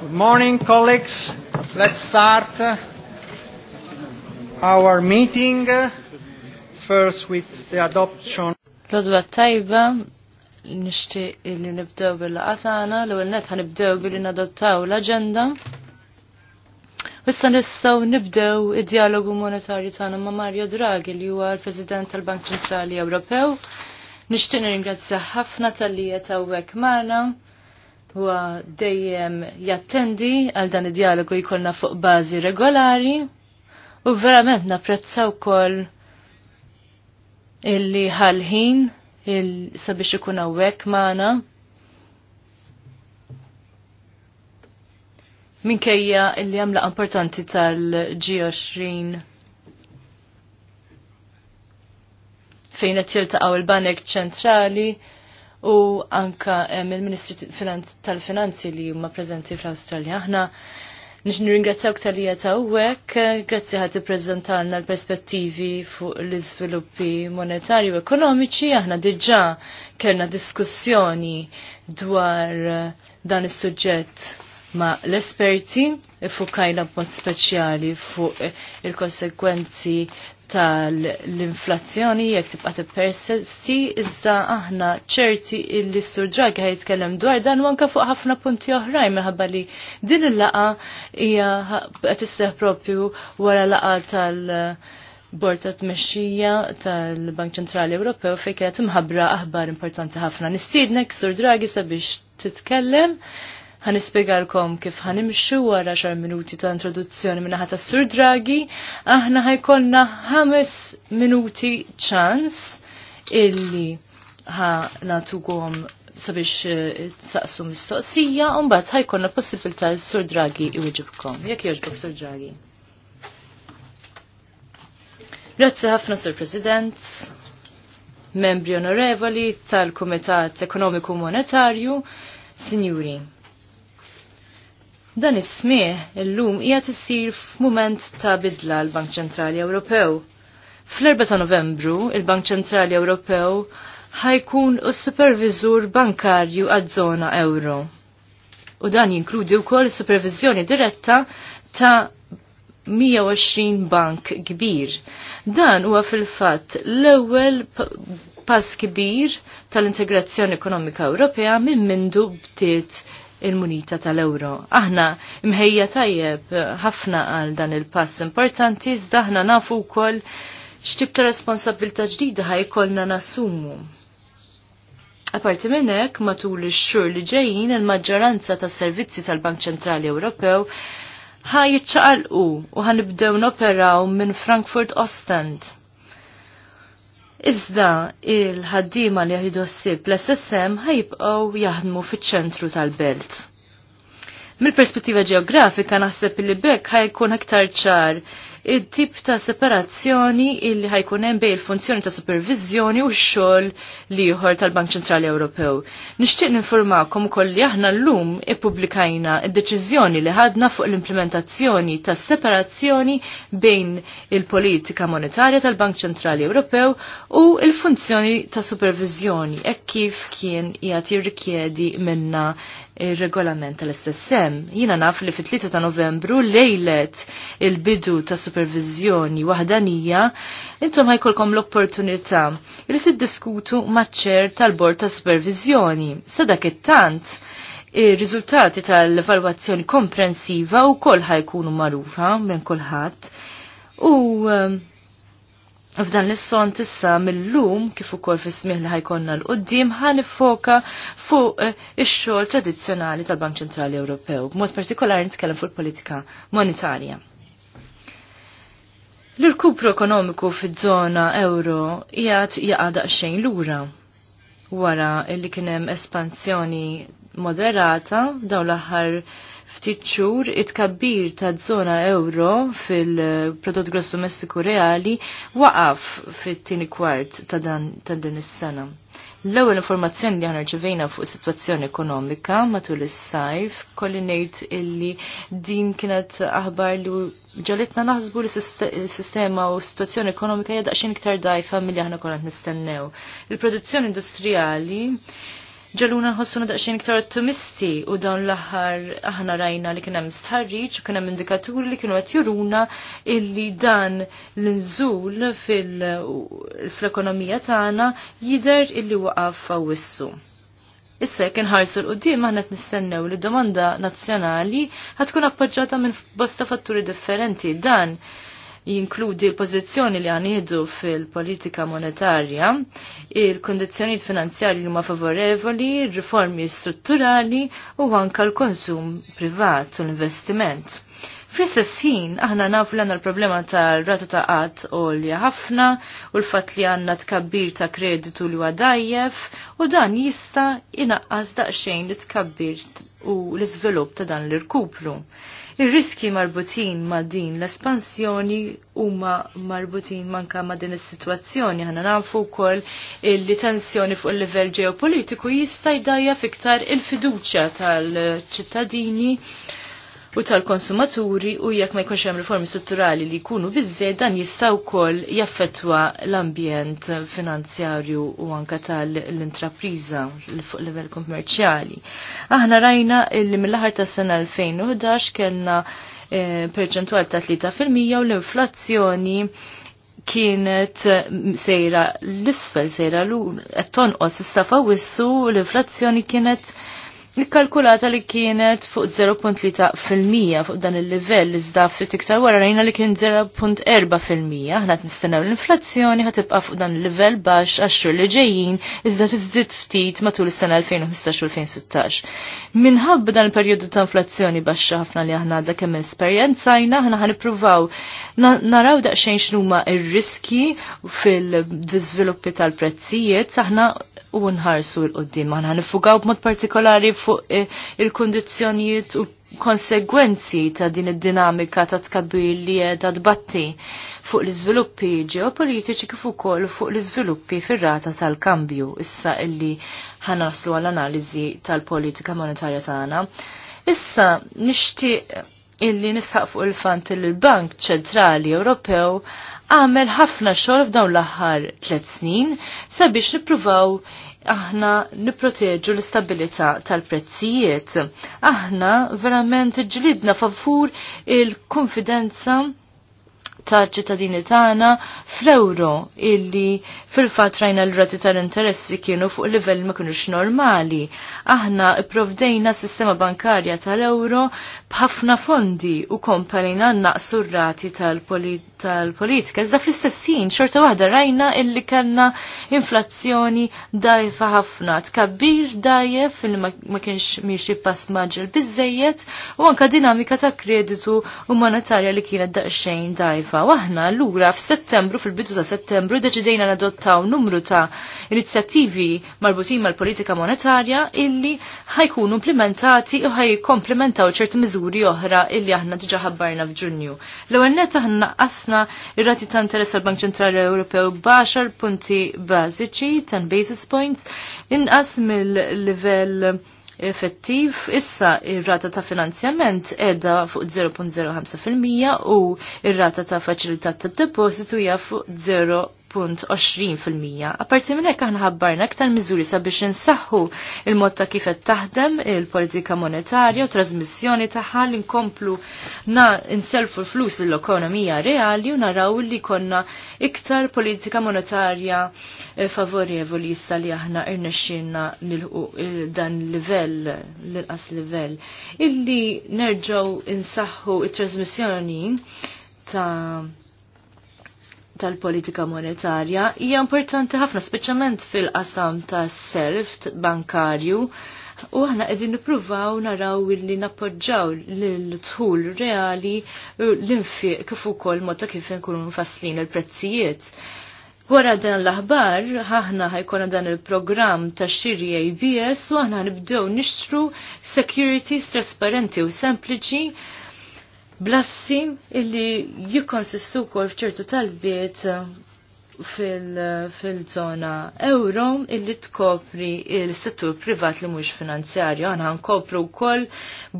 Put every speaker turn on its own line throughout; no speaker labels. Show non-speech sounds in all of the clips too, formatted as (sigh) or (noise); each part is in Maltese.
Good morning, colleagues. Let's start our meeting first with the adoption.
Lodwa tajba, nishti illi nibdew bil-qatana, l-għu net ħanibdew billi nadottaw l-agenda. Issa nistgħu nibdew id-dialogu monetarju tagħna ma' Mario Draghi li huwa l-President tal-Bank Ċentrali Ewropew. Nixtieq nirringrazzja ħafna tal-li qed hawnhekk magħna huwa dejjem jattendi għal dan id-dialogu jkollna fuq bażi regolari u verament napprezzaw wkoll illi ħalħin il sabiex ikun hawnhekk magħna. minkejja li hemm laqgħa importanti tal-G20 fejn qed jiltaqgħu il-Banek Ċentrali u anka il-Ministri tal-Finanzi li huma preżenti fl-Awstralja. Aħna nix ringrazzaw tal li ta' uwek, grazzi ħati prezentalna l-perspettivi fuq l-izviluppi monetari u ekonomiċi, aħna diġa kellna diskussjoni dwar dan is-suġġett ma' l-esperti fukajna b'mod speċjali fuq il-konsekwenzi tal-inflazzjoni jekk tibqa' tippersisti iżda aħna ċerti illi sur Draghi ħajtkellem dwar dan u anke fuq ħafna punti oħrajn minħabba li din il-laqa hija qed isseħ propju wara laqa tal- Bord ta' tmexxija tal-Bank Ċentrali Ewropew fejn kienet imħabbra aħbar importanti ħafna. Nistiednek sur Draghi sabiex titkellem ħanispjegalkom kif ħanimxu wara xar minuti ta' introduzzjoni minna ħata Sur Draghi, aħna ħajkonna ħames minuti ċans illi ħa natukom sabiex eh, saqsu mistoqsija, un bat ħajkonna possibilità Sur Draghi iwiġibkom. Jekk jogħġbok Sur Draghi. Grazzi ħafna, Sur President, membri onorevoli tal-Kumitat Ekonomiku Monetarju, Signori. Dan is-smieħ illum hija tissir f'mument ta' bidla l-Bank Ċentrali Ewropew. Fl-4 ta' Novembru, il-Bank Ċentrali Ewropew ħajkun s-supervizur bankarju għad-żona euro. U dan jinkludi wkoll supervizjoni diretta ta' 120 bank kbir. Dan huwa fil-fatt l-ewwel pass kbir tal-integrazzjoni ekonomika Ewropea minn mindu bdiet il-munita tal-euro. Aħna mħejja tajjeb ħafna għal dan il-pass importanti, iżda aħna nafu wkoll xtibta ta' responsabilità ġdida ħajkollna nassumu. Aparti minn hekk matul ix-xhur li ġejjin il-maġġoranza tas-servizzi tal-Bank Ċentrali Ewropew ħaj u ħanibdew noperaw minn Frankfurt Ostend Iżda il-ħaddima li jahidu ssib l-SSM ħajibqaw jaħdmu fiċ-ċentru tal-belt. Mill-perspettiva ġeografika naħseb li bekk ħajkun aktar ċar il tip ta' separazzjoni illi ħajkun hemm bejn il-funzjoni ta' supervizjoni u x-xogħol ieħor tal-Bank Ċentrali Ewropew. Nixtieq ninformakom ukoll li aħna llum ippubblikajna d-deċiżjoni li ħadna fuq l-implementazzjoni ta' separazzjoni bejn il-politika monetarja tal-Bank Ċentrali Ewropew u l-funzjoni ta' supervizjoni hekk kif kien qiegħed jirrikjedi minna regolament tal-SSM. Jina naf li fit-3 ta' novembru lejlet il-bidu ta' supervizjoni wahdanija, intom ħajkolkom l-opportunità li tiddiskutu maċ tal-bord ta' supervizjoni. Sadak it-tant, ir-riżultati tal-evalwazzjoni komprensiva u kol ħajkunu marufa minn kulħadd. U um, F'dan l-isson tissa mill-lum kif ukoll fis-smieħ li ħajkonna l-qoddim ħan foka fuq eh, ix-xogħol tradizzjonali tal-Bank Ċentrali Ewropew, b'mod partikolari nitkellem fuq politika monetarja. L-irkupru ekonomiku fiż-żona euro jgħat jaqa' daqsxejn lura wara li kien hemm espansjoni moderata dawn l-aħħar ftit xhur it-kabbir taż-żona euro fil-prodott gross domestiku reali waqaf fit-tieni kwart ta' dan ta' din is-sena. L-ewwel informazzjoni li aħna rċevejna fuq is-sitwazzjoni ekonomika matul is-sajf kolli ngħid illi din kienet aħbar li ġalitna naħsbu li s-sistema u s-sitwazzjoni ekonomika hija daqsxejn iktar dajfa milli aħna konna nistennew. Il-produzzjoni industrijali ġaluna nħossuna daqxin iktar ottimisti u dawn l-aħħar aħna rajna li kienem stħarriċ u kienem indikaturi li kienu għat juruna illi dan l-nżul fil-ekonomija tagħna jider illi waqaf fawissu. Issa jekk inħarsu l qoddim aħna qed nistennew li domanda nazzjonali ħatkun appoġġjata minn bosta fatturi differenti dan jinkludi l-pozizjoni li għanidu fil-politika monetarja, il-kondizjoniet finanzjarji li ma favorevoli, riformi strutturali u anka l-konsum privat u l-investiment. Fl-istess ħin, aħna nafu l għandna l-problema tal-rata ta' qatt għolja ħafna u l-fatt li għandna tkabbir ta' kreditu li huwa dajjef u dan jista' inaqqas daqsxejn li tkabbir u l-iżvilupp ta' dan l-irkupru. Ir-riski marbutin ma' din l-espansjoni huma marbutin manka ma' din is-sitwazzjoni ħana nafu wkoll li tensjoni fuq il-livell ġeopolitiku jista' jdajja fiktar il-fiduċja tal-ċittadini u tal-konsumaturi u jekk ma jkunx hemm riformi strutturali li jkunu biżżejjed dan jista' wkoll jaffettwa l-ambjent finanzjarju u anka tal-intrapriża fuq livell kummerċjali. Aħna rajna li mill-aħħar tas-sena 2011 kellna eh, perċentwal ta' 3% u l-inflazzjoni kienet sejra l-isfel sejra l-tonqos is-safa wissu l-inflazzjoni kienet Nikkalkulata li kienet fuq 0.3% fuq dan il-livell iżda ftit iktar wara rajna li kien 0.4%. Aħna qed nistennew l-inflazzjoni ħatibqa' fuq dan il level baxx għax li ġejjin iżda tiżdied ftit matul is-sena 2015-2016. Minħabba dan il-perjodu ta' inflazzjoni baxxa ħafna li aħna għadha kemm esperjenzajna, aħna ħanippruvaw naraw daqsxejn x'numa ir-riski fil-żviluppi tal-prezzijiet, aħna u nħarsu l-qoddim. Aħna nifugaw b'mod partikolari fuq eh, il-kondizjonijiet u konsegwenzi ta' din id-dinamika ta' tkabbir li jeda tbatti fuq l-iżviluppi ġeopolitiċi kif ukoll fuq l-iżviluppi fir-rata tal-kambju issa illi ħanaslu għall-analiżi tal-politika monetarja tagħna. Issa nixtieq illi nisħaq fuq il-fant li l-Bank Ċentrali Ewropew għamel ħafna xogħol f'dawn l-aħħar tliet snin sabiex nippruvaw aħna niproteġu l-istabilità tal-prezzijiet. Aħna verament ġlidna favur il-konfidenza ta' ċittadini tagħna fl-euro illi fil-fatt rajna l-rati tal-interessi kienu fuq livell ma kienux normali. Aħna provdejna sistema bankarja tal-euro b'ħafna fondi u kompanina naqsu r-rati tal-politika tal-politika. Iżda fl-istessin, xorta waħda rajna illi kanna inflazzjoni dajfa ħafna. Tkabbir dajf illi ma kienx miexi pass maġġel bizzejiet u anka dinamika ta' kreditu u monetarja li kienet daqxejn dajfa. Waħna l-ura f'settembru, fil-bidu ta' settembru, deċidejna nadottaw numru ta' inizjattivi marbutin mal-politika monetarja illi ħajkunu implementati u ħajkomplementaw ċertu miżuri oħra illi aħna diġa ħabbarna f'Ġunju. L-ewwel net aħna qas ħafna, ir-rati ta' interess għal-Bank Ċentrali Ewropew baxar punti bażiċi, 10 basis points, inqas mill-livell effettiv, issa ir-rata ta' finanzjament edha fuq 0.05% u ir-rata ta' faċilità tad depositu hija fuq 0.20%. Apparti minn hekk aħna ħabbarna aktar miżuri sabiex insaħħu il-mod ta' kif qed taħdem il-politika monetarja u trasmissjoni tagħha li nkomplu na inselfu l-flus l-ekonomija reali u naraw li konna iktar politika monetarja eh, favorevoli issa li aħna irnexxinna eh, dan livell l-qas livell illi nerġgħu insaħħu it-trasmissjoni ta' tal-politika monetarja hija importanti ħafna speċjalment fil-qasam tas-self bankarju u aħna qegħdin nippruvaw naraw li nappoġġaw l-tħul reali l-infiq kif ukoll mod ta' kif inkunu nfasslin il-prezzijiet. Wara dan l-aħbar, aħna ħajkona dan il-programm ta' xiri ABS u aħna nibdew nixtru securities trasparenti u sempliċi blassi illi jikkonsistu kol fċertu talbiet eh, eh, fil-zona fil euro illi tkopri il-settur privat li mux finanzjarju. Għana nkopru wkoll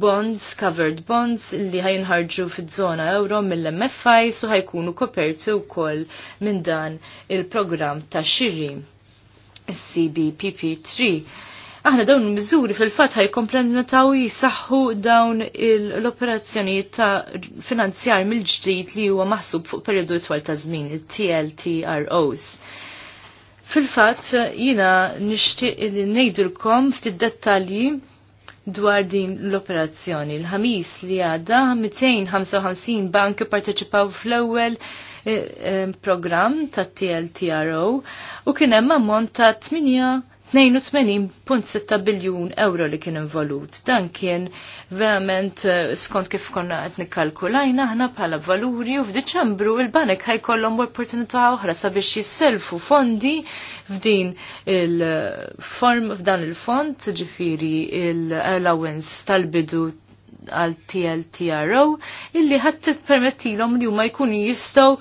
bonds, covered bonds li ħajnħarġu fil-zona euro mill-MFI su ħajkunu koperti wkoll minn dan il-programm ta' xiri, il-CBPP3 aħna dawn il-miżuri fil-fatt ħajkomplementaw jisaxħu dawn l-operazzjonijiet ta' finanzjar mill-ġdid li huwa maħsub fuq periodu twal ta' żmien, il-TLTROs. Fil-fatt jina nixtieq li ngħidulkom ftit dettalji dwar din l-operazzjoni. L-ħamis li għadda 255 bank parteċipaw fl-ewwel eh, eh, program ta' TLTRO u kien hemm ammont ta' 8 82.6 biljun euro li kien involut. Dan kien verament eh, skont kif konna qed nikkalkulajna aħna bħala valuri u f'Diċembru il-banek ħajkollhom opportunità oħra sabiex jisselfu fondi f'din il-form f'dan il-fond, ġifiri l-allowance il form fdan il fond ġifiri l allowance tal bidu għal TLTRO illi ħadd permettilhom li huma jkunu jistgħu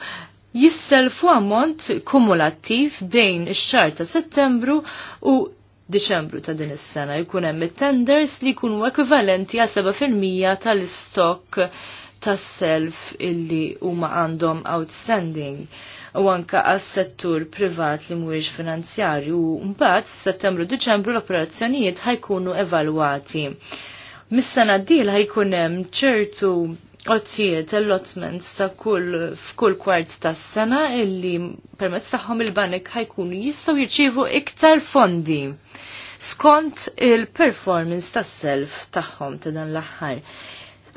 jisselfu ammont kumulattiv bejn ix-xar ta' Settembru u Diċembru ta' din is-sena jkun hemm it-tenders li jkunu ekvivalenti għal 7% tal-istokk tas-self illi huma għandhom outstanding u anka għas-settur privat li mhuwiex finanzjarju u mbagħad settembru Diċembru l-operazzjonijiet ħajkunu evalwati. Mis-sena d-dil ħajkun hemm ċertu ozzijiet allotments ta' kull f'kull kwart tas sena illi permezz tagħhom il-banek ħajkun jistgħu jirċievu iktar fondi skont il-performance tas-self tagħhom ta' dan l-aħħar.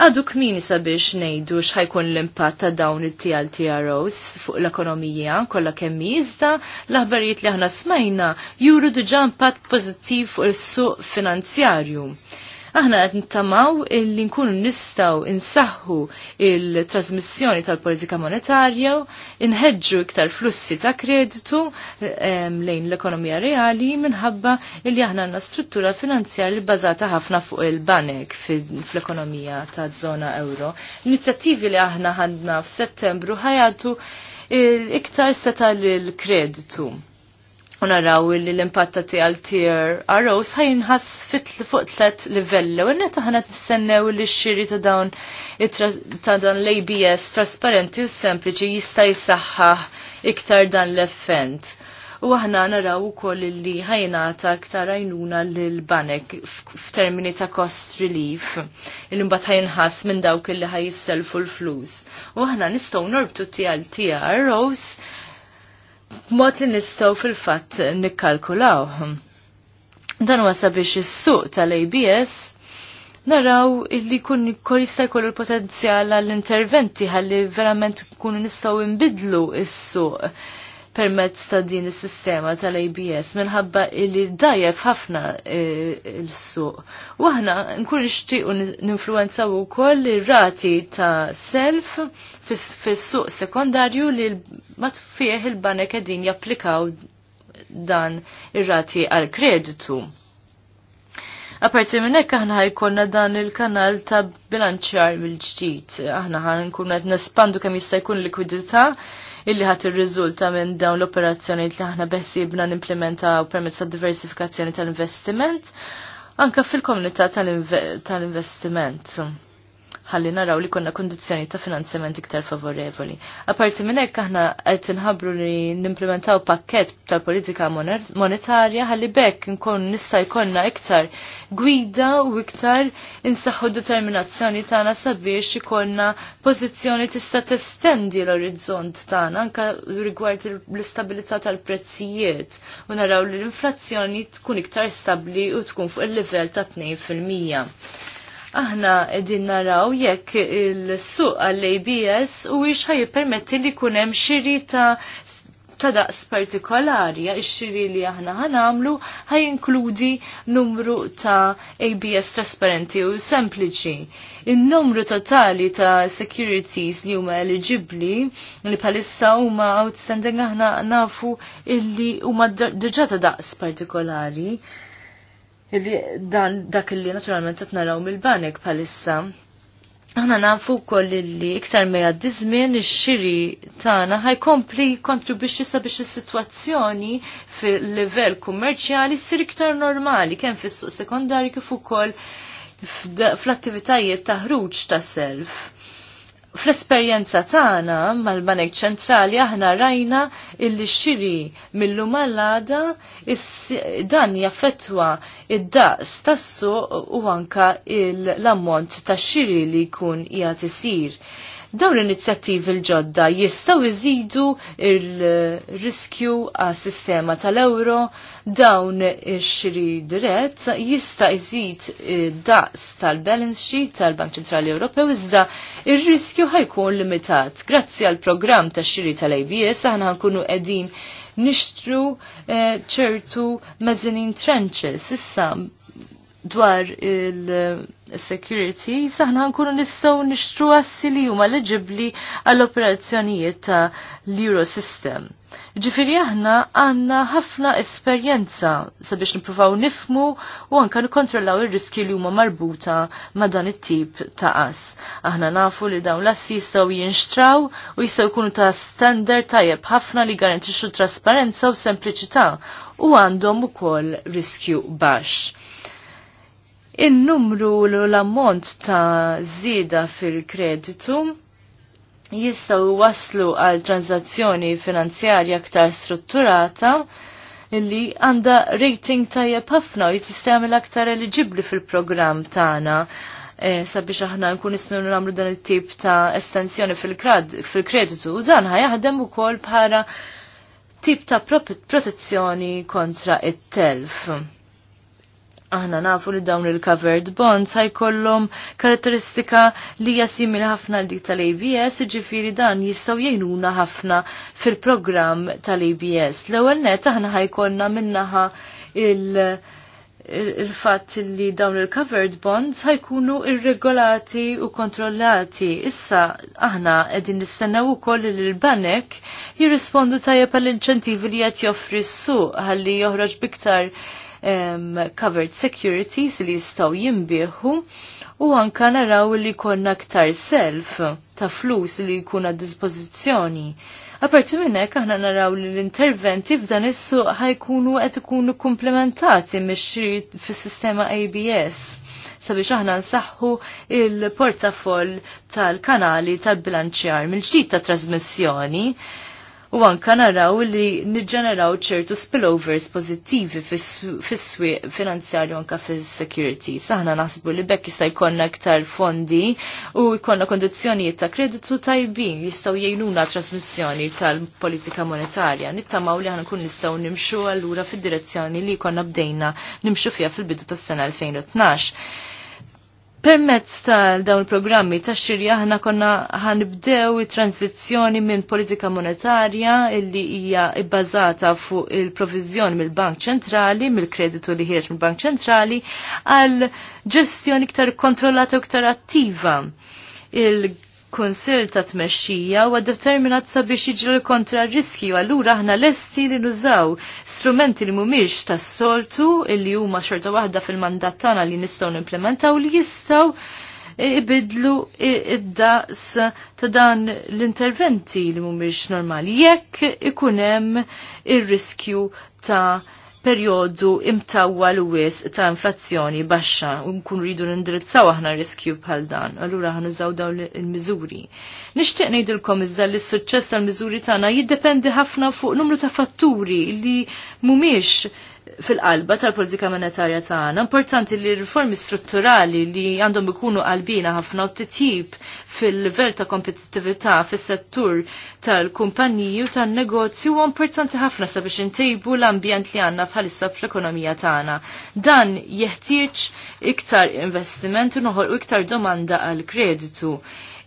Għadu kmini sabiex nejdu xħajkun l-impatt ta' dawn it TROs fuq l-ekonomija kollha kemm jizda l-aħbarijiet li aħna smajna juru diġa' impatt pożittiv fuq is-suq finanzjarju. Aħna qed nittamaw illi nkunu nistgħu insaħħu il-trasmissjoni tal-politika monetarja, inħedġu iktar flussi ta' kreditu lejn l-ekonomija reali minħabba illi aħna għandna struttura li bbażata ħafna fuq il-banek fl-ekonomija ta' żona euro. Inizjattivi li aħna għandna f'Settembru ħajatu iktar seta' l-kreditu Unaraw li l-impatta tiegħu tier arrows ħajinħas fuq tlet livelli u n-netta ħanet nistennew li x-xiri ta' dawn ta' l-ABS trasparenti u sempliċi jista' jisaxħa iktar dan l-effent. U aħna naraw ukoll li ħajnata iktar għajnuna l-banek f'termini ta' cost relief il mbagħad ħajnħass minn dawk li ħajisselfu l-flus. U aħna nistgħu norbtu għal-tier arrows b'mod li nistgħu fil-fatt nikkalkulaw. Dan huwa sabiex is-suq tal-ABS naraw illi kun jista' jkollu l-potenzjal għall-interventi ħalli verament nkunu nistgħu nbidlu is-suq permezz ta' din is-sistema tal-ABS minħabba li dajjef ħafna e, l-suq. U aħna nkun nixtiequ ninfluenzaw ukoll ir-rati ta' self fis-suq sekondarju li ma fih il-banek qegħdin japplikaw dan ir-rati għal kreditu. Aparti minn hekk aħna ħajkonna dan il-kanal ta' bilanċjar mill-ġdid. Aħna ħan qed nespandu kemm jista' jkun likwidità illi ħadd ir-riżulta minn dawn l-operazzjonijiet li aħna n nimplementaw permezz tad-diversifikazzjoni tal-investiment anke fil-komunità tal-investiment. Tal ħalli naraw li konna kondizjoni ta' finanzjament iktar favorevoli. Aparti minn hekk aħna qed inħabru li nimplementaw pakkett ta' politika monetarja ħalli bekk nkun nista' jkollna iktar gwida u iktar insaħħu determinazzjoni tagħna sabiex ikollna pożizzjoni tista' testendi l-orizzont tagħna anke rigward l-istabilità tal-prezzijiet u naraw li l-inflazzjoni tkun iktar stabbli u tkun fuq il-livell ta' 2 fil-mija aħna edin naraw jekk il-suq għall-ABS u ix ħajpermetti li kunem xiri ta' ta' daqs partikolari, xiri li aħna ħanamlu ħaj inkludi numru ta' ABS trasparenti u sempliċi. Il-numru totali ta' securities li huma eligibli li palissa huma outstanding aħna nafu illi huma deġa ta' daqs partikolari Illi dan dak illi naturalment qed naraw mill-banek bħalissa. Aħna nafu wkoll illi iktar ma jgħaddi żmien ix-xiri tagħna ħajkompli kontribwixxi sabiex is-sitwazzjoni fil-livell kummerċjali ssir iktar normali kemm fis-suq sekondarju kif ukoll fl-attivitajiet ta' ħruġ ta' self. Fl-esperjenza tagħna mal-Banek Ċentrali aħna rajna illi xiri millu mal-għada dan jaffettwa id-daqs tassu u anka l-ammont ta' xiri li jkun jgħat isir. Dawn l-inizjattivi l-ġodda jistaw iżidu il-riskju għas sistema tal-euro, dawn ix-xiri dirett jista' iżid daqs tal-balance sheet tal-Bank Ċentrali Ewropew iżda il riskju ħajkun limitat. Grazzi għal programm ta' xiri tal-ABS aħna nkunu qegħdin nixtru eh, ċertu mezzanin mezzinin trenches issa dwar il- security, saħna nkunu nistgħu nixtru assi li huma leġibli għall-operazzjonijiet ta' l-Eurosystem. Ġifiri aħna għanna ħafna esperjenza sabiex nipruvaw nifmu u anka nikkontrollaw ir-riski li huma marbuta ma' dan it-tip ta' qas. Aħna nafu li dawn l-assi jistgħu jinxtraw u jistgħu jkunu ta' standard tajjeb ħafna li garantixxu trasparenza u sempliċità u għandhom ukoll riskju baxx in-numru l-ammont ta' zida fil-kreditu jistaw waslu għal tranzazzjoni finanzjarja aktar strutturata illi għanda rating tajjeb ħafna u l aktar eligibli fil-programm tagħna e, sabiex aħna nkun nisnu nagħmlu dan it-tip ta' estensjoni fil-kreditu u dan ħajaħdem ukoll bħala tip ta' protezzjoni kontra it-telf aħna nafu li dawn il-covered bonds ħajkollhom karatteristika li hija simili ħafna dik tal-ABS, ġifiri dan jistgħu jgħinuna ħafna fil-programm tal-ABS. L-ewwel net aħna ħajkollna minnaħa il- il-fatt li dawn il-covered bonds ħajkunu irregolati u kontrollati. Issa aħna qegħdin nistennew ukoll li l-banek jirrispondu tajjeb għall-inċentivi li qed joffri s-suq ħalli joħroġ biktar covered securities li jistaw jimbieħu u anka naraw li konna ktar self ta' flus li jkun għad dispożizzjoni. Aparti minnek aħna naraw li l-interventi f'dan is ħajkunu qed ikunu komplementati mix fis-sistema ABS sabiex aħna nsaħħu il-portafoll tal-kanali tal-bilanċjar mill-ġdid ta' trasmissjoni u anka naraw li niġġeneraw ċertu spillovers pozittivi fis-swieq finanzjarju anka fis-security. Saħna naħsbu li bekk jista' jkollna aktar fondi u jkollna kondizzjonijiet ta' kreditu tajbin jistgħu jgħinuna trasmissjoni tal-politika monetarja. Nittamaw li nkun nistgħu nimxu allura fid-direzzjoni li jkollna bdejna nimxu fiha fil-bidu tas-sena 2012. Permezz tal dawn il-programmi ta' xirja ħna konna ħanibdew il transizjoni minn politika monetarja illi hija ibbażata fuq il-provizjoni mill-Bank Ċentrali, mill-kreditu li ħieġ mill-Bank Ċentrali, għal ġestjoni iktar kontrollata u iktar attiva. il kunsil ta' tmexxija u determinat sabiex l kontra riski u allura aħna lesti li nużaw strumenti li mhumiex tas-soltu illi huma xorta waħda fil-mandat tagħna li nistgħu nimplementaw li jistgħu e, ibidlu id-daqs ta' dan l-interventi li mhumiex normali jekk ikun hemm ir-riskju ta' perjodu imtawwa l wis ta' inflazzjoni baxxa u nkun ridu nindirizzaw aħna riskju bħal dan, allura ħan użaw dawn il-miżuri. Nixtieq ngħidilkom iżda li s-suċċess tal-miżuri tagħna jiddependi ħafna fuq numru ta' fatturi li mhumiex fil-qalba tal-politika monetarja tagħna. Importanti li riformi strutturali li għandhom ikunu qalbina ħafna u titjib fil-livell ta' kompetittività fis-settur tal-kumpaniji u tan-negozju huwa importanti ħafna sabiex intejbu l-ambjent li għandna bħalissa fl-ekonomija tagħna. Dan jeħtieġ iktar investiment u noħolqu iktar domanda għal kreditu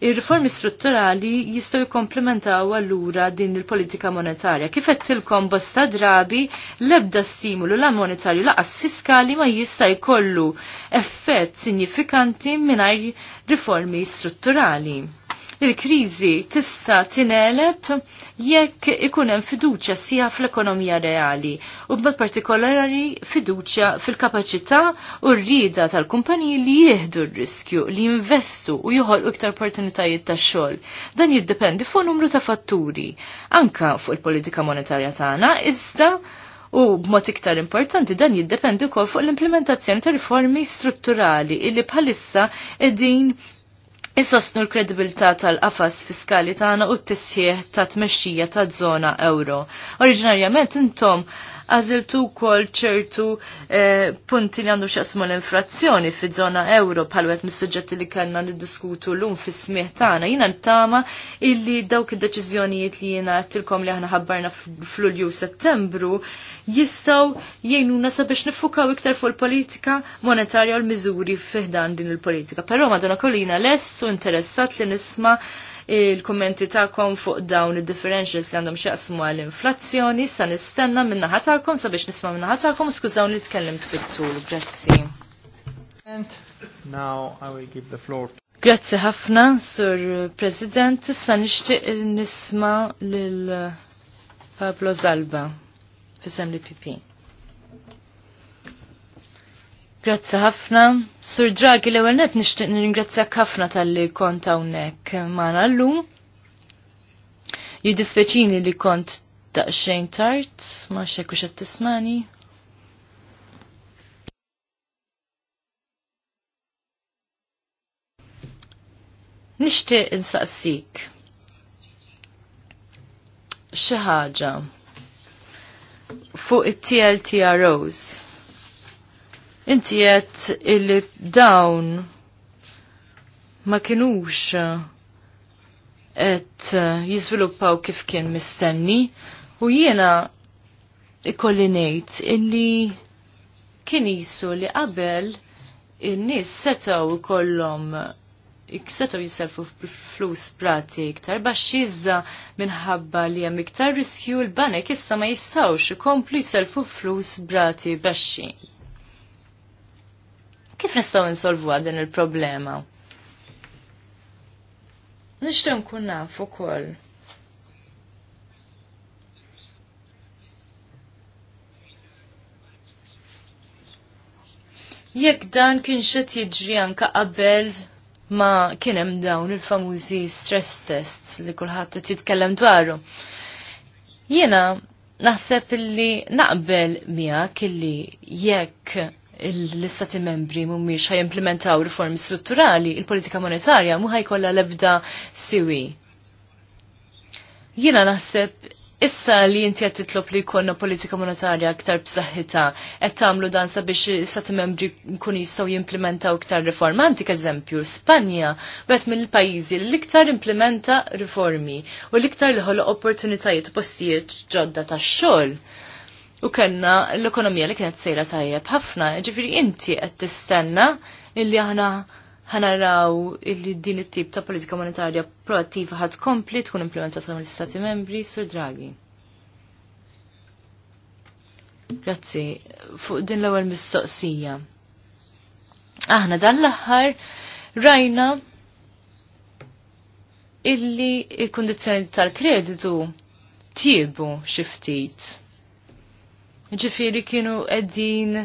Ir-riformi strutturali jistgħu jkomplementaw allura din il-politika monetarja. Kif qed tilkom bosta drabi l-ebda stimulu la monetarju laqas fiskali ma jista' jkollu effett sinifikanti mingħajr riformi strutturali il-kriżi tista' tinelep jekk ikun hemm fiduċja sija fl-ekonomija reali u b'mod partikolari fiduċja fil-kapaċità u rrida tal-kumpaniji li jieħdu r-riskju li jinvestu u joħolqu iktar opportunitajiet ta' xogħol. Dan jiddependi fuq numru ta' fatturi, anka fuq il-politika monetarja tagħna, iżda U b'mod iktar importanti dan jiddependi wkoll fuq l-implementazzjoni ta' riformi strutturali illi bħalissa qegħdin Insostnu l-kredibilità tal-qafas fiskali tagħna u t-tisħieħ ta' tmexxija ta' żona euro. Oriġinarjament intom għaziltu kol ċertu eh, punti li għandu xasmu l-infrazzjoni fiż-żona euro bħal mis-suġġetti li kellna niddiskutu llum fis-smieħ tagħna. Jiena ntama illi dawk id-deċiżjonijiet li jina tilkom li aħna ħabbarna fl-Ulju Settembru jistgħu jgħinuna sabiex nifukaw iktar fuq il-politika monetarja u l-miżuri fiħdan din il-politika. Però madonna kollina l-essu interessat li nisma' il-kommenti ta'kom fuq dawn il-differentials li għandhom xaqsmu għall-inflazzjoni, sa' nistenna minna ħatakom, sabiex nisma minna ħatakom, skużaw li tkellimt fit-tul,
grazzi. And now I will give the floor to
Grazzi ħafna, Sur President, Sa nixtieq nisma lil Pablo Zalba, fissem li pipin. Grazzi ħafna. Sur Draghi l-ewwel net nixtieq nirringrazzjak ħafna tal-li kont hawnhekk magħna llum. Jiddisfeċini li kont daqsxejn tard, ma kux qed tismani. Nixtieq insaqsik. Xi ħaġa fuq it-TLTROs Inti jett illi dawn ma kinux qed eh, eh, jiżviluppaw kif kien mistenni u jiena ikolli ngħid illi kien jisu li qabel in-nies setgħu ikollhom setgħu jiselfu flus prati iktar baxxi minħabba li hemm iktar riskju l-banek issa ma jistgħux ikomplu jiselfu flus brati baxxin. Kif nistgħu insolvu din il-problema? Nixtieq nkun naf ukoll. Jekk dan kien xed jiġri anka qabel ma kien hemm dawn il-famużi stress tests li kulħadd qed jitkellem dwaru. Jiena naħseb illi naqbel miegħek illi jekk l-istati membri mumiex ħajimplementaw riformi strutturali, il-politika monetarja mu ħajkolla lebda siwi. Jina naħseb Issa li inti għed titlob li jkollna politika monetarja aktar b'saħħita qed tagħmlu dan sabiex l-istati membri jkun jistgħu jimplementaw iktar riforma. Għandik eżempju, Spanja wieħed mill-pajjiżi li l-iktar implementa riformi u l-iktar liħol opportunitajiet u postijiet ġodda tax-xogħol u kellna l-ekonomija li kienet sejra tajjeb ħafna. ġifiri inti qed tistenna illi aħna ħanaraw illi din it-tip ta' politika monetarja proattiva ħad kompli tkun implementata mill-Istati membri sur Draghi. Grazzi, fuq din l-ewwel mistoqsija. Aħna dan l-aħħar rajna illi il-kondizjoni tal-kreditu tiebu xi ftit ġifiri kienu edin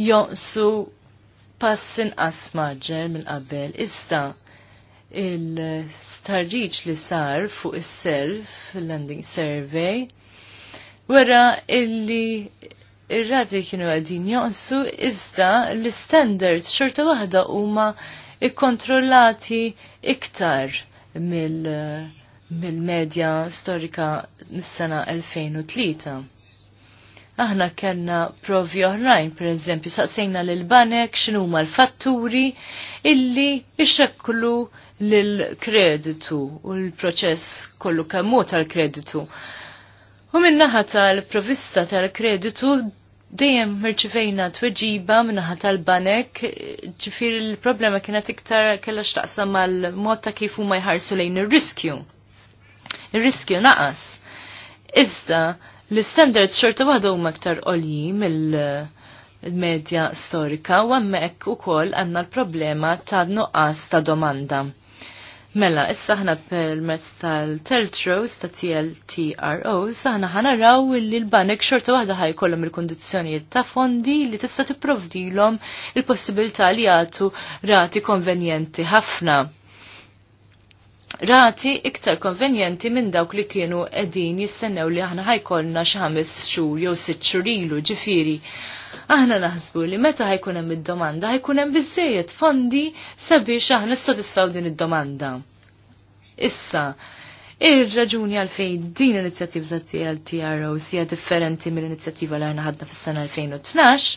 jonsu passin asmaġer minn qabel. Issa, il-starriċ li sar fuq is-self, landing survey, wara illi ir-rati kienu għadin jonsu, iżda l standard xorta waħda huma ikkontrollati iktar mill-medja storika mis-sena 2003 aħna kellna provi oħrajn, per eżempju, saqsejna lil banek x'inhu l-fatturi illi ixekklu lill-kreditu u l-proċess kollu kemmu tal-kreditu. U minnaħa tal-provista tal-kreditu dejjem mirċivejna tweġiba minnaħa tal-banek, ġifir il-problema kienet iktar kella xtaqsam mal-mod ta' kif huma jħarsu lejn ir-riskju. Ir-riskju naqas. Iżda l-standards xorta waħda huma aktar qolji mill-medja storika u hemmhekk ukoll għandna l-problema ta' nuqqas ta' domanda. Mela, issa ħna permezz tal-teltros ta' TLTRO, saħna raw li l-banek xorta waħda kollom il-kondizzjonijiet ta' fondi li tista' tipprovdilhom il-possibilità li jagħtu rati konvenjenti ħafna rati iktar konvenjenti minn dawk li kienu edin jistennew li aħna ħajkolna xi ħames xhur jew sitt xurilu ilu ġifieri. Aħna naħsbu li meta ħajkun hemm id-domanda ħajkun hemm biżejjed fondi sabiex aħna ssodisfaw din id-domanda. Issa, Ir-raġuni għalfejn din l-inizjattiva ta' TLTRO sija differenti mill-inizjattiva li għana ħadna fis-sena 2012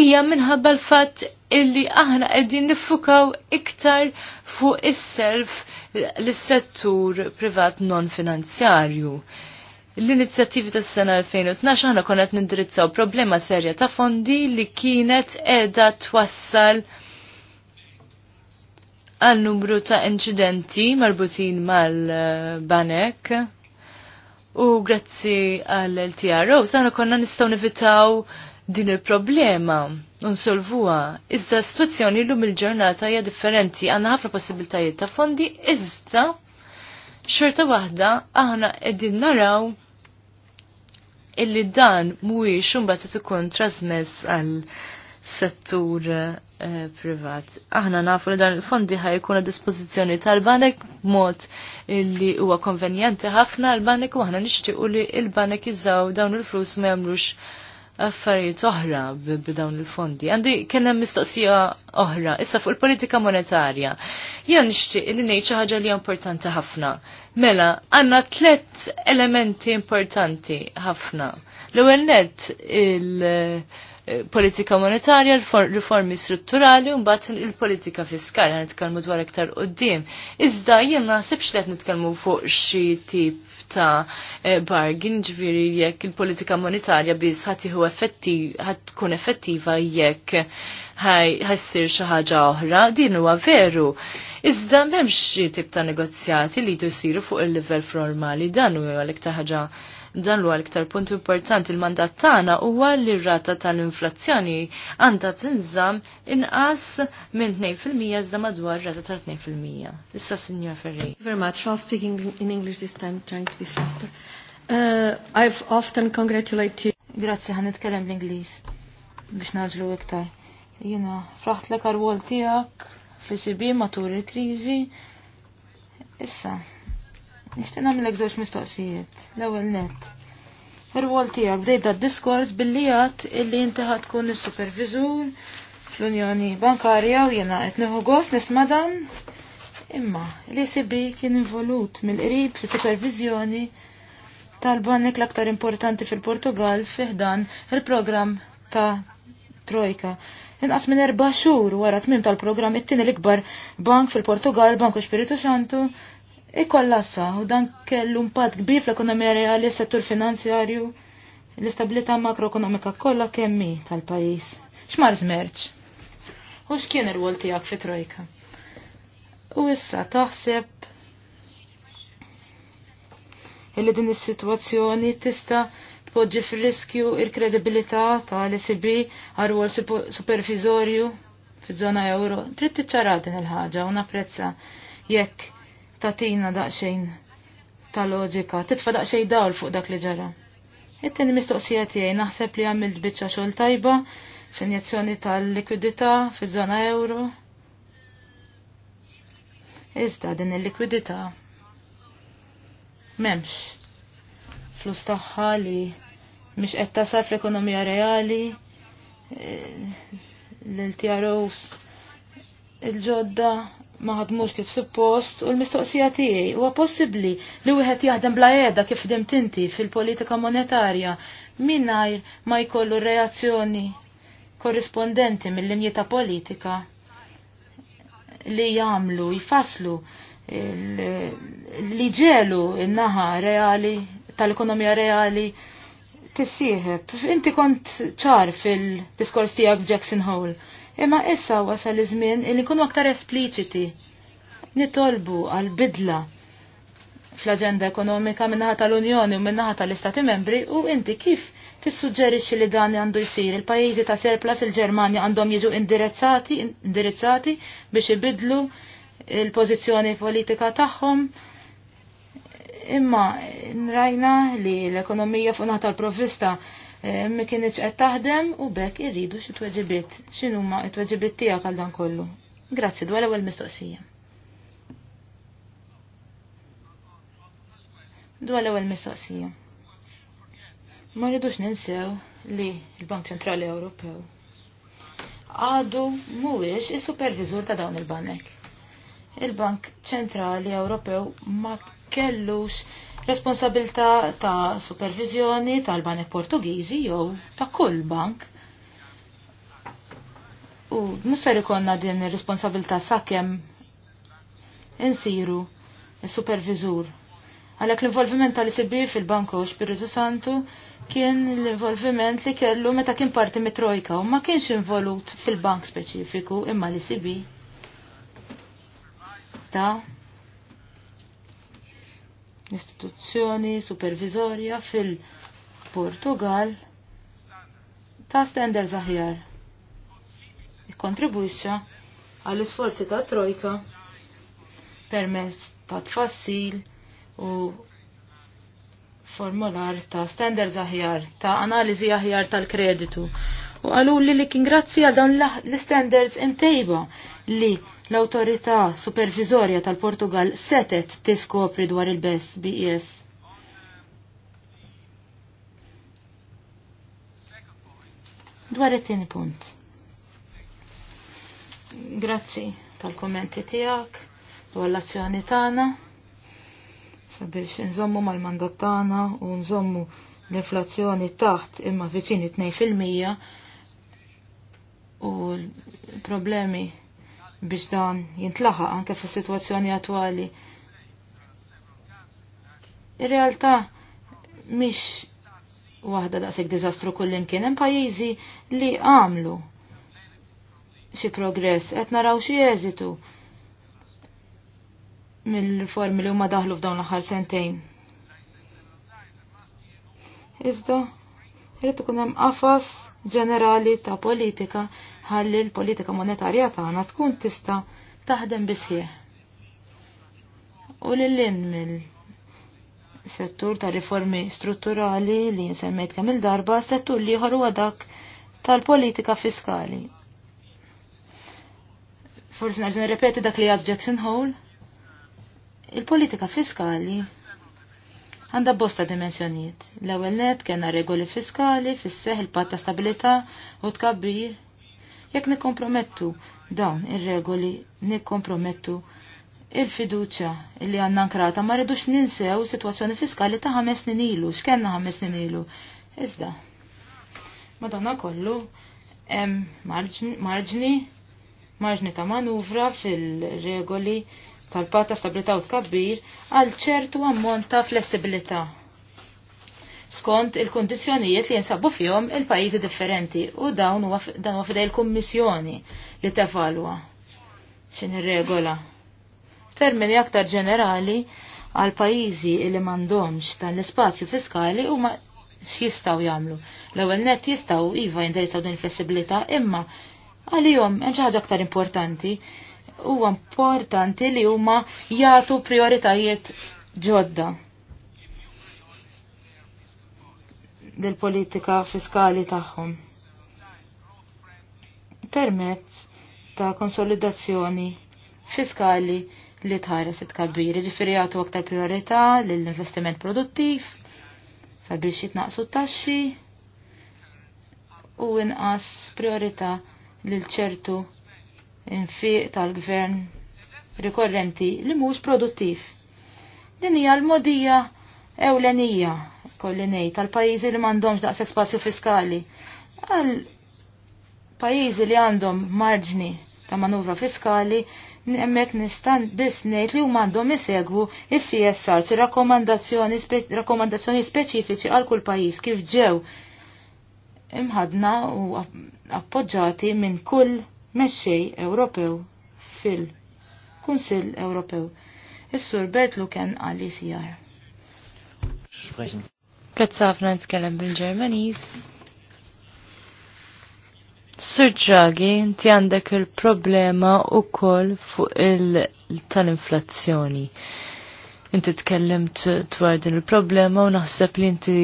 hija minħabba l-fatt illi aħna qegħdin niffukaw iktar fuq is-self l-settur privat non finanzjarju l-inizjattivi tas sena 2012 aħna konet nindirizzaw problema serja ta' fondi li kienet edha twassal għal numru ta' incidenti marbutin mal-banek u grazzi għal LTRO saħna konna nistaw nivitaw din il-problema unsolvuha. Iżda situazzjoni sitwazzjoni llum il-ġurnata hija differenti, għandna ħafna possibiltajiet ta' fondi, iżda xorta waħda aħna qegħdin naraw illi dan mhuwiex imbagħad qed ikun trasmess għal settur eh, privat. Aħna nafu li dan il-fondi ħajkun a dispożizzjoni tal-banek mod illi huwa konvenjenti ħafna l-banek u aħna nixtiequ li l-banek jiżaw dawn il-flus ma jagħmlux affarijiet oħra b'dawn il-fondi. Għandi kellem mistoqsija oħra, issa fuq il-politika monetarja. Jan nixtieq li ngħid xi ħaġa li importanti ħafna. Mela, għandna tliet elementi importanti ħafna. L-ewwel nett il-politika monetarja, riformi strutturali u mbagħad il-politika fiskali ħan dwar iktar quddiem. Iżda jien naħsibx li qed nitkellmu fuq xi tip ta' eh, bargain ġviri jekk il-politika monetarja biss ħatiħu ħatkun effettiva jekk ħassir xi ħaġa oħra, din huwa veru. Iżda m'hemmx tip ta' negozjati li jdu jsiru fuq il-livell formali dan huwa għalek ta' ħaġa dan huwa l-iktar punt importanti il-mandat tagħna huwa li r-rata tal-inflazzjoni għandha tinżam inqas minn 2% iżda madwar rata tal-2%. Issa Signor Ferri. Very much. I'll speak in English this time, trying to be faster. Uh, I've often congratulated Grazzi, għan nitkellem l-Inglis biex
naġlu iktar. Jina, fraħt l-ekar wol tijak, fl-sibi matur il-krizi, Issa, Nishtiq nagħmilek żewġ mistoqsijiet. L-ewwel net. ir wol tiegħek bdejda d-diskors billi għad illi inti tkun is-supervizur fl-Unjoni Bankarja u jena qed nieħu gost nisma' dan. Imma li sibi kien involut mill-qrib fi supervizjoni tal-banek l-aktar importanti fil-Portugal fiħdan il-programm ta' Trojka. Inqas minn erba' xhur wara tmim tal-programm it-tieni l-ikbar bank fil-Portugal, Banku Spiritu Santu, ikolla sa u dan kellu impatt kbir fl-ekonomija reali s-settur finanzjarju l-istabilità makroekonomika kollha kemmi tal-pajjiż. X'mar żmerġ? U x'kien ir wol tiegħek fi trojka? U issa taħseb illi din is-sitwazzjoni tista' tpoġġi fir-riskju il-kredibilità tal-ECB għar-wol supervizorju fiż-żona euro. Trid tiċċara din il-ħaġa u napprezza jekk tatina daqxejn ta' loġika, titfa daqxej dawl fuq dak li ġara. It-tieni mistoqsija tiegħi naħseb li għamilt biċċa xogħol tajba f'injezzjoni tal-likwidità fiż-żona euro. Iżda din il-likwidità m'hemmx flus tagħha li mhix qed tasal fl-ekonomija reali eh, l-TROs il-ġodda ma ħadmux kif suppost u l-mistoqsija tiegħi huwa possibbli li wieħed jaħdem bla qiegħda kif dim inti fil-politika monetarja mingħajr ma jkollu reazzjoni korrispondenti mill-linji ta' politika li jagħmlu jfasslu li ġelu n-naħa reali tal-ekonomija reali tissieħeb. Inti kont ċar fil-diskors tiegħek Jackson Hole imma issa wasal iż-żmien li nkunu aktar espliċiti nitolbu għal bidla fl-aġenda ekonomika minnaħa tal-Unjoni u minnaħa tal-Istati Membri u inti kif tissuġġerixxi li dan għandu jsir il-pajjiżi ta' surplus il-Ġermanja għandhom jiġu indirizzati indirizzati biex ibidlu il-pożizzjoni politika tagħhom imma nrajna li l-ekonomija fuq l-provvista Eh, ma kienx qed taħdem u bekk irridu xi tweġibiet. X'inhuma t-tweġibiet tiegħek għal dan kollu? Grazzi dwar ewwel mistoqsija. Dwar ewwel mistoqsija. Ma rridux ninsew li l-Bank Ċentrali Ewropew għadu mhuwiex is-supervizur ta' dawn il-banek. Il-Bank Ċentrali Ewropew ma kellux responsabilità ta' supervizjoni tal-banek Portugiżi jew ta' kull bank. U musser ikonna din ir-responsabilità sakemm insiru il-supervizur. Għalek l-involviment tal sibir fil u Spiritu Santu kien l-involviment li kellu meta kien parti mit-Trojka u ma kienx involut fil-bank speċifiku imma l sibir Ta' istituzzjoni supervizorja fil-Portugal ta' standards aħjar. Ikkontribwixxa għall isforzi ta' trojka permezz ta' tfassil u formular ta' standards aħjar, ta' analiżi aħjar tal-kreditu u għalu li li kien grazzi għal dawn l-standards imtejba li l-autorità supervizorja tal-Portugal setet tiskopri dwar il-BES BES. Dwar it-tieni punt. Grazzi tal-kommenti tiegħek dwar l-azzjoni tagħna sabiex nżommu mal-mandat tagħna u nżommu l-inflazzjoni taħt imma viċini 2 fil-mija u l-problemi biex dan jintlaħa anke fis situazzjoni attwali. Ir-realtà mhix waħda daqshekk diżastru kullimkien hemm pajjiżi li għamlu xi progress qed naraw xi eżitu mill-riformi li huma daħlu f'dawn l-aħħar sentejn. Iżda jrid ikun hemm qafas ġenerali ta' politika ħalli l-politika monetarja tagħna tkun tista' taħdem bisħieħ. U lil-lin mill-settur ta' riformi strutturali li nsemmejt kemm il-darba, settur li huwa dak tal-politika fiskali. Forsi nerġa' nirrepeti dak li għad Jackson Hole. Il-politika fiskali għandha bosta dimensjonijiet. L-ewwel net kellna regoli fiskali, fis-seħ il-patt ta' stabilità u tkabbir. Jekk nikkompromettu dawn ir-regoli, nikkompromettu il-fiduċa li għanna nkrata ma rridux ninsew situazzjoni fiskali ta' ħames snin ilu, x'kenna ħames snin ilu. Iżda. Madonna kollu hemm marġni marġni ta' manuvra fil-regoli tal-patta stabilita u tkabbir għal ċertu ammont ta' flessibilità. Skont il-kondizjonijiet li jinsabu fihom il-pajjiżi differenti u dawn huwa fidej il-Kummissjoni li tevalwa xin ir-regola. Termini aktar ġenerali għal pajjiżi li m'għandhomx dan l-ispazju fiskali huma x'jistgħu jagħmlu. L-ewwel nett jistgħu iva jindirizzaw din il-flessibilità imma għalihom hemm xi ħaġa aktar importanti huwa importanti li huma jagħtu prioritajiet ġodda. Del-politika fiskali tagħhom. Permezz ta' konsolidazzjoni fiskali li tħares it-kabbir, ġifiri jagħtu aktar priorità lill-investiment produttiv sabiex jitnaqsu t-taxxi u inqas priorità l ċertu infiq tal-gvern rikorrenti li mhux produttiv. Din hija l-modija ewlenija kolli ngħid tal-pajjiżi li m'għandhomx daqshekk spazju fiskali. Għal pajjiżi li għandhom marġni ta' manuvra fiskali hemmhekk nistan biss ngħid li huma għandhom isegwu is-CSR si rakkomandazzjoni speċifiċi għal kull pajjiż kif ġew imħadna u appoġġati minn kull mexxej Ewropew fil-Kunsill Ewropew. Is-Sur Bertlu kien għal ICR.
E Sprechen.
Prezzafna nitkellem bil-Ġermaniż. Sur Draghi, inti għandek il-problema u koll fuq il-tal-inflazzjoni. Inti tkellimt dwar din il-problema u naħseb li inti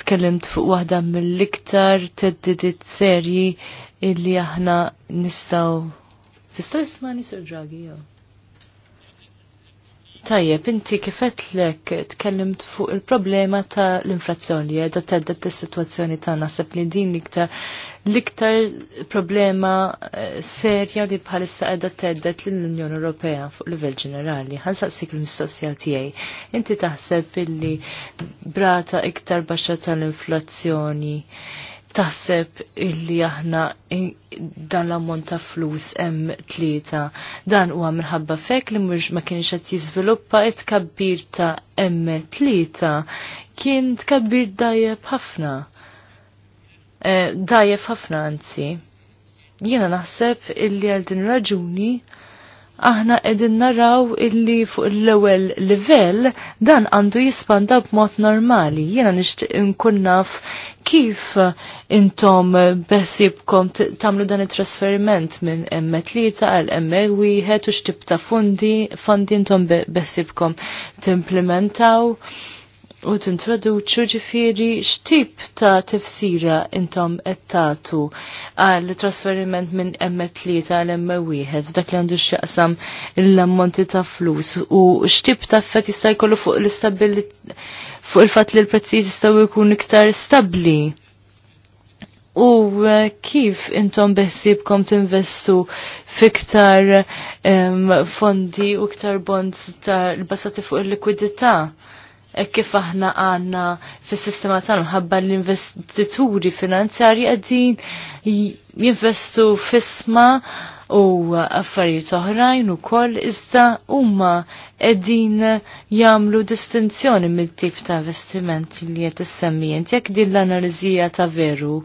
tkellimt fuq waħda mill-iktar teddidiet serji illi aħna nistaw. Tista' tismani Sir Draghi jew? Tajjeb, inti kifet lek tkellimt fuq il-problema ta' l-inflazzjoni li eh, għedha tedda t-situazzjoni ta' nasab li din liktar liktar problema eh, serja li bħalissa għedha tedda l-Unjoni Ewropea fuq livell ġenerali. Ħansaqsik l-mistoqsija tiegħi. Inti taħseb illi brata iktar baxxa tal-inflazzjoni taħseb illi aħna dan l-ammont ta' flus hemm tlieta. Dan huwa minħabba fek li mhux ma kienx qed jiżviluppa it-tkabbir ta' M tlieta kien tkabbir dajjeb ħafna. Eh, dajjeb ħafna anzi. Jiena naħseb illi għal din raġuni aħna edin naraw illi fuq l-ewel livell dan għandu jispanda b'mod normali. Jena nishtiq nkun naf kif intom besibkom tamlu dan it-trasferiment minn M3 għal M1 u xtib ta' fondi, fondi intom besibkom timplementaw. implementaw u tintroduċu ġifiri x'tip ta' tifsira intom qed tagħtu għal trasferiment minn M3 għal m wieħed dak li għandu x'jaqsam l-ammonti ta' flus u x'tip ta' effett jista' jkollu fuq l istabili fuq il-fatt li l prezzi jistgħu ikun iktar stabbli. U eh, kif intom beħsibkom tinvestu fiktar fondi u iktar bonds ta' l-basati fuq il-likwidità? E kif aħna għanna fis-sistema tagħna ħabba l-investituri finanzjarji qegħdin jinvestu fisma' u affarijiet oħrajn ukoll iżda huma qegħdin jagħmlu distinzjoni mill-tip ta' investiment li qed semmi int jekk din l-analiżija ta' veru.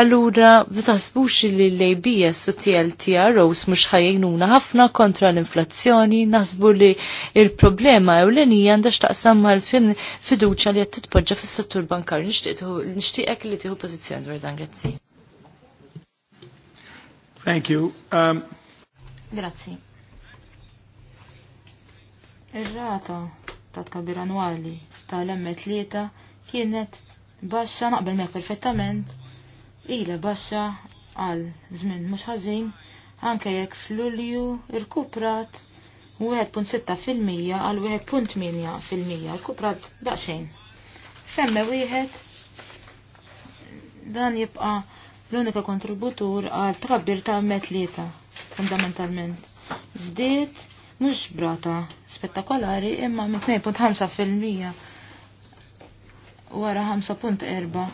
Allura ma li l-ABS u TLTROs mhux ħajjnuna ħafna kontra l-inflazzjoni, naħsbu li il-problema ewlenija għandha samma l fin fiduċa li qed titpoġġa fis-settur bankarju. Nixtieqek li tieħu pożizzjoni dwar dan, Grazie.
Thank you. Um...
Grazzi.
Ir-rata ta' tkabir annwali tal-M3 kienet baxxa naqbel me perfettament ila baxxa għal żmien mhux ħażin anke jekk f'Lulju irkuprat 1.6% għal 1.8% kuprat daqsxejn. Femme wieħed dan jibqa' l-unika kontributur għal tkabbir ta' lieta fundamentalment. Zdiet mhux brata spettakolari imma minn 2.5 fil-mija wara 5.4.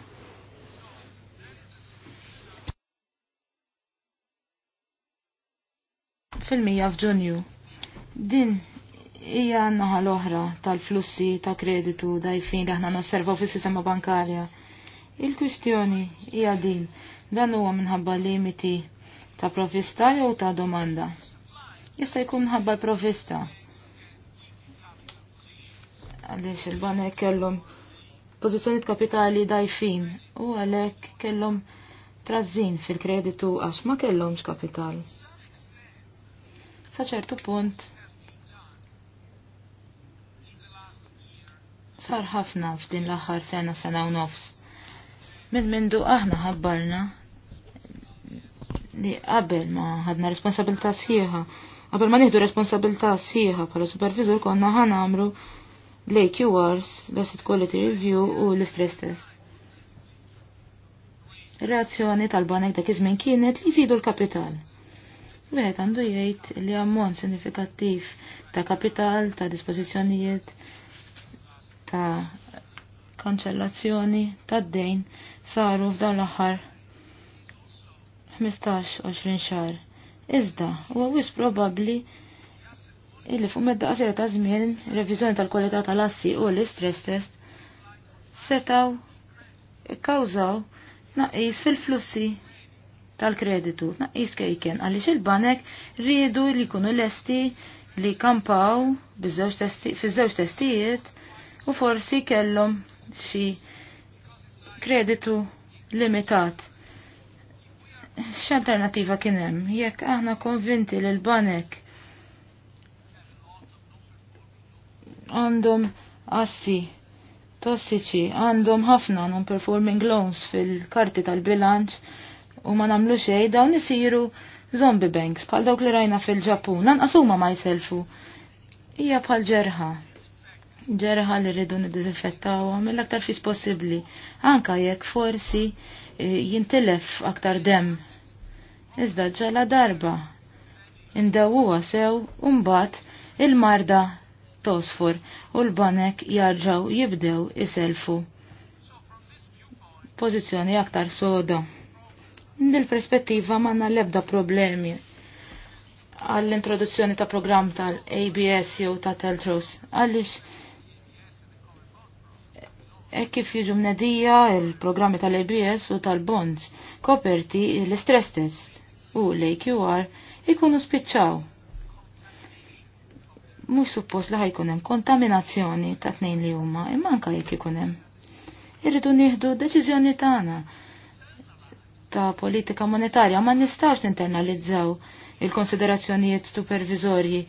fil-mija f'Ġunju. Din hija naħa l-oħra tal-flussi ta' kreditu dajfin li aħna nosservaw fis-sistema bankarja. Il-kwistjoni hija din Dan huwa minħabba limiti ta' provista jew ta' domanda. Jista' jkun minħabba l-provista. Għaliex il-banek kellhom pożizzjonijiet kapitali dajfin u għalhekk kellhom trażin fil-kreditu għax ma kellhomx kapital. Sa ċertu punt sar ħafna f'din l-aħħar sena sena u nofs. Min mindu aħna ħabbarna li qabel ma ħadna responsabilità sħiħa, qabel ma nieħdu responsabilità sħiħa bħala supervisor konna ħanamru l-AQRs, l-Asset Quality Review u l-Stress Test. reazzjoni tal-banek dak iż-żmien kienet li jżidu l-kapital. Għet għandu jgħid li ammont sinifikattiv ta' kapital, ta' dispożizzjonijiet, ta' kanċellazzjoni, ta' dejn saru f'dawn l-aħħar 15-20 xar. Iżda, huwa wis probabbli illi fuq medda qasira ta' żmien reviżjoni tal-kwalità tal-assi u l-istress test setaw kawżaw, naqis fil-flussi tal-kreditu, naqis kejken, għaliex il-banek rridu li jkunu lesti li kampaw fiż-żewġ testijiet u forsi kellhom xi kreditu limitat x'alternativa kien hemm? Jekk aħna konvinti li l-banek għandhom assi tossiċi, għandhom ħafna non-performing loans fil-karti tal-bilanċ u ma nagħmlu xejn dawn isiru zombie banks bħal dawk li rajna fil-Ġappun, lanqas huma ma jselfu. Hija bħal ġerħa ġerħa li rridu niddizinfettaw mill-aktar fis possibbli, anka jekk forsi eh, jintilef aktar dem. Iżda ġala darba. Indawuwa sew umbat il-marda tosfur u l-banek jarġaw jibdew iselfu. Pożizzjoni aktar soda. nil perspettiva manna lebda problemi għall-introduzzjoni ta' program tal-ABS jew ta' Teltros. Għallix E kif jiġu mnedija il-programmi tal-ABS u tal-bonds koperti l-stress test u l-AQR ikunu spiċċaw. Mux suppost li ħajkunem hemm kontaminazzjoni ta' tnejn li huma, imma anka jekk ikun hemm. Irridu nieħdu deċiżjoni tagħna ta' politika monetarja ma nistax ninternalizzaw il-konsiderazzjonijiet supervizorji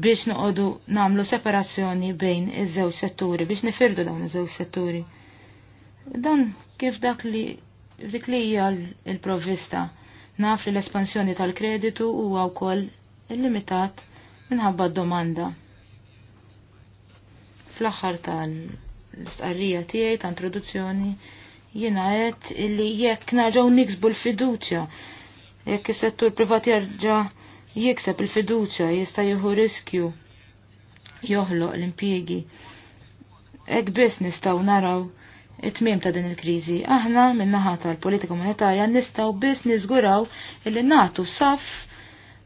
biex noqodu namlu separazzjoni bejn iż-żewġ setturi, biex nifirdu dawn iż-żewġ setturi. Dan kif dak li dik li hija l-provvista. Naf li l-espansjoni tal-kreditu huwa wkoll illimitat minħabba d-domanda. Fl-aħħar tal-istqarrija tiegħi ta' introduzzjoni jiena qed illi jekk naġgħu niksbu l-fiduċja jekk is-settur privat jerġa' jikseb il-fiduċa, jista' jieħu riskju, joħloq l-impjiegi. Ek biss nistgħu naraw it-tmiem ta' din il-kriżi. Aħna min-naħa tal-politika monetarja nistgħu biss niżguraw illi nagħtu saf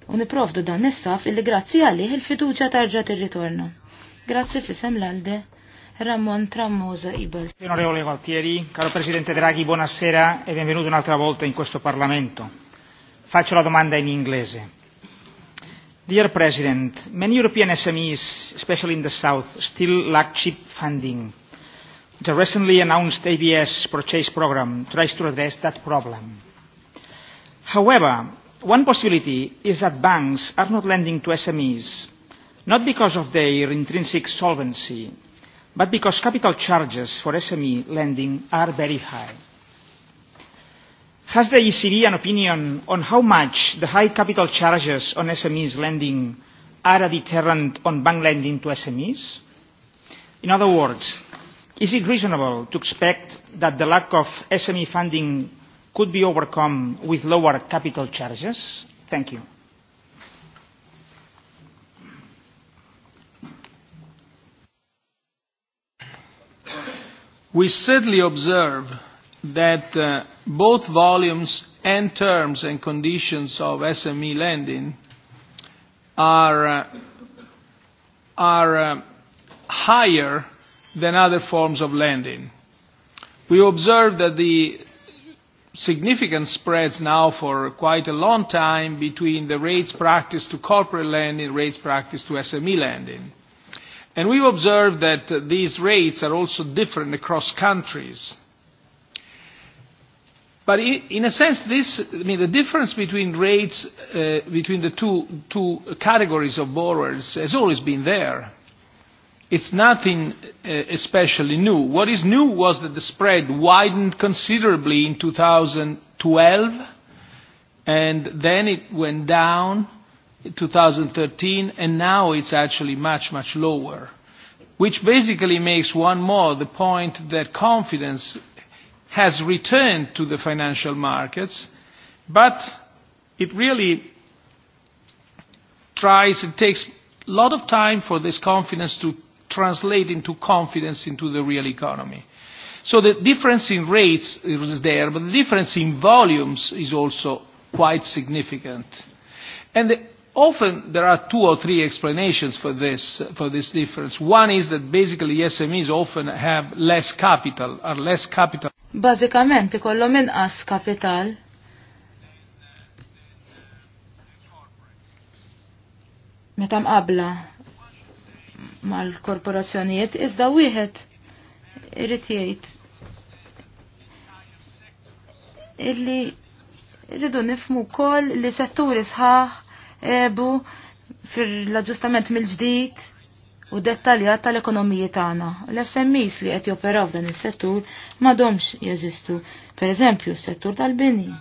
u niprofdu dan is illi grazzi għalih il-fiduċa tarġa tirritorna. Grazzi fisem l-alde. Ramon Tramosa Ibas.
Onorevole Valtieri, caro Presidente Draghi, buonasera e benvenuto un'altra volta in questo Parlamento. Faccio la domanda in inglese. Dear President, many European SMEs, especially in the South, still lack cheap funding. The recently announced ABS purchase program tries to address that problem. However, one possibility is that banks are not lending to SMEs, not because of their intrinsic solvency, but because capital charges for SME lending are very high. Has the ECB an opinion on how much the high capital charges on SMEs lending are a deterrent on bank lending to SMEs? In other words, is it reasonable to expect that the lack of SME funding could be overcome with lower capital charges? Thank you. We certainly observe that uh, both volumes and terms and conditions of SME lending are, uh, are uh, higher than other forms of lending. We observe that the significant spreads now for quite a long time between the rates practiced to corporate lending, and rates practiced to SME lending. And we observed that uh, these rates are also different across countries. But in, in a sense, this, I mean, the difference between rates uh, between the two, two categories of borrowers has always been there. It's nothing uh, especially new. What is new was that the spread widened considerably in 2012, and then it went down in 2013, and now it's actually much, much lower, which basically makes one more the point that confidence has returned to the financial markets, but it really tries, it takes a lot of time for this confidence to translate into confidence into the real economy. So the difference in rates is there, but the difference in volumes is also quite significant. And the, often there are two or three explanations for this, for this difference. One is that basically SMEs often have less capital, are less capital
bażikament ikollhom inqas kapital. Meta mqabla mal-korporazzjonijiet iżda wieħed irid jgħid illi rridu nifmu wkoll li setturi sħaħ ebu l aġġustament mill-ġdid u dettaljat tal-ekonomiji tagħna. L-SMEs li qed joperaw f'dan is-settur m'għadhomx jeżistu. Pereżempju, s-settur tal-bini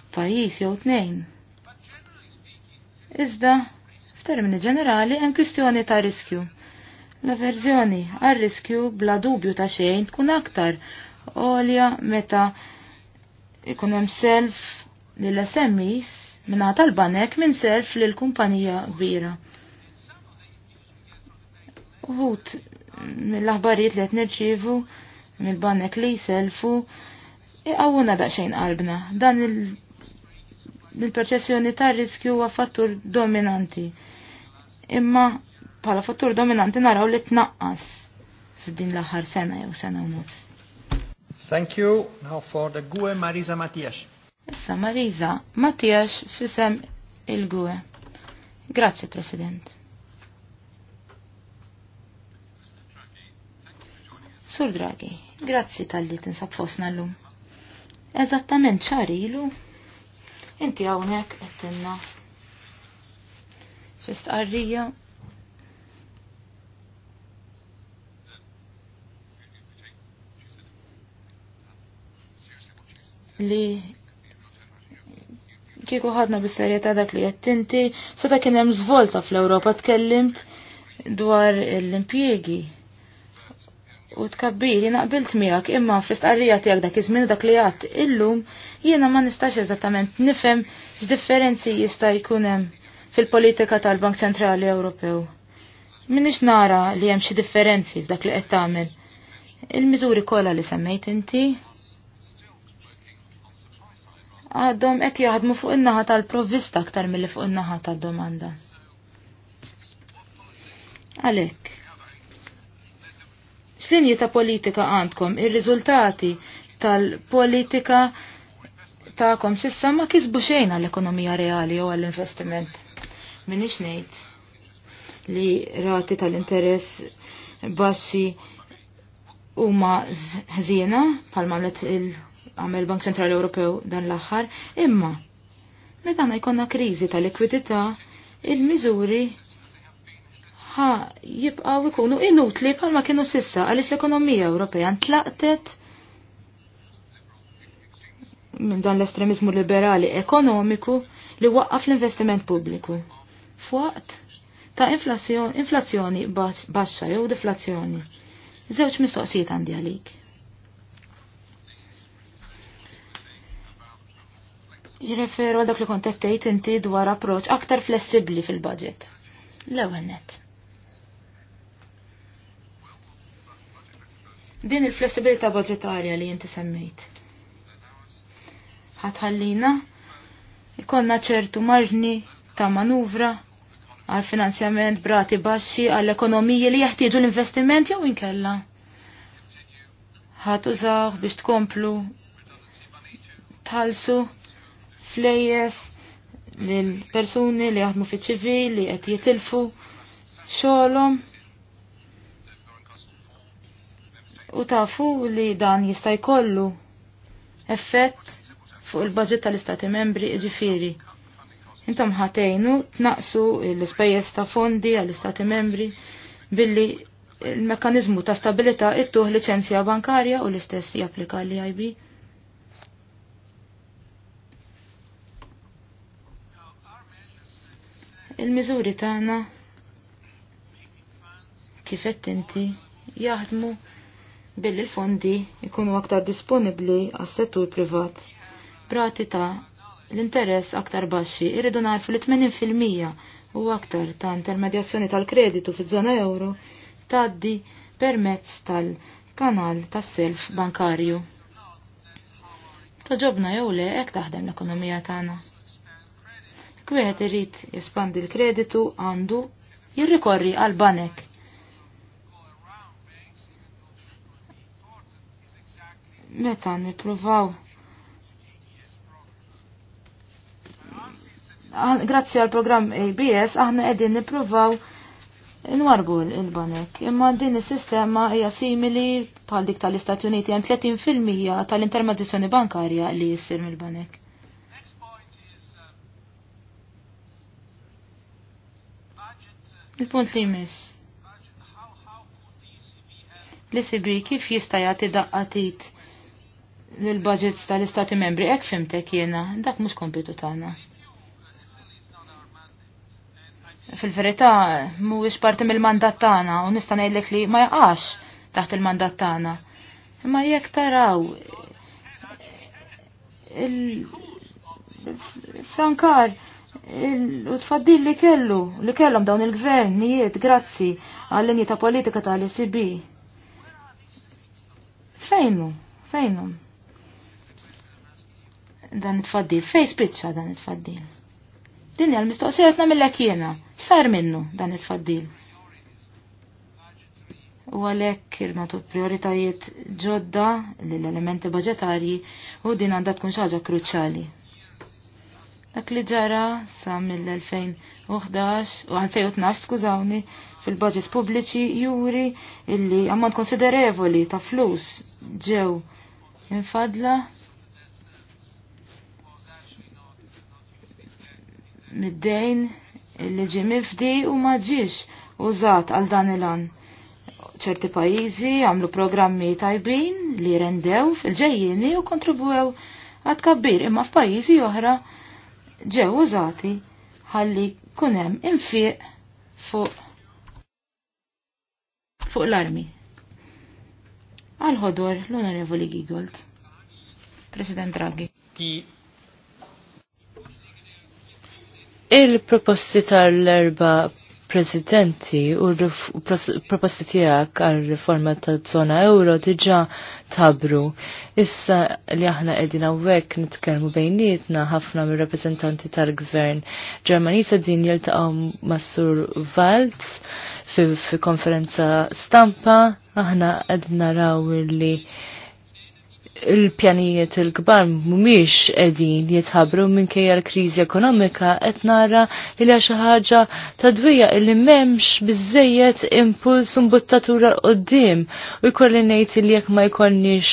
f'pajjiż jew tnejn. Iżda, f'termini ġenerali hemm kwistjoni ta' riskju. L-averżjoni għar riskju bla dubju ta' xejn tkun aktar għolja meta ikun hemm self lill-SMEs minn tal-banek minn self lill-kumpanija kbira. Uħut mill-aħbarijiet li qed nirċievu mill-bannek li jselfu iqawwuna daċxajn qalbna. Dan il-perċessjoni tar riskju huwa fattur dominanti. Imma bħala fattur dominanti naraw li tnaqqas f'din l-aħħar sena jew sena u nofs.
Thank you. Now for the GUE Marisa Matijax.
Issa Marisa Mattias fisem il-GUE. Grazie President. Sur Draghi, grazzi tal-li tinsab fosna l-lum. Eżattament ċarilu, inti għawnek għettinna għarrija. li kieku ħadna bis-serjetà dak li qed inti, sa kien hemm żvolta fl-Ewropa tkellimt dwar l-impjiegi u tkabbiri naqbilt miegħek imma fl-istqarrija tiegħek dak iż-żmien dak li għad illum jiena ma nistax eżattament nifhem x'differenzi jista' jkun hemm fil-politika tal-Bank Ċentrali Ewropew. Minix nara li hemm xi differenzi f'dak li qed tagħmel. Il-miżuri kollha li semmejt inti għadhom qed jaħdmu fuq in-naħa tal-provvista aktar milli fuq in-naħa tad-domanda. Għalhekk b'sinji ta' politika għandkom? Ir-riżultati tal-politika ta'kom sissa ma kisbu xejn għall-ekonomija reali u għall-investiment. Minix ngħid li rati tal-interess baxxi huma żiena bħal għamlet il għamel Bank Centrali Ewropew dan l-aħħar, imma meta jkonna kriżi tal-likwidità, il-miżuri ħa jibqaw ikunu inutli bħalma kienu sissa għaliex l-ekonomija Ewropea ntlaqtet minn dan l-estremizmu liberali ekonomiku li waqqaf l-investiment pubbliku. Fwaqt ta' inflazzjoni, inflazzjoni baxxa jew deflazzjoni. Żewġ mistoqsijiet għandi għalik. Jirreferu għal dak li kontettejt inti dwar approċ aktar flessibli fil-budget. L-ewwel net. Din il-flessibilità budgetarja li jinti semmejt. Ħatħallina ikonna ċertu marġni ta' manuvra għal finanzjament brati baxxi għall ekonomiji li jeħtieġu l-investiment jew inkella. Ħat użaw biex tkomplu tħalsu flejjes lil persuni li jaħdmu fiċ ċivili li qed jitilfu xogħolhom u tafu li dan jista' jkollu effett fuq il-budget tal-istati membri ġifiri. Intom ħatejnu tnaqsu l-ispejjeż ta' fondi għall-istati membri billi il-mekanizmu ta' stabilita ittuħ licenzja bankarja u l-istess japplika l IB. Il-miżuri tagħna kifett inti jaħdmu billi l-fondi ikunu aktar disponibli għas settur privat. Brati ta' l-interess aktar baxxi irridu nafu li 80% u aktar ta' intermedjazzjoni tal-kreditu fiż zona euro tgħaddi permezz tal-kanal tas-self bankarju. Taġobna jew le hekk taħdem l-ekonomija tagħna. Kwieħed irid jespandi l-kreditu għandu jirrikorri għal banek meta nippruvaw grazzi għal programm ABS aħna qegħdin nippruvaw Nwarbu il-banek, imma din is-sistema hija simili bħal dik tal-Istati Uniti hemm 30% tal-intermedizzjoni bankarja li jissir mill-banek. Il-punt li jmiss. L-ECB kif jista' jagħti daqqatit l-budgets tal-istati membri, ek fimtek jena, dak mux kompitu tagħna. Fil-verità, mhuwiex parti mill-mandat tagħna u nista' ngħidlek li ma jaqax taħt il-mandat tagħna. Imma jekk taraw il-frankar u tfaddil li kellu, li kellhom dawn il-gvernijiet, grazzi għall-linji ta' politika tal-ECB. Fejnu, fejnu dan it faddil fej spiċċa dan it-tfaddil. Din jgħal l-mistoqsija qed nagħmilek jiena, minnu dan it-tfaddil. U għalhekk tu prioritajiet ġodda lill-elementi budġetarji u din għandha tkun xi ħaġa kruċjali. Dak li ġara sa mill-2011 u 2012 skużawni fil-budgets pubbliċi juri illi ammont konsiderevoli ta' flus ġew infadla mid-dejn li ġi mifdi u ma ġiex użat għal dan il-an. ċerti pajizi għamlu programmi tajbin li rendew fil-ġejjini u kontribuew għad kabbir imma f'pajizi oħra ġew użati ħalli kunem infiq fuq fuq l-armi. Għal-ħodor l-Onorevoli Gigold.
President Draghi. Il-proposti tal-erba Presidenti u proposti tijak għal-reforma ta' zona euro diġa tabru. Issa li aħna edina għwek nitkelmu bejnietna ħafna mir rappresentanti tal-gvern ġermanisa din jiltaqaw Massur Valz fi konferenza stampa aħna edna raw li il-pjanijiet il-kbar mumiex edin jitħabru minkejja l-kriżi ekonomika qed nara li xi ħaġa ta' dwija li m'hemmx biżejjed impuls imbuttatura qoddim u jkolli ngħid li jekk ma jkollniex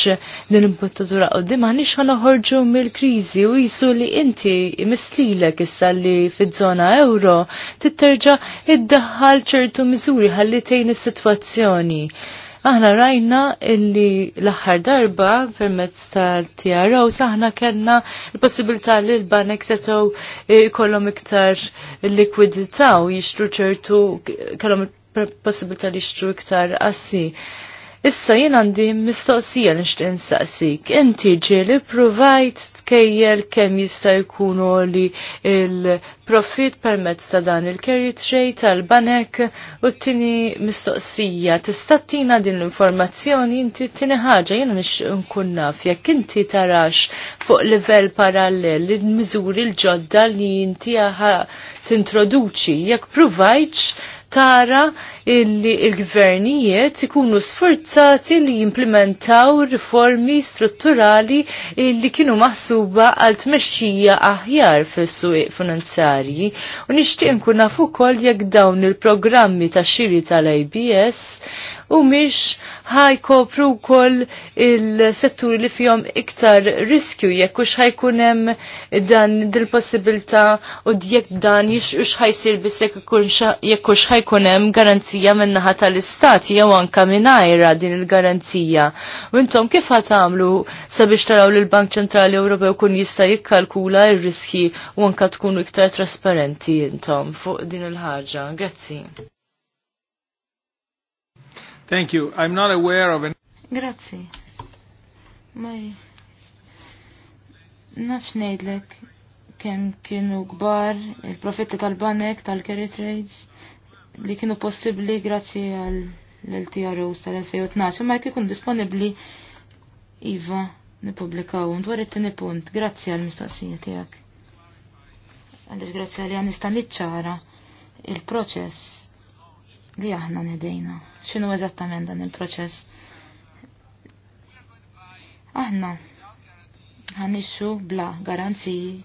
din imbuttatura qoddim ħanix ħanoħorġu mill-kriżi u jisu li inti mislilek issa li fiż-żona euro titterġa' iddaħħal ċertu miżuri ħalli tejn is-sitwazzjoni. Aħna rajna illi l-aħħar darba permezz tal-TRO saħna kellna l-possibilità li l-banek setgħu eh, jkollhom iktar likwidità u jixtru ċertu kellhom possibilità li jixtru iktar assi. Issa jien għandi mistoqsija nixtieq insaqsik. Inti ġieli provajt tkejjel kemm jista' jkunu li il-profit permezz ta' dan il-carry trade tal-banek u t-tini mistoqsija. Tista' tina din l-informazzjoni inti t-tini ħaġa jiena nixtieq nkun naf jekk inti tarax fuq livell parallel il-miżuri l-ġodda li inti tintroduċi jekk provajtx tara illi il-gvernijiet ikunu sforzati li jimplementaw riformi strutturali illi kienu maħsuba għal tmexxija aħjar fis-suq finanzarji u nixtieq nkun naf ukoll jekk dawn il-programmi ta' xiri tal-IBS u miex ħajkopru kol il-setturi li fihom iktar riskju jekk ħajkun hemm dan dil possibilità u jekk dan ux ħajsir biss jekk ħajkun hemm garanzija garanzija minnaħa tal-istat jew anka minajra din il-garanzija. U intom kif għamlu sabiex taraw li l-Bank Ċentrali Ewropew kun jista' jikkalkula r-riski u anka tkunu iktar trasparenti intom fuq din il-ħaġa. Grazzi.
Thank you. I'm not aware of an
Grazzi.
Mari. Nafx ngħidlek kemm kienu kbar il-profitti tal-banek tal-carry trades li kienu possibli grazzi għal l-LTROs tal-2012, ma ikun disponibli Iva nipublikaw. Dwar it-tini punt, grazzi għal mistoqsija tijak. Għandix grazzi għal nista niċċara il-proċess li aħna nedejna. Xinu eżattament dan il-proċess? Aħna ħanixxu bla garanziji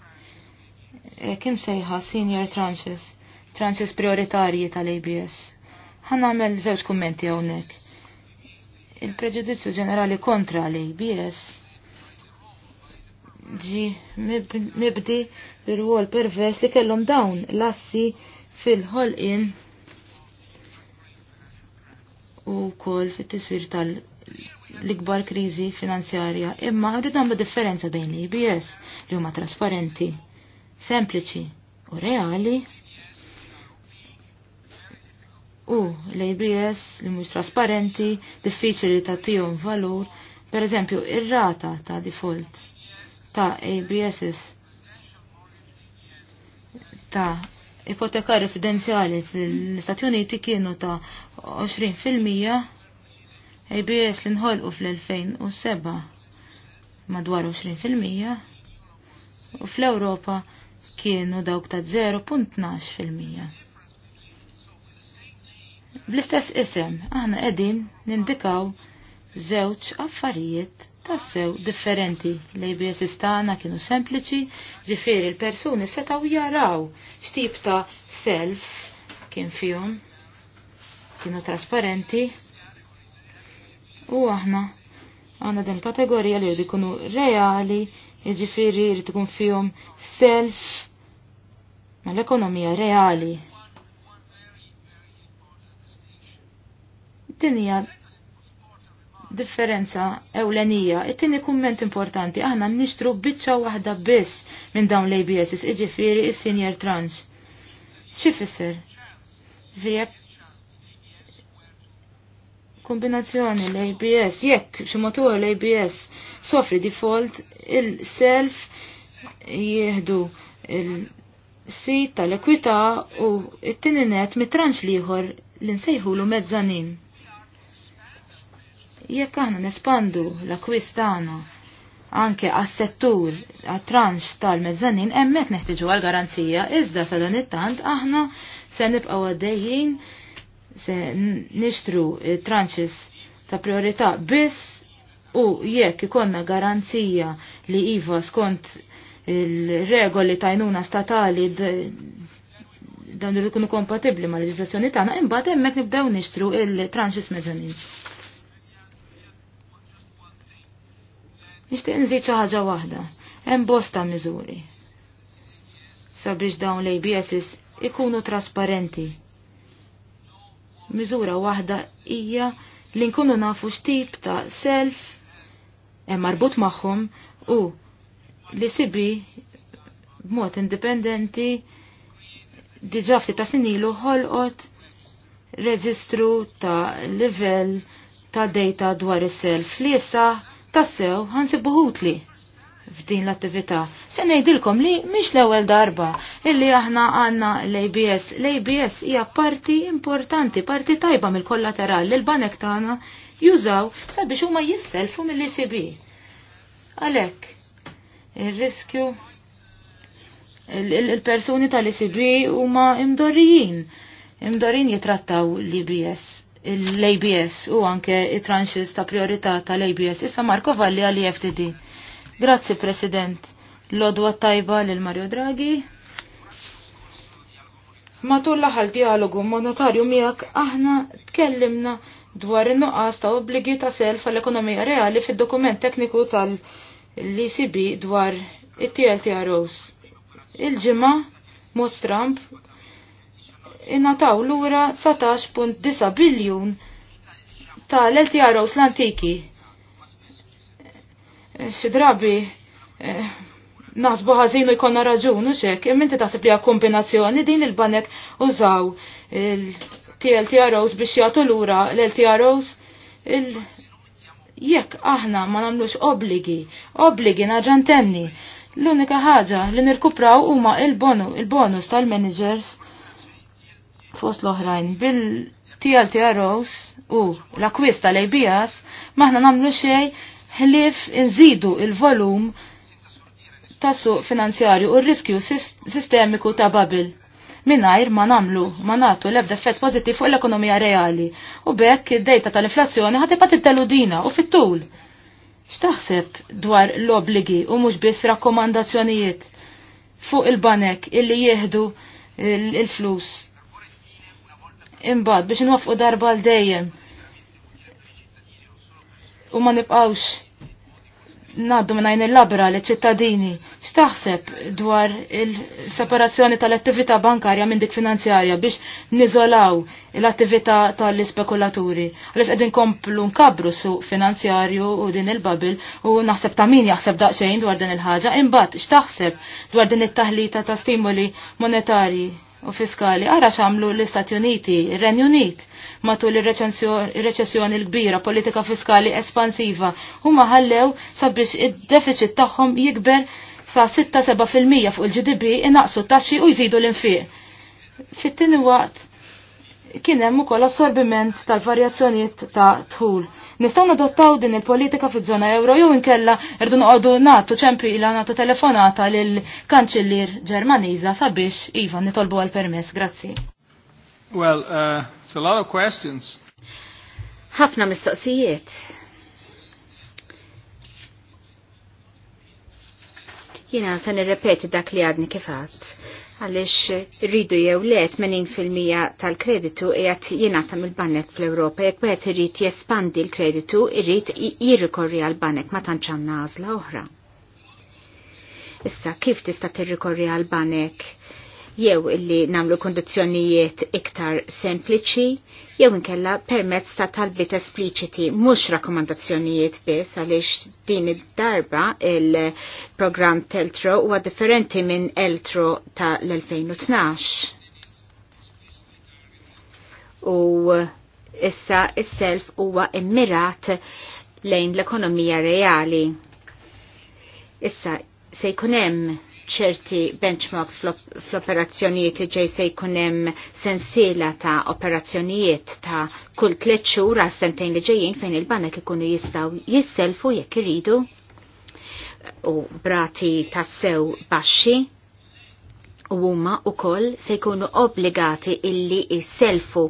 kim sejħa senior tranches transis prioritarji tal-ABS. Għan nagħmel żewġ kummenti hawnhekk. Il-preġudizzju ġenerali kontra l-ABS ġi mibdi l rwol pervers li kellhom dawn lassi fil-ħolqin u kol fit-tiswir tal- l-ikbar krizi finanzjarja, imma rridu għamlu differenza bejn l-IBS li huma trasparenti, sempliċi u reali u l-ABS li mhux trasparenti, diffiċli ta' tihom valur, per eżempju ir-rata ta' default ta' ABS ta' ipoteka residenzjali fl-Istati Uniti kienu ta' 20% ABS li nħolqu fl-2007 madwar 20% u fl-Ewropa kienu dawk ta' 0.12%. Bl-istess isem, aħna qegħdin nindikaw żewġ affarijiet tas-sew differenti. L-ABS istana kienu sempliċi, ġifieri l-persuni setaw jaraw x'tip ta' self kien fihom, kienu trasparenti. U aħna għandna din kategorija li jkunu reali, jiġifieri jrid ikun fihom self mal-ekonomija reali Dinja differenza ewlenija. It-tieni kumment importanti, aħna nishtru biċċa waħda biss minn dawn l-ABS, iġifieri il senior tranche. Xi Vijek kombinazzjoni l-ABS, jekk xi motor l-ABS sofri default il-self jieħdu il-sit tal-ekwità u it net mit-tranx liħor l-insejħu l-mezzanin. Jekk aħna nespandu l-akwist tagħna anke għas-settur għat-tranx tal-mezzanin hemmhekk neħtiġu għal-garanzija iżda sa dan it-tant aħna se nibqgħu għaddejjin se nixtru tranches ta' priorità biss u jekk ikonna garanzija li iva skont il-regoli tajnuna statali dawn li jkunu kompatibbli ma' leġislazzjoni tagħna imbagħad hemmhekk nibdew nixtru il-tranches mezzanin. Nixtieq nżid xi ħaġa waħda, hemm bosta miżuri. Sabiex dawn l-ABSs ikunu trasparenti. Miżura waħda hija li nkunu nafu x'tip ta' self hemm marbut magħhom u li sibi b'mod indipendenti diġa ftit ta' sinilu ħolqot reġistru ta' livell ta' data dwar is-self li issa tassew ħansibu ħutli f'din l-attività. Se ngħidilkom li mhix l-ewwel darba illi aħna għandna l-ABS. L-ABS hija parti importanti, parti tajba mill-kollaterali li l-banek tagħna jużaw sabiex huma jisselfu mill-ECB. Għalhekk ir-riskju il-persuni tal-ECB huma imdorrijin. Imdorin jitrattaw l-IBS l-ABS u anke i tranches ta' priorità tal-ABS. Issa Marko Valli għal e FTD. Grazzi President. Lodwa tajba lil Mario Draghi. Matul laħal dialogu monetarju miegħek aħna tkellimna dwar in-nuqqas ta' obbligi ta' self għall-ekonomija reali fid-dokument tekniku tal-ECB dwar it-TLTROs. Il-ġimgħa Most Trump innataw lura 19.9 biljun ta' l-LTROs l-antiki. Xidrabi, eh, nasbu ħażinu jkollna raġun u xek, minti ta' sepli kombinazzjoni din il-banek użaw il-TLTROs biex jagħtu lura l-LTROs il jekk aħna ma nagħmlux obligi, obligi naġan temni. L-unika ħaġa li nirkupraw huma il-bonus il tal-managers fost l-oħrajn bil-TLT Arrows u l-akwist tal bijas maħna namlu xej ħlif nżidu il-volum tassu finanzjarju u r-riskju sistemiku ta' Babil. Minajr ma namlu, ma natu l-ebda effett pozittiv fuq l-ekonomija reali u bekk id-dejta tal-inflazzjoni ħatipa tiddelu dina u fit-tul. X'taħseb dwar l-obligi u mhux biss rakkomandazzjonijiet fuq il-banek illi jieħdu il-flus imbagħad biex nwafqu darba l dejjem u ma nibqawx naddu minn il-labra li ċittadini, xtaħseb dwar il-separazzjoni tal-attività bankarja minn dik finanzjarja biex nizolaw l-attività tal-ispekulaturi. Għalix għedin komplu nkabru su finanzjarju u din il-babil u naħseb ta' min jaħseb daqxejn dwar din il-ħagġa, imbat xtaħseb dwar din it-taħlita ta' stimoli monetari u fiskali. Ara xamlu l-Istati Uniti, Renju Unit, matul il-reċessjoni l-kbira, politika fiskali espansiva, u maħallew sabiex id-deficit tagħhom jikber sa 6-7% fuq il-GDP inaqsu taxxi u jżidu l-infiq. Fittin tieni waqt kien hemm ukoll assorbiment tal varjazzjoniet ta' tħul. Nistgħu nadottaw din il-politika fi zona euro jew inkella rdu noqogħdu nagħtu ċempi ila nagħtu telefonata lil kanċillier Ġermaniża sabiex iva nitolbu għal permess. Grazzi.
Well, uh, it's a lot of questions.
Ħafna mistoqsijiet. Jina, se nirrepeti dak li għadni kif għalix rridu jew le 80% tal-kreditu qiegħed jenata mill-banek fl ewropa jekk bħet irid jespandi l-kreditu, irrit jirrikorri għal-banek ma tanċanna għazla oħra. Issa, kif tista tirrikorri għal-banek? jew illi namlu kondizjonijiet iktar sempliċi, jew inkella permezz ta' talbiet espliċiti, mhux rakkomandazzjonijiet biss għaliex din id-darba il-programm Teltro huwa differenti minn Eltro ta' l-2012. U issa is-self huwa immirat lejn l-ekonomija reali. Issa se jkun hemm ċerti benchmarks fl-operazzjonijiet li ġej se jkunem sensiela ta' operazzjonijiet ta' kull tliet xhur għas sentejn li ġejjin fejn il-banek ikunu jistgħu jisselfu jekk iridu u brati tassew baxxi u huma wkoll se jkunu obbligati illi jisselfu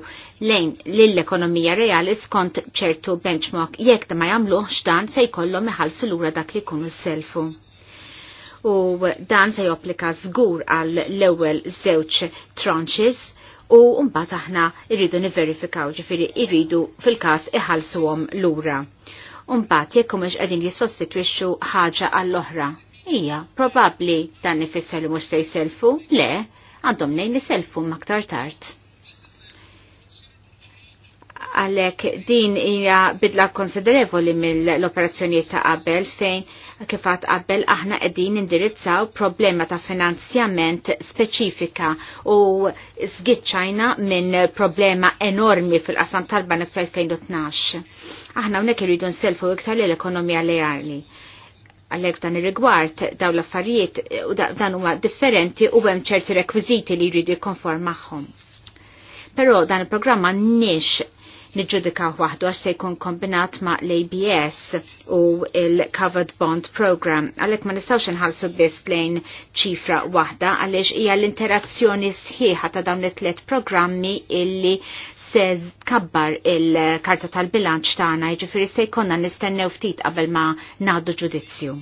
lejn lill-ekonomija reali skont ċertu benchmark jekk ma jagħmluhx dan se jkollhom iħallsu lura dak li jkunu selfu u dan se jopplika żgur għal l-ewwel żewġ tranches u mbagħad aħna rridu niverifikaw ġifieri irridu fil-każ iħallsuhom lura. Mbagħad jekk mhux qegħdin jissostitwixxu ħaġa għall-oħra. Hija, probabbli dan ifisser li mhux se jselfu? Le, għandhom nejn niselfu maktar tard għalek din hija bidla konsiderevoli mill-operazzjonijiet ta' qabel fejn kifat qabel aħna qegħdin indirizzaw problema ta' finanzjament speċifika u zgitċajna minn problema enormi fil-qasam tal-banek fl-2012. Aħna hawnhekk iridu nselfu iktar l-ekonomija lejali għalek dan ir-rigward daw l-affarijiet dan huma differenti u hemm ċerti rekwiżiti li jridu jikkonform magħhom. Però dan il-programm nix niġġudika waħdu għax se jkun kombinat ma' l-ABS u il-Covered Bond Program. Għalek ma nistawx nħalsu biss lejn ċifra waħda għaliex hija l-interazzjoni sħiħa ta' dawn it tlet programmi illi se kabbar il-karta tal-bilanċ tagħna, jiġifieri se jkollna nistennew ftit qabel ma ngħaddu ġudizzju.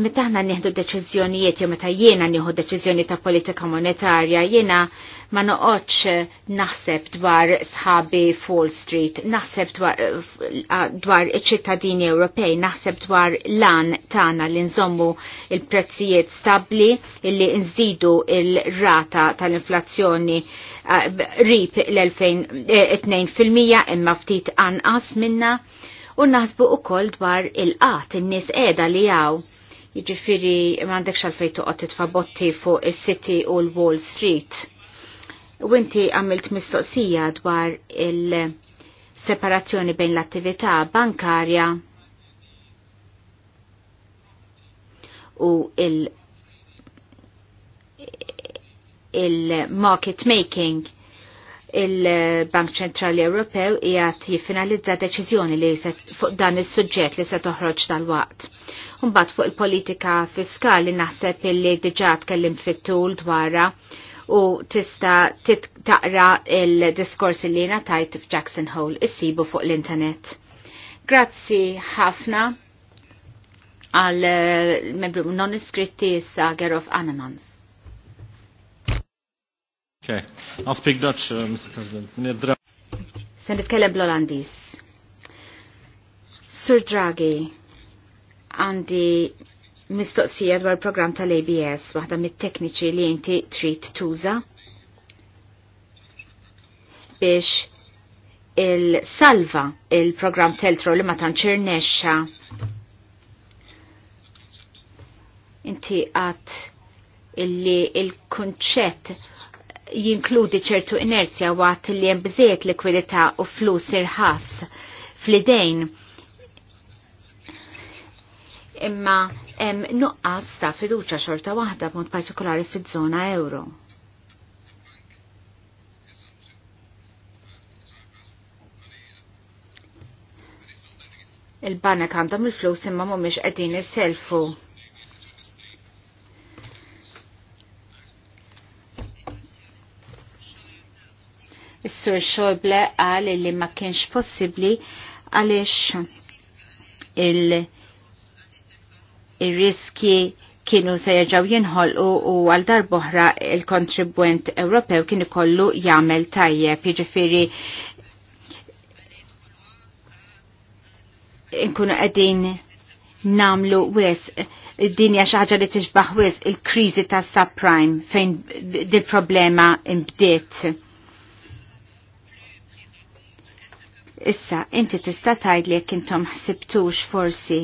meta aħna nieħdu deċiżjonijiet jew meta jiena nieħu deċiżjoni ta' politika monetarja, jiena ma noqgħodx eh, naħseb dwar sħabi Fall Street, naħseb eh, dwar iċ-ċittadini Ewropej, naħseb dwar lan tagħna li nżommu il-prezzijiet stabbli illi nżidu il-rata tal-inflazzjoni eh, rib l-2002% imma ftit anqas minna u naħsbu ukoll dwar il-qat in-nies qiegħda li hawn Jiġifieri m'għandekx għalfejn toqgħod titfa' botti fuq is-City u l-Wall Street. U inti għamilt mistoqsija dwar il-separazzjoni bejn l-attività bankarja u il- il-market making il-Bank Ċentrali Ewropew jgħat jiffinalizza deċiżjoni li fuq dan is-suġġett li se toħroġ tal-waqt. Mbagħad fuq il-politika fiskali naħseb illi diġà tkellim fit-tul dwarra u tista taqra il-diskors li tajt f'Jackson Hole issibu fuq l-internet. Grazzi ħafna għal eh, membru non iskritti issa Gerof Anamans.
Okay, I'll speak Dutch, uh, Mr. President. Se
nitkellem bl-Olandis. Sur Draghi, għandi mistoqsija dwar program tal-ABS, waħda mit-tekniċi li inti trid tuża biex il-salva il-program teltro li ma tanċir nexxa. Inti għat illi il-konċett jinkludi ċertu inerzja waqt li hemm bżejjed likwidità u flus irħas fl-idejn. Imma hemm nuqqas ta' fiduċa xorta waħda b'mod partikolari fiż-żona euro. Il-banek għandhom il-flus imma mhumiex qegħdin iselfu. Is-Sur Xorble qal li ma kienx possibbli għaliex il-riski kienu se jerġaw jinħolqu u għal darboħra il-kontribwent Ewropew kien ikollu jagħmel tajjeb, jiġifieri nkunu qegħdin namlu wis id-dinja xi ħaġa li tiġbaħ wis il-kriżi tas subprime fejn dil-problema imbdiet Issa, inti tista' tgħid li jekk intom ħsibtux forsi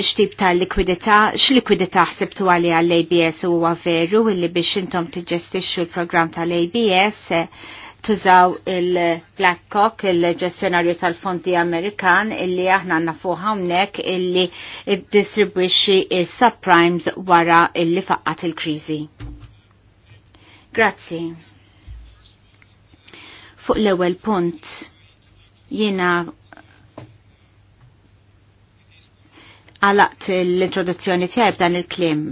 x'tip ta' likwidità, x'likwidità ħsibtu għali għall-ABS u huwa veru illi biex intom tiġġestixxu l-programm tal-ABS eh, tużaw il-BlackCock, il-ġestjonarju tal-Fondi Amerikan, illi aħna nafu hawnhekk illi iddistribwixxi il-subprimes wara illi faqqat il-kriżi. Grazzi. Fuq l-ewwel punt jiena għalaqt l-introduzzjoni tiegħi b'dan il-klim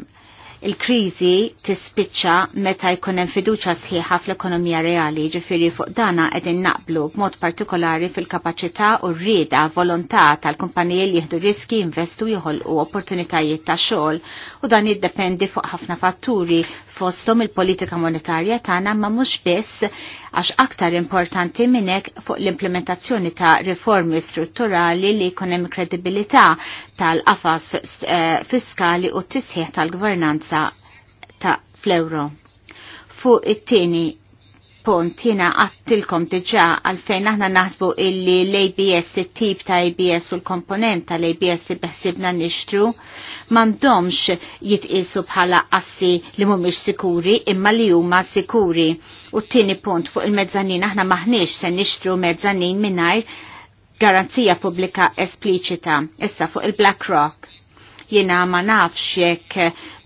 il-krizi tispiċċa meta jkun hemm fiduċja sħiħa fl-ekonomija reali, ġifieri fuq dana qegħdin naqblu b'mod partikolari fil-kapaċità u rrieda volontà tal-kumpaniji li jieħdu riski jinvestu jħolqu opportunitajiet ta' xogħol u dan jiddependi fuq ħafna fatturi fosthom il-politika monetarja tagħna ma mhux biss għax aktar importanti minnek fuq l-implementazzjoni ta' riformi strutturali li jkunem kredibilità tal-qafas eh, fiskali u t tisħiħ tal-gvernanza ta' fl-euro. Fuq it-tieni punt jina għattilkom diġa għalfejn aħna naħsbu illi l-ABS, il-tip ta' ABS u l-komponent ta' l-ABS li beħsibna nixtru, mandomx jitqisu bħala assi li mumiex sikuri imma li huma sikuri. U t-tini punt fuq il-mezzanin aħna maħniex se nixtru mezzanin minnajr garanzija publika esplicita, issa fuq il-BlackRock Jiena ma nafx jekk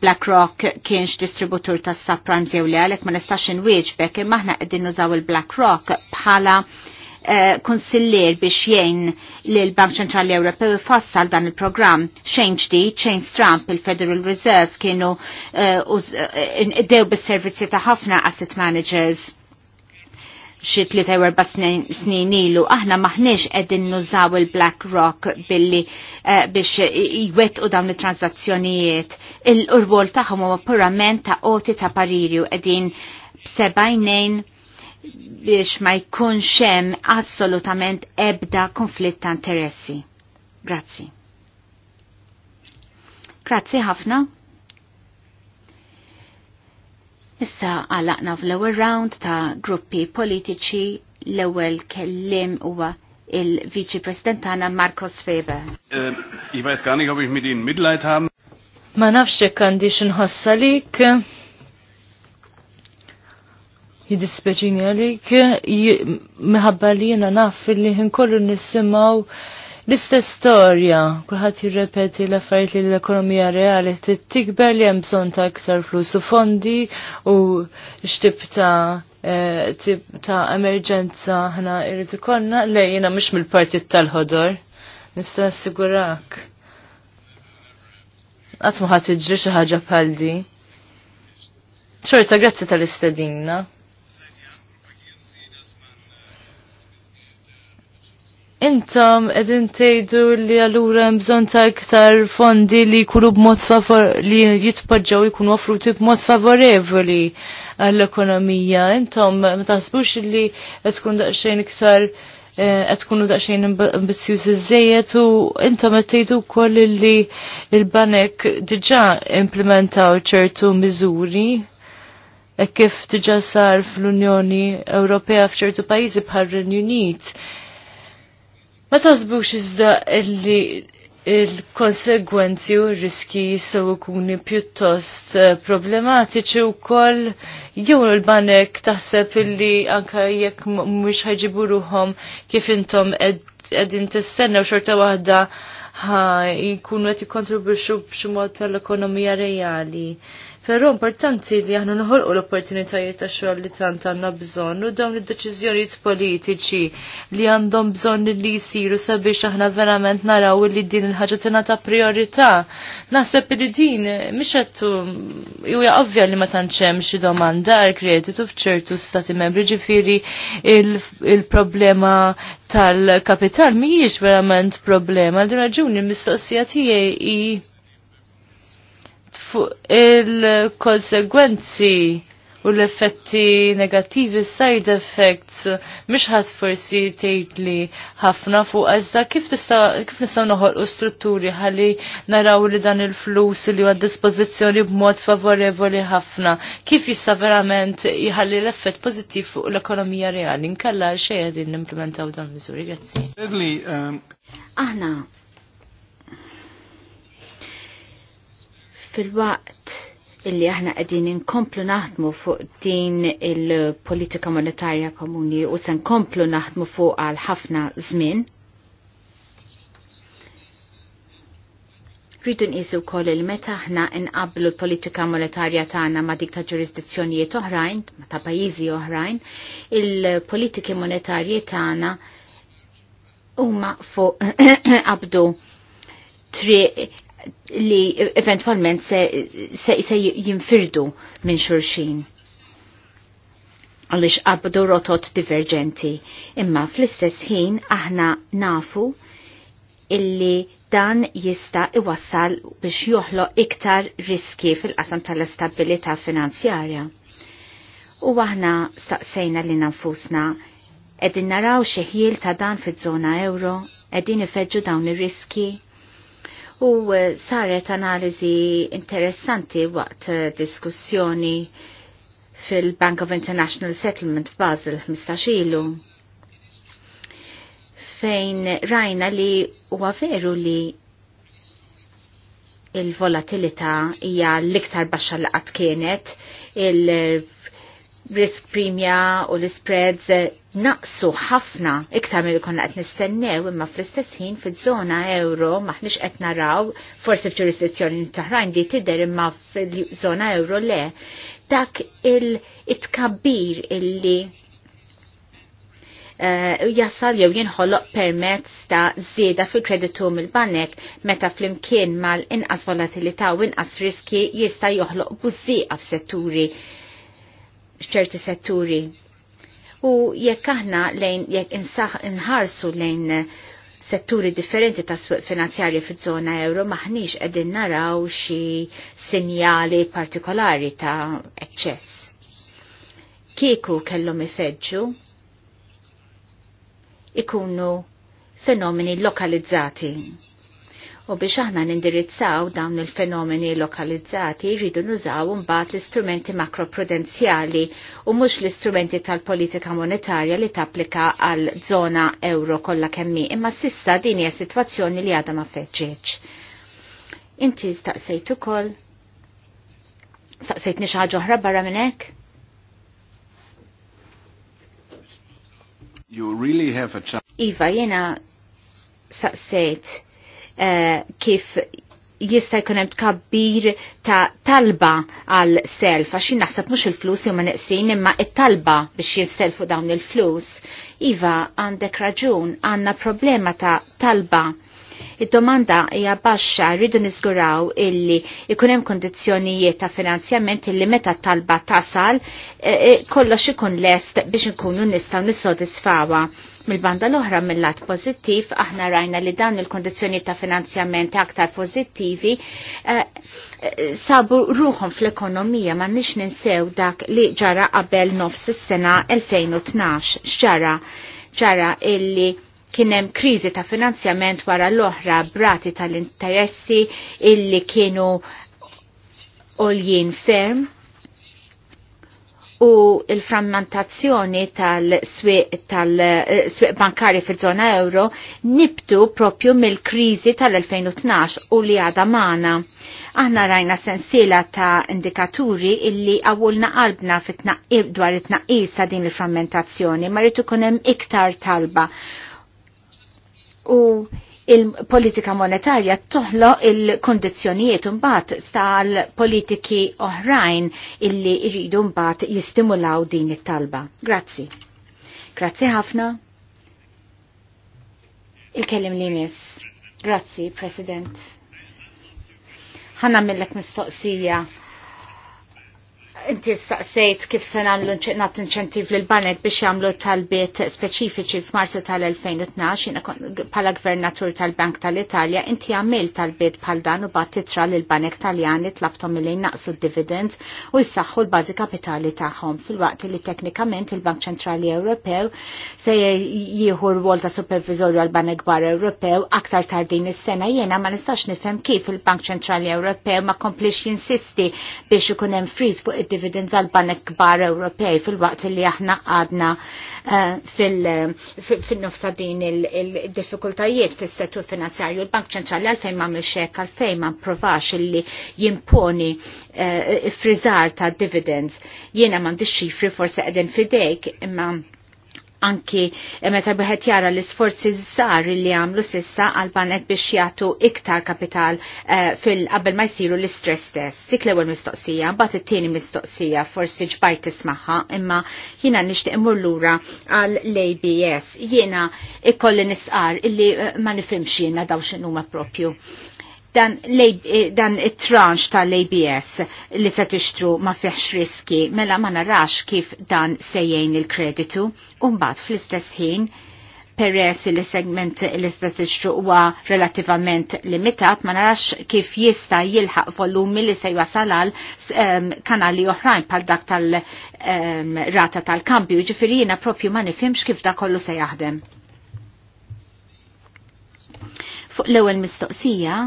BlackRock kienx distributur tas subprimes jew li għalhekk ma nistax bekk imma aħna qegħdin nużaw il-BlackRock bħala eh, konsillier konsiller biex jgħin li l-Bank Ċentrali Ewropew ifassal dan il-programm xejn ġdid, xejn stramp il-Federal Reserve kienu eh, eh dew bis-servizzi ta' ħafna asset managers xi 3-4 snin ilu, aħna maħniex qegħdin nużaw il Rock billi eh, biex jwettqu dawn it-transazzjonijiet. Il-urwol tagħhom huwa purament ta' qoti ta' pariri u qegħdin b'sebajnejn biex ma jkunx hemm assolutament ebda konflitt ta' interessi. Grazzi. Grazzi ħafna. Issa għalaqna fl-ewwel round ta' gruppi politiċi l-ewwel kellim huwa il-Viċi President tagħna Marcos Feber.
Eh, ich weiß gar nicht, ob ich mit
Ma nafx hekk għandix inħossa lik. għalik, meħabba li jena naf li ħinkollu nisimaw L-istess storja, kulħadd jirrepeti l-affarijiet li l-ekonomija reali trid tikber li hemm bżonn ta' iktar flus u fondi u xtib ta' eh, tip ta' emerġenza ħna irrid ikollna le jiena mhux mill-partit tal-ħodor. Nista' nassigurak. Qatt ma ħadd iġri xi ħaġa bħal di. Xorta grazzi tal-istedinna. Intom edin tgħidu li allura hemm bżonn ta' iktar fondi li jkunu b'mod li jitpoġġew jkunu offruti b'mod favorevoli għall-ekonomija. Intom ma taħsbux li qed tkun daqsxejn iktar eh, qed tkunu daqsxejn iż iżejjed u intom qed tgħidu wkoll li l-banek diġà implementaw ċertu miżuri e kif diġà sar fl-Unjoni Ewropea f'ċertu pajjiżi bħal Renju Unit Ma tasbux iżda illi il-konsegwenzi u r-riski jisaw ikuni pjuttost eh, problematiċi u koll jew il-banek taħseb illi anka jekk mhux ħajġibu ruhom kif intom qegħdin u xorta waħda jkunu qed jikkontribwixxu b'xi mod tal-ekonomija reali. Ferro importanti li aħna noħolqu l-opportunitajiet ta' xogħol li tant għandna bżonn u dawn id-deċiżjonijiet politiċi li għandhom bżonn li jsiru sabiex aħna verament naraw li din il-ħaġa tingħata priorità. Naħseb li din mhix qed ovvja li ma tantx hemm xi domanda għal kreditu f'ċertu stati membri ġifieri il-problema tal-kapital mhijiex verament problema. Din raġuni mistoqsija tiegħi fuq il-konsegwenzi u l-effetti negativi, side effects, mux ħat forsi tgħidli ħafna fuq għazda kif nistaw noħol nistgħu strutturi ħalli naraw li dan il-flus li huwa dispożizzjoni b'mod favorevoli ħafna. Kif jista' verament jħalli l-effett pozittiv fuq l-ekonomija reali nkella xejn qegħdin nimplementaw dan mizuri, Grazzi.
Um, Aħna
Fil-waqt illi aħna qegħdin inkomplu naħdmu fuq din il-politika monetarja komuni u se nkomplu naħdmu fuq għal ħafna żmien. Rridu nqisu wkoll il meta aħna inqablu l-politika monetarja tagħna ma' dik ta' ġurisdizzjonijiet oħrajn, ma' ta' pajjiżi oħrajn, il-politiki monetarji tagħna huma fuq (coughs) qabdu tri li eventualment se, se, se jinfirdu minn xurxin għalix qabdu rotot divergenti. Imma fl-istess ħin aħna nafu illi dan jista iwassal biex joħloq iktar riski fil-qasam tal-istabilità finanzjarja. U aħna staqsejna li nanfusna edin naraw xeħjil ta' dan fil-żona euro, edin ifeġġu dawn ir-riski u eh, saret analiżi interessanti waqt eh, diskussjoni fil-Bank of International Settlement f'Basel 15 ilu fejn rajna li huwa veru li il-volatilità hija l-iktar baxxa li qatt kienet il-risk premia u l-spreads naqsu ħafna iktar mill konna qed nistennew imma fl-istess ħin fiż-żona euro maħniex qed naraw forsi f'ġurisdizzjoni taħrajn li tidher imma fil-żona euro le dak il-tkabbir illi Uh, jasal jew jinħoloq permezz ta' zieda fil-kreditu mill-banek meta flimkien mal-inqas volatilità u inqas riski jista' joħloq bużieqa f'setturi ċerti setturi u jekk aħna lejn jekk inħarsu lejn setturi differenti ta' swieq finanzjarji fiż-żona euro maħniex qegħdin naraw xi sinjali partikolari ta' eċċess. Kieku kellhom ifeġġu ikunu fenomeni lokalizzati U biex aħna nindirizzaw dawn il-fenomeni lokalizzati jridu nużaw mbagħad l-istrumenti makroprudenzjali u mhux l-istrumenti tal-politika monetarja li tapplika għal żona euro kollha kemmi, imma sissa din hija sitwazzjoni li għadha ma feġġieġ. Inti staqsejt ukoll Staqsejtni xi ħaġa oħra barra minn hekk?
you really have a
Iva, jena saqsejt Eh, kif jista' jkun hemm tkabbir ta' talba għal self għax naħseb mhux il-flus huma neqsin imma t talba biex jinselfu dawn il-flus. Iva għandek raġun għandna problema ta' talba. Id-domanda hija baxxa rridu niżguraw illi ikun hemm kondizzjonijiet ta' finanzjament illi meta talba tasal eh, eh, kollox ikun lest biex nkunu nistgħu nissodisfawha Mil-banda l-oħra mill-lat pozittiv, aħna rajna li dawn il-kondizjoni ta' finanzjament aktar pozittivi eh, eh, sabu ruħum fl-ekonomija ma' nix ninsew dak li ġara qabel nofs is-sena 2012. Xġara ġara illi kienem krizi ta' finanzjament wara l-oħra brati tal-interessi illi kienu oljien ferm u il-frammentazzjoni tal-swiq tal bankari fil-żona euro nibtu propju mill-kriżi tal-2012 u li għada maħna. Aħna rajna sensiela ta' indikaturi illi għawulna qalbna dwar it naqisa din il-frammentazzjoni, ma kunem iktar talba. U il-politika monetarja toħlo il-kondizjonijiet mbagħad stal politiki oħrajn illi jridu mbagħad jistimulaw din it-talba. Grazzi. Grazzi ħafna. Il-kellim li miss. Grazzi, President. Ħanna millek mistoqsija Inti staqsejt kif se nagħmlu nagħtu inċentiv lil banek biex jagħmlu talbiet speċifiċi f'Marzu tal-2012 jiena bħala Gvernatur tal-Bank tal-Italja inti għamilt talbiet bħal dan u bad titra lil banek Taljani tlabtom li naqsu d-dividend u jsaħħu l-bażi kapitali tagħhom fil-waqt li teknikament il-Bank Ċentrali Ewropew se jieħu rwol ta' supervizorju għal banek gbar Ewropew aktar tardin is-sena jiena ma nistax nifhem kif il-Bank Ċentrali Ewropew ma komplix jinsisti biex ikun hemm friż fuq id dividends għal banek kbar Ewropej fil-waqt li aħna għadna eh, fil nufsa din il-diffikultajiet fil-settur finanzjarju. Il-Bank ċentrali għalfejn ma' mil-xek għalfejn ma' provax li jimponi eh, frizar ta' dividends. Jena mandi xifri forse għedin fidejk imma anki eh, meta bħet jara l-isforzi żgħar li għamlu sissa għal banek biex jagħtu iktar kapital uh, fil qabel ma jsiru l-istress test. Dik l-ewwel mistoqsija, bat it-tieni mistoqsija forsi ġbajt tismagħha, imma jiena nixtieq immur lura għal abs Jiena ikkolli nisqar illi eh, ma nifhimx jiena daw x'inhuma proprju dan, eh, dan it-tranx tal-ABS li se tixtru ma fiħx riski mela ma narax kif dan sejjejn il-kreditu u mbagħad fl-istess ħin peress li segment li se tixtru huwa relattivament limitat ma narax kif jista' jilħaq volumi li se jwasal għal um, kanali oħrajn bħal dak tal-rata ehm, um, tal-kambju ġifieri jiena propju ma nifhimx kif dak kollu se jaħdem. Fuq l-ewwel mistoqsija,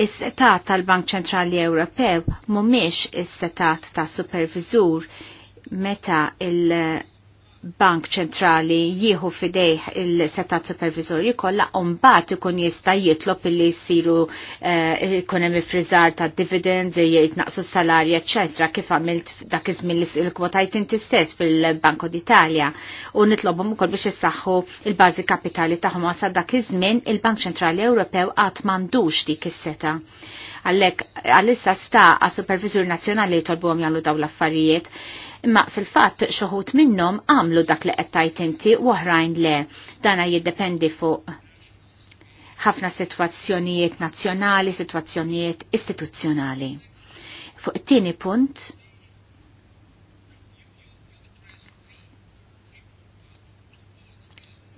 Is-setat tal-Bank Ċentrali Ewropew mhumiex is-setat ta' supervizur meta il- bank ċentrali jieħu fidejh il-setat supervizorju kollha mbagħad ikun jista' jitlob illi jsiru jkun eh, hemm ifriżar ta' dividends naqsu salarji eċċetra kif għamilt dak iż-żmien il-kwotajt inti stess fil-Banko d'Italja u nitlobhom ukoll biex issaħħu il-bażi kapitali tagħhom sa dak iż-żmien il-Bank Ċentrali Ewropew qatt m'għandux dik is-seta' għallek għallissa sta għas supervizur nazjonali jitolbu għom jgħallu daw l-affarijiet imma fil-fatt xoħut minnhom għamlu dak li qed inti u oħrajn le. Dana jiddependi fuq ħafna sitwazzjonijiet nazzjonali, sitwazzjonijiet istituzzjonali. Fuq it-tieni punt,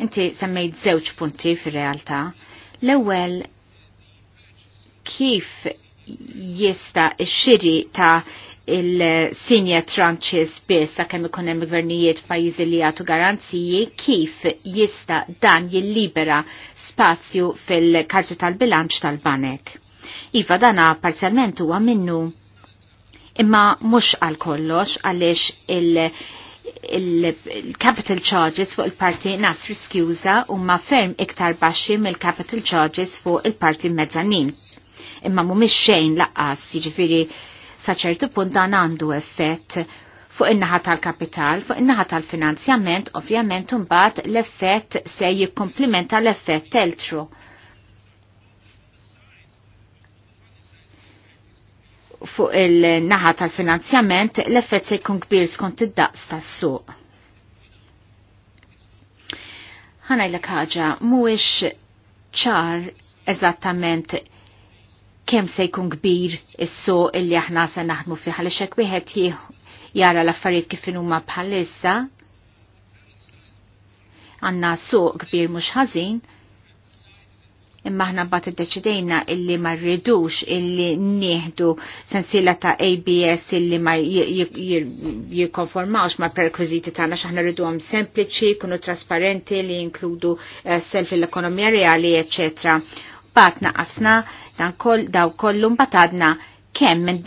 Inti semmejt żewġ punti fir-realtà. L-ewwel kif jista xiri ta' il-sinja tranċis biss sa' kemm ikun hemm gvernijiet pajjiżi li jagħtu garanziji kif jista' dan jillibera spazju fil-karti tal-bilanċ tal-banek. Iva dana parzjalment huwa minnu imma mhux għal kollox għaliex il- il-capital charges fuq il-parti nas riskjuża huma ferm iktar baxxi mill-capital charges fuq il-parti mezzanin. Imma mhumiex xejn laqqas, jiġifieri saċertu punt dan għandu effett fuq in-naħa tal-kapital, fuq in-naħa tal-finanzjament, ovvjament imbagħad l-effett se jikkomplimenta l-effett teltru. Fuq il-naħa tal-finanzjament, l-effett se jkun kbir skont id-daqs tas-suq. Ħanajlek ħaġa, mhuwiex ċar eżattament kemm se jkun kbir is-suq illi aħna se naħdmu fih għaliex hekk wieħed jara l-affarijiet kif huma bħalissa għandna suq kbir mhux ħażin, imma aħna bat iddeċidejna illi ma rridux illi nieħdu sensiela ta' ABS illi ma jikkonformawx ma' prerekwiziti tagħna x'aħna rriduhom sempliċi, kunu trasparenti li jinkludu eh, self l-ekonomija reali, eccetera bat naqasna dan kol, daw kollu mbatadna kemm minn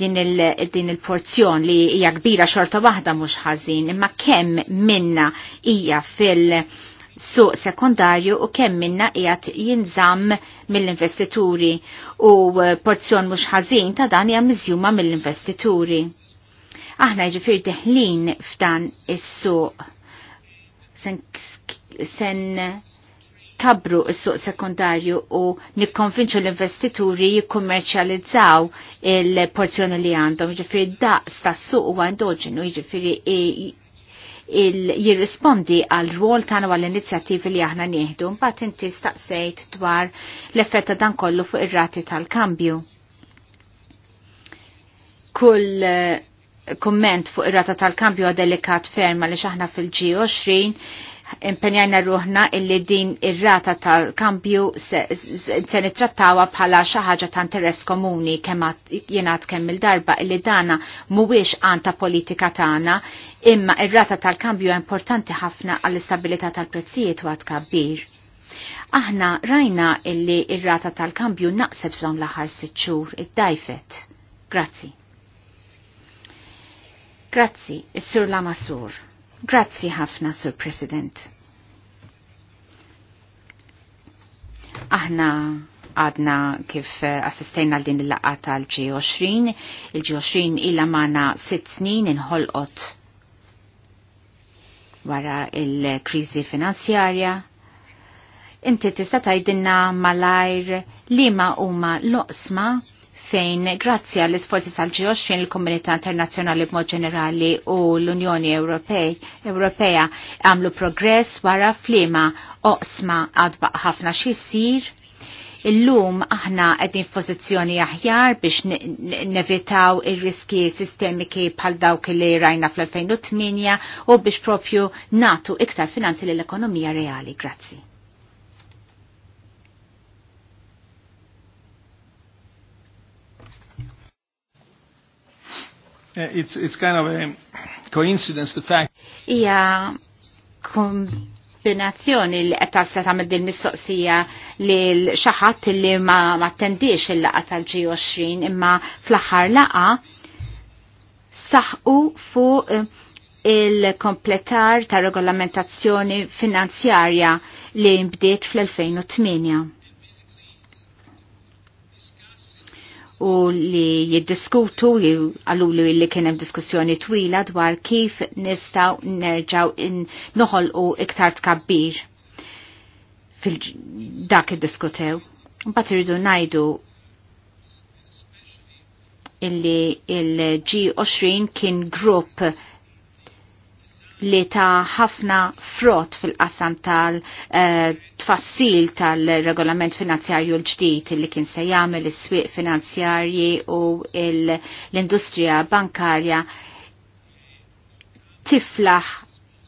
din il-porzjon li hija kbira xorta waħda mhux ħażin, imma kemm minna hija fil- suq sekundarju u kemm minna qiegħed jinżamm mill-investituri u porzjon mhux ħażin ta' dan hija miżjuma mill-investituri. Aħna jiġifieri deħlin f'dan is-suq sen nkabru s-suq sekundarju u nikkonvinċu l-investituri jikkummerċjalizzaw il-porzjoni li għandhom, ġifiri daqs ta' suq u għandoġinu, ġifiri jirrispondi għal rwol tagħna għall inizjattivi li aħna nieħdu, mbagħad inti staqsejt dwar l-effetta dan kollu fuq ir-rati tal-kambju. Kull eh, komment fuq ir-rata tal-kambju għadelikat ferma li x'aħna aħna fil-G20 impenjajna ruħna illi din ir-rata tal-kampju se nittrattawa bħala xi ħaġa ta' interess komuni kemm jingħad kemm il-darba illi dana mhuwiex għanta politika tagħna, imma ir-rata tal-kampju importanti ħafna għall-istabilità tal-prezzijiet u għad-kabbir. Aħna rajna illi ir-rata tal-kampju naqset f'dawn l-aħħar sitt xhur id-dajfet. Grazzi. Grazzi, is-Sur masur. Grazzi ħafna, Sur President. Aħna għadna kif eh, assistejna l din il-laqqa tal-G20. Il-G20 illa maħna sitt snin inħolqot wara il-krizi finanzjarja. Inti tista' tgħidilna malajr li ma huma oqsma fejn grazzi għall isforzi tal-G20 il-Komunità Internazzjonali b'mod ġenerali u l-Unjoni Ewropea għamlu progress wara flima oqsma għadbaq ħafna xissir Illum aħna qegħdin f'pożizzjoni aħjar biex nevitaw ir-riski sistemiki bħal dawk li rajna fl-2008 u biex propju natu iktar finanzi lill-ekonomija reali. Grazzi.
Eh, it's, it's kind of a coincidence the fact.
Ija kombinazzjoni li qed ta' tagħmel il mistoqsija lil l ħadd li ma ma il-laqgħa tal-G20 imma fl-aħħar laqgħa saħu fuq eh, il-kompletar ta' regolamentazzjoni finanzjarja li mbdiet fl-2008. u li jiddiskutu li li kienem diskussjoni twila dwar kif nistaw nerġaw noħol u iktar tkabbir fil-dak id-diskutew. Mbagħad irridu ngħidu illi il-G20 kien grupp li ta' ħafna frott fil-qasam tal-tfassil eh, tal-regolament finanzjarju l-ġdijt li kien se jagħmel is-swieq finanzjarji u l-industrija bankarja tiflaħ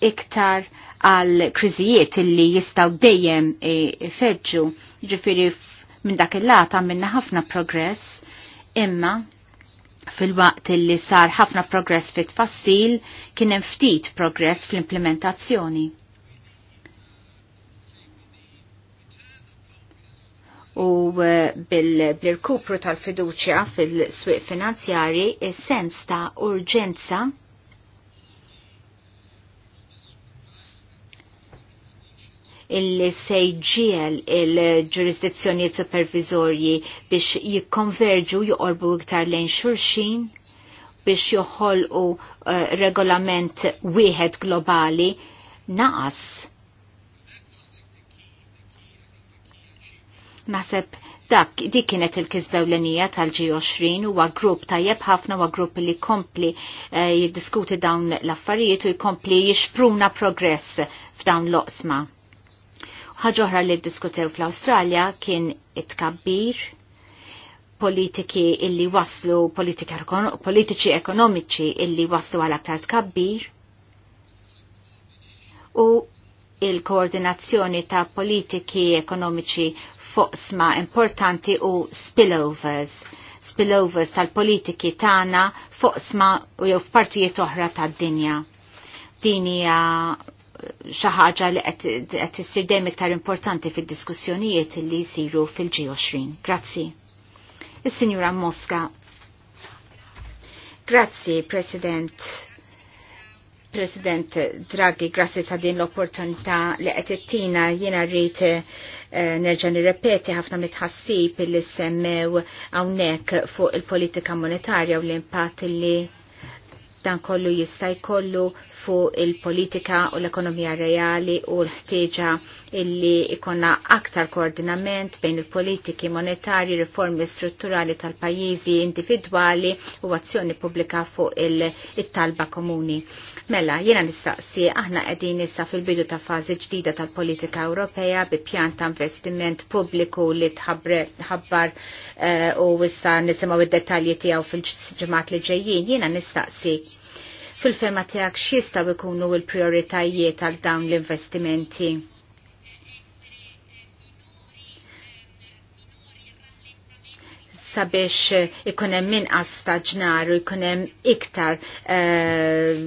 iktar għal kriżijiet li jistaw dejjem ifeġġu. Ġifiri minn dak il-lata minna ħafna progress imma Fil-waqt li sar ħafna progress fit tfassil kien hemm ftit progress fl-implementazzjoni. U eh, bil-rkupru tal-fiduċja fil-swiq finanzjari is-sens ta' urġenza illi sejġiel il-ġurisdizzjonijiet supervizorji biex jikkonverġu juqorbu iktar lejn xurxin biex joħolqu u eh, regolament wieħed globali naqas. Naħseb dak dik kienet il-kisbew l-enija tal-G20 u grupp tajjeb ħafna u għagrupp li kompli eh, jiddiskuti dawn l-affarijiet u jkompli jixpruna progress f'dawn l-oqsma. Ħaġoħra li diskutew fl awstralja kien it-kabbir, politiki illi waslu, politiċi ekonomiċi illi waslu għal aktar tkabbir, u il-koordinazzjoni ta' politiki ekonomiċi foqsma importanti u spillovers. Spillovers tal-politiki tagħna foqsma u jew f'partijiet oħra tad-dinja. Din hija xaħġa ħaġa li qed sir dejjem iktar importanti fid-diskussjonijiet li jsiru fil-G20. Grazzi. Is-Sinjura Mosca. Grazzi, President. President Draghi, grazzi ta' din l-opportunità li qed ittina jiena rrid eh, nerġa' nirrepeti ħafna mitħassib li semmew hawnhekk fuq il-politika monetarja u l-impatt li dan kollu jista' jkollu fuq il-politika u l-ekonomija reali u l-ħtieġa illi ikonna aktar koordinament bejn il-politiki monetari, riformi strutturali tal-pajjiżi individwali u azzjoni pubblika fuq il-talba komuni. Mela, jiena nistaqsi, aħna qegħdin issa fil-bidu ta' fażi ġdida tal-politika Ewropea bi pjan ta' investiment pubbliku li tħabbar eh, u issa nisimgħu id-dettalji tiegħu fil-ġimgħat li ġejjin. Jiena nistaqsi fil-fema tiegħek jistgħu jkunu l-prijoritajiet għal dawn l-investimenti? sabiex ikunem minqas staġnar u ikunem iktar eh,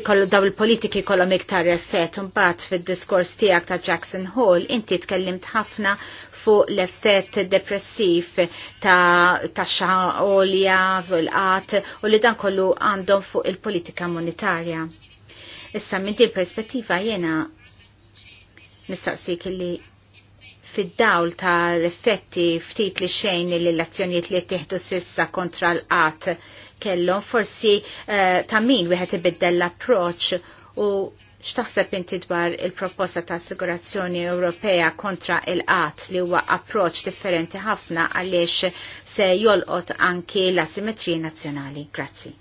ikollu daw il politik ikollhom iktar effett bat fil diskors tiegħek ta' Jackson Hall inti tkellimt ħafna fuq l-effett depressiv ta' taxxa olja l qat u li dan kollu għandhom fuq il-politika monetarja. Issa minn din perspettiva jena nistaqsik li fid-dawl tal-effetti ftit li xejn li l-azzjonijiet li tieħdu sissa kontra l-qat kellhom forsi uh, ta' min wieħed ibiddel l-approċ u x'taħseb inti dwar il-proposta ta' assigurazzjoni Ewropea kontra l qat li huwa approċ differenti ħafna għaliex se jolqot anki l-asimetriji nazzjonali. Grazzi.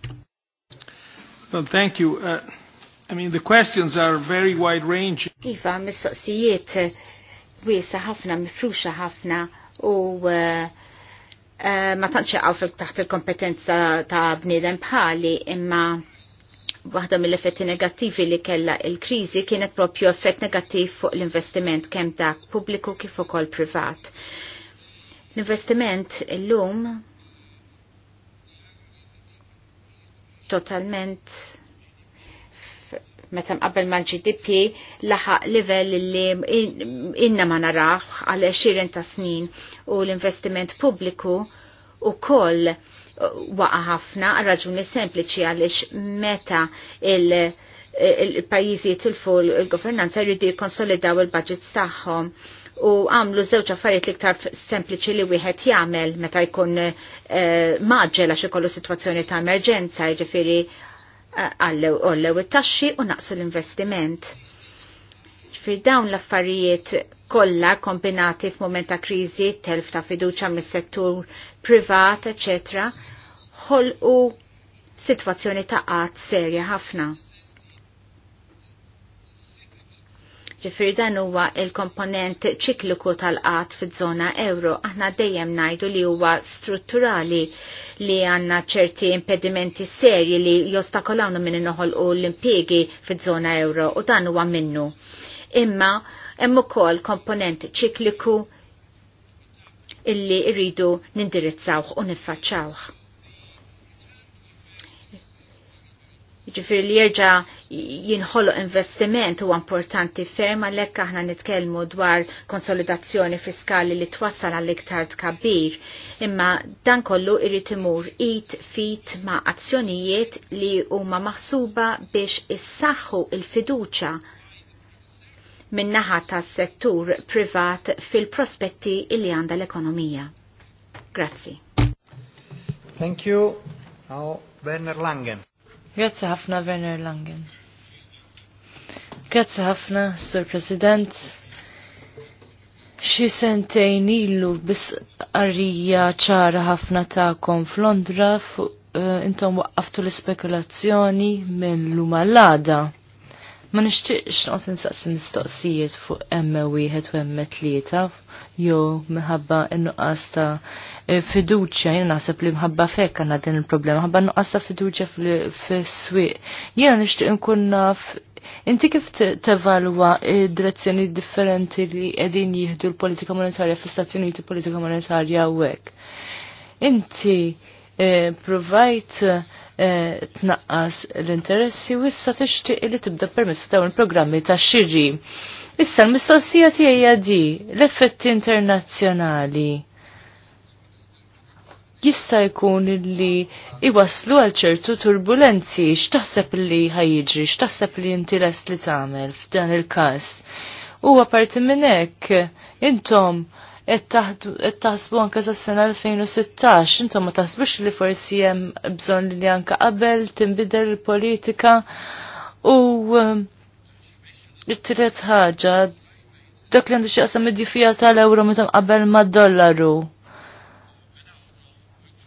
Well, thank you. Uh, I mean, the questions are very wide ranging.
Iva, mistoqsijiet wiesa ħafna, mifruxa ħafna u uh, uh, ma tantx għaw taħt il-kompetenza ta' bniedem bħali imma waħda mill-effetti negattivi li kella il-krizi kienet propju effett negattiv fuq l-investiment kemm dak pubbliku kif ukoll privat. L-investiment illum totalment meta qabel mal-GDP laħaq livell li inna ma narax għal 20 ta' snin u l-investiment pubbliku u koll waqa ħafna raġuni sempliċi għalix meta il- il-pajizi tilfu il-governanza jridu jikonsolidaw il-budget tagħhom u għamlu zewċa affarijiet li iktar sempliċi li wieħed jagħmel meta jkun eh, maġġela għax ikollu sitwazzjoni ta' emerġenza, jiġifieri għallew it-taxxi u naqsu l-investiment. Fir dawn l-affarijiet kollha kombinati f'mument ta' kriżi, telf ta' fiduċa mis-settur privat, eċetera, ħolqu sitwazzjoni ta' qatt serja ħafna Ġifiri dan huwa il-komponent ċikliku tal-qat fiż-żona euro. Aħna dejjem ngħidu li huwa strutturali li għandna ċerti impedimenti serji li jostakolawnu minn u l-impjiegi fiż-żona euro u dan huwa minnu. Imma hemm ukoll komponent ċikliku illi rridu nindirizzawh u niffaċċawh ġifir li jirġa jinħolu investiment u importanti ferm għalhekk aħna nitkellmu dwar konsolidazzjoni fiskali li twassal għall iktar tkabbir, imma dan kollu irrid imur it fit ma' azzjonijiet li huma maħsuba biex issaħħu il-fiduċa min-naħa tas-settur privat fil-prospetti li għandha l-ekonomija.
Grazzi.
Thank you. Now, Werner Langen.
Grazzi ħafna Werner Langen. Grazzi ħafna, Sur President. Xi sentejn ilu bis arrija ċara ħafna ta'kom f'Londra fuq eh, intom waqqaftu l-spekulazzjoni minn l għada Ma nixtieqx noqgħod insaqsi mistoqsijiet fuq emme wieħed u emme tlieta jew minħabba n-nuqqas ta' e, fiduċja, jena naħseb li mħabba fekk għanna din il-problema, ħabba nuqqas ta' fiduċja fil-swiq. Jena nishtiq nkun naf Inti kif tevalwa id-direzzjoni differenti li edin jihdu l-politika monetarja fl-Stati Uniti, politika monetarja u għek. Inti e, provajt e, tnaqqas l-interessi u issa tixtieq li tibda permess ta' dawn il-programmi ta' xiri Issa l-mistoqsija tiegħi di l-effetti internazzjonali jista' jkun li iwaslu għal ċertu turbulenzi x'taħseb li ħajjiġri, x'taħseb li inti lest li tagħmel f'dan il-każ. U apparti minn hekk intom qed taħsbu anke sas-sena 2016, intom ma taħsbux li forsi hemm bżonn li anke qabel tinbidel il-politika u um, it-tret ħaġa dak li għandu xi id-difija tal-ewro meta qabel ma' dollaru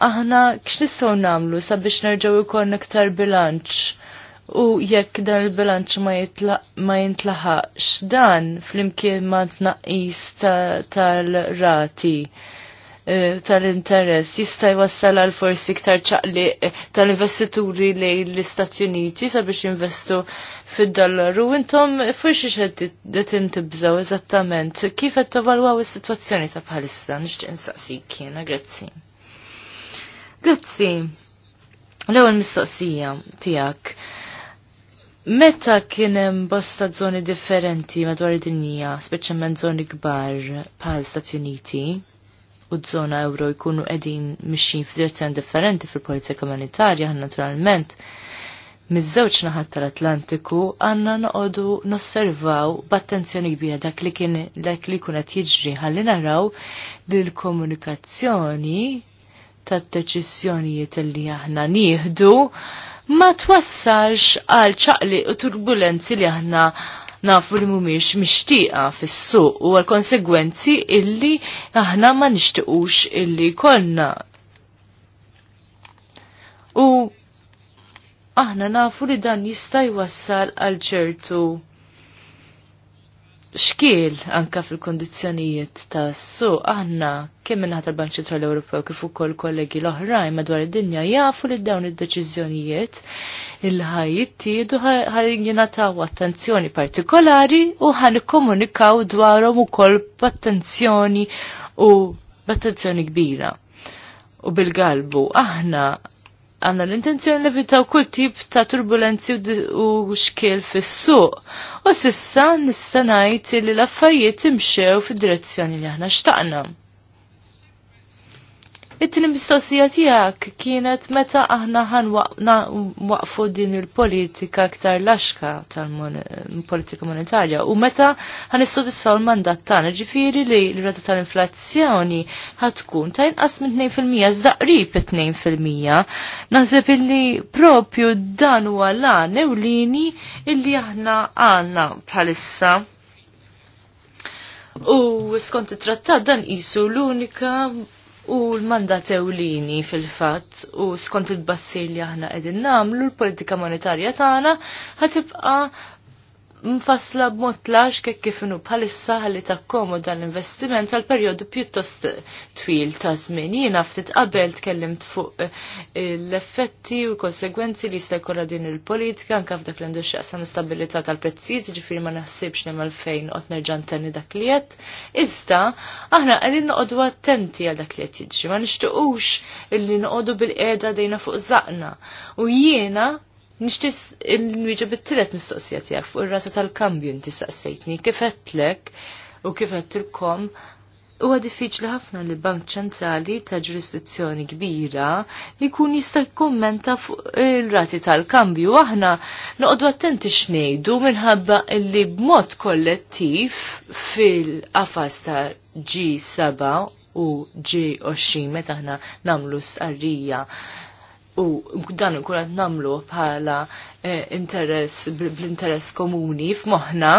aħna kx'nistgħu nagħmlu sabiex nerġgħu jkollna iktar bilanċ u jekk dan il-bilanċ ma jintlaħax dan flimkien ma tnaqqis tal-rati. Ta Eh, tal-interess jista' jwassal għal forsi iktar ċaqli eh, tal-investituri lejn l-Istati Uniti sabiex jinvestu fid-dollaru intom forsi xed tibżaw eżattament kif qed tavalwaw is-sitwazzjoni ta' bħalissa nixtieq insaqsik kiena, grazzi. Grazzi. L-ewwel mistoqsija tiegħek. Meta kien hemm bosta żoni differenti madwar id-dinja, speċjalment żoni kbar bħal Stati Uniti, u d-żona euro jkunu qegħdin mixin f'direzzjoni differenti fil-politika komunitarja naturalment miż-żewġ naħat tal-Atlantiku għandna noqogħdu nosservaw b'attenzjoni kbira dak li kien dak li jkun qed jiġri ħalli naraw li l-komunikazzjoni tad-deċiżjonijiet li aħna nieħdu ma twassalx għal ċaqli u turbulenzi li aħna nafu li mhumiex mixtieqa fis-suq u għal-konsegwenzi illi aħna ma nixtiequx illi kollna. U aħna nafu li dan jista' jwassal għal ċertu xkiel anka fil-kondizjonijiet ta' su aħna kemm minnaħat tal-Bank Ċentrali Ewropew kif ukoll kollegi l-oħrajn madwar id-dinja jafu li dawn id-deċiżjonijiet il-ħaj jittiedu ħalin jingħataw attenzjoni partikolari u ħan dwarhom ukoll b'attenzjoni u b'attenzjoni kbira. U bil-galbu aħna għanna l-intenzjoni nevitaw kull tip ta' turbulenzi u xkiel fis-suq. U sissa nistanajt li l-affarijiet imxew fid-direzzjoni li aħna xtaqna. It-tini mistoqsija tiegħek kienet meta aħna ħan waqfu din il-politika ktar laxka tal-politika monetarja u meta ħan issodisfaw il-mandat tagħna ġifieri li l-rata tal-inflazzjoni ħatkun ta' inqas minn 2% iżda qrib 2%. Naħseb illi propju dan huwa lan ewlieni illi aħna għandna bħalissa. U skont it-trattat dan isu l-unika u l-mandat ewlini fil-fatt u skont il-bassir li aħna qegħdin nagħmlu l-politika monetarja tagħna ħatibqa' mfassla b'mod tlax kif kif inhu bħalissa ħalli dan l-investiment għal perjodu pjuttost twil ta' żmien. Jiena ftit qabel tkellimt fuq eh, l-effetti u l-konsegwenzi li jista' jkollha din il-politika anke f'dak l xaqsam stabilità tal-prezzijiet, ġifieri ma naħsibx hemm għalfejn qed nerġa' ntenni dak li qed. Iżda aħna qegħdin noqogħdu attenti għal dak li qed jiġri, ma nixtiequx illi noqogħdu bil-qiegħda dejna fuq żaqna. U jiena Nishtis il-nwiġa bit-tilet mistoqsija tijak fuq il-rasa tal-kambju inti saqsejtni, kifetlek u u huwa diffiċli ħafna li bank ċentrali ta' ġurisdizzjoni kbira jkun jista' jkummenta fuq il-rati tal-kambju. Aħna noqogħdu attenti x'ngħidu minħabba li b'mod kollettiv fil-qafas ta' G7 u G20 meta aħna namlu stqarrija u dan nkun qed nagħmlu bħala eh, interess bl-interess komuni f'moħħna.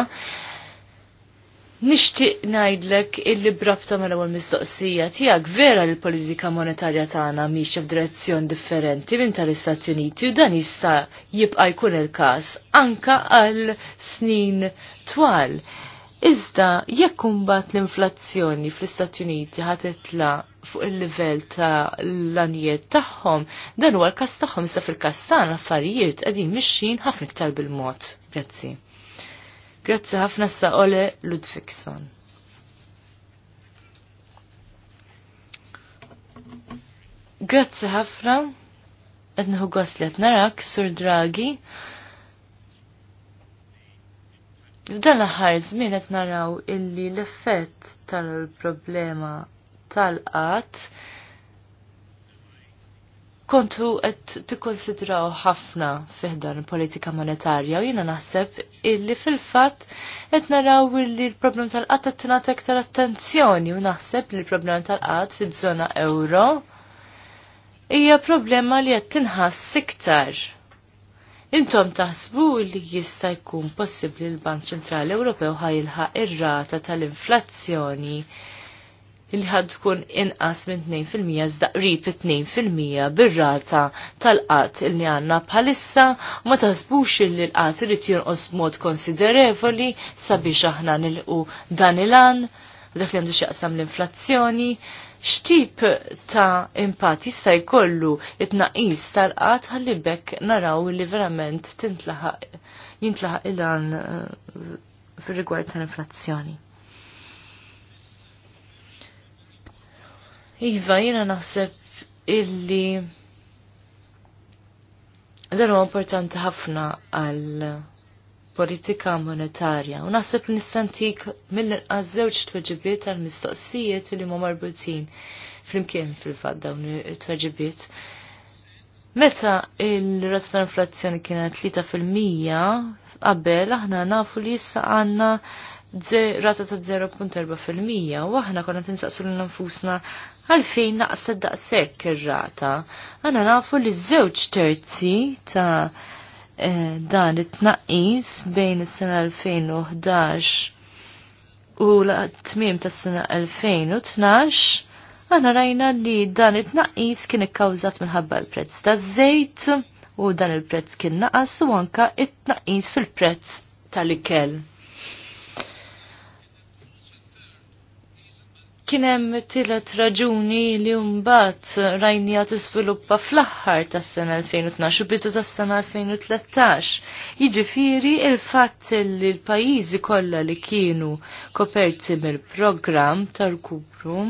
Nixtieq ngħidlek illi brabta mal-ewwel mistoqsija tiegħek vera li l-politika monetarja tagħna mhix f'direzzjon differenti minn tal-Istati Uniti u dan jista' jibqa' jkun il-każ anka għal snin twal. Iżda jekk kumbat l-inflazzjoni fl-Istati Uniti ħatitla' fuq il-livell ta' l anjiet tagħhom, dan huwa l-każ tagħhom sa' fil kastan affarijiet qegħdin mixjin ħafna iktar bil-mod. Grazzi. Grazzi ħafna sa Ole Ludvigson. Grazzi ħafna qed nieħu li qed narak Sur Draghi. F'dan l-aħħar żmien qed naraw illi l-effett tal-problema tal qat kontu qed tikkonsidraw ħafna fiħdan politika monetarja u jiena naħseb illi fil-fatt qed naraw li l-problem tal-qatt qed tingħata aktar attenzjoni u naħseb li l-problem tal qat fiż-żona euro hija problema li qed tinħass iktar. Intom taħsbu li jista' jkun possibbli l-Bank Ċentrali Ewropew ħajilħaq ir-rata tal-inflazzjoni il ħad tkun inqas minn 2% iżda qrib 2% bir-rata tal-qatt li għandna bħalissa ma taħsbux li l-qatt irid jonqos mod konsiderevoli sabiex aħna nilqu dan il-an dak li għandu x'jaqsam l-inflazzjoni. X'tip ta' impatt jista' jkollu it-tnaqqis tal-qatt ħalli bekk naraw li verament tintlaħaq jintlaħaq il-għan eh, fir-rigward tal-inflazzjoni. Iva, jina naħseb illi dan huwa importanti ħafna għal politika monetarja u naħseb nistantik mill-inqas żewġ tweġibiet għal mistoqsijiet li ma marbutin flimkien fil-fatt dawn it-tweġibiet. Meta il-razz tal-inflazzjoni kienet 3% qabel aħna nafu li issa għandna rata ta' 0.4% u aħna konna tinsaqsu l-nfusna għalfejn naqsa daqsek ir-rata. Għana nafu li żewġ terzi ta' eh, dan it-tnaqqis bejn is-sena 2011 u l-tmim tas-sena 2012 Għana rajna li dan it-naqis kien ikkawżat minħabba l-prezz ta' żejt u dan il-prezz kien naqas u anka it-naqis fil-prezz tal-ikel. kienem tilet raġuni li umbat rajnija għat sviluppa fl-axħar tas sena 2012 u bidu tas sena 2013. Iġifiri il-fat li l-pajizi kolla li kienu koperti mill-program tal-kubru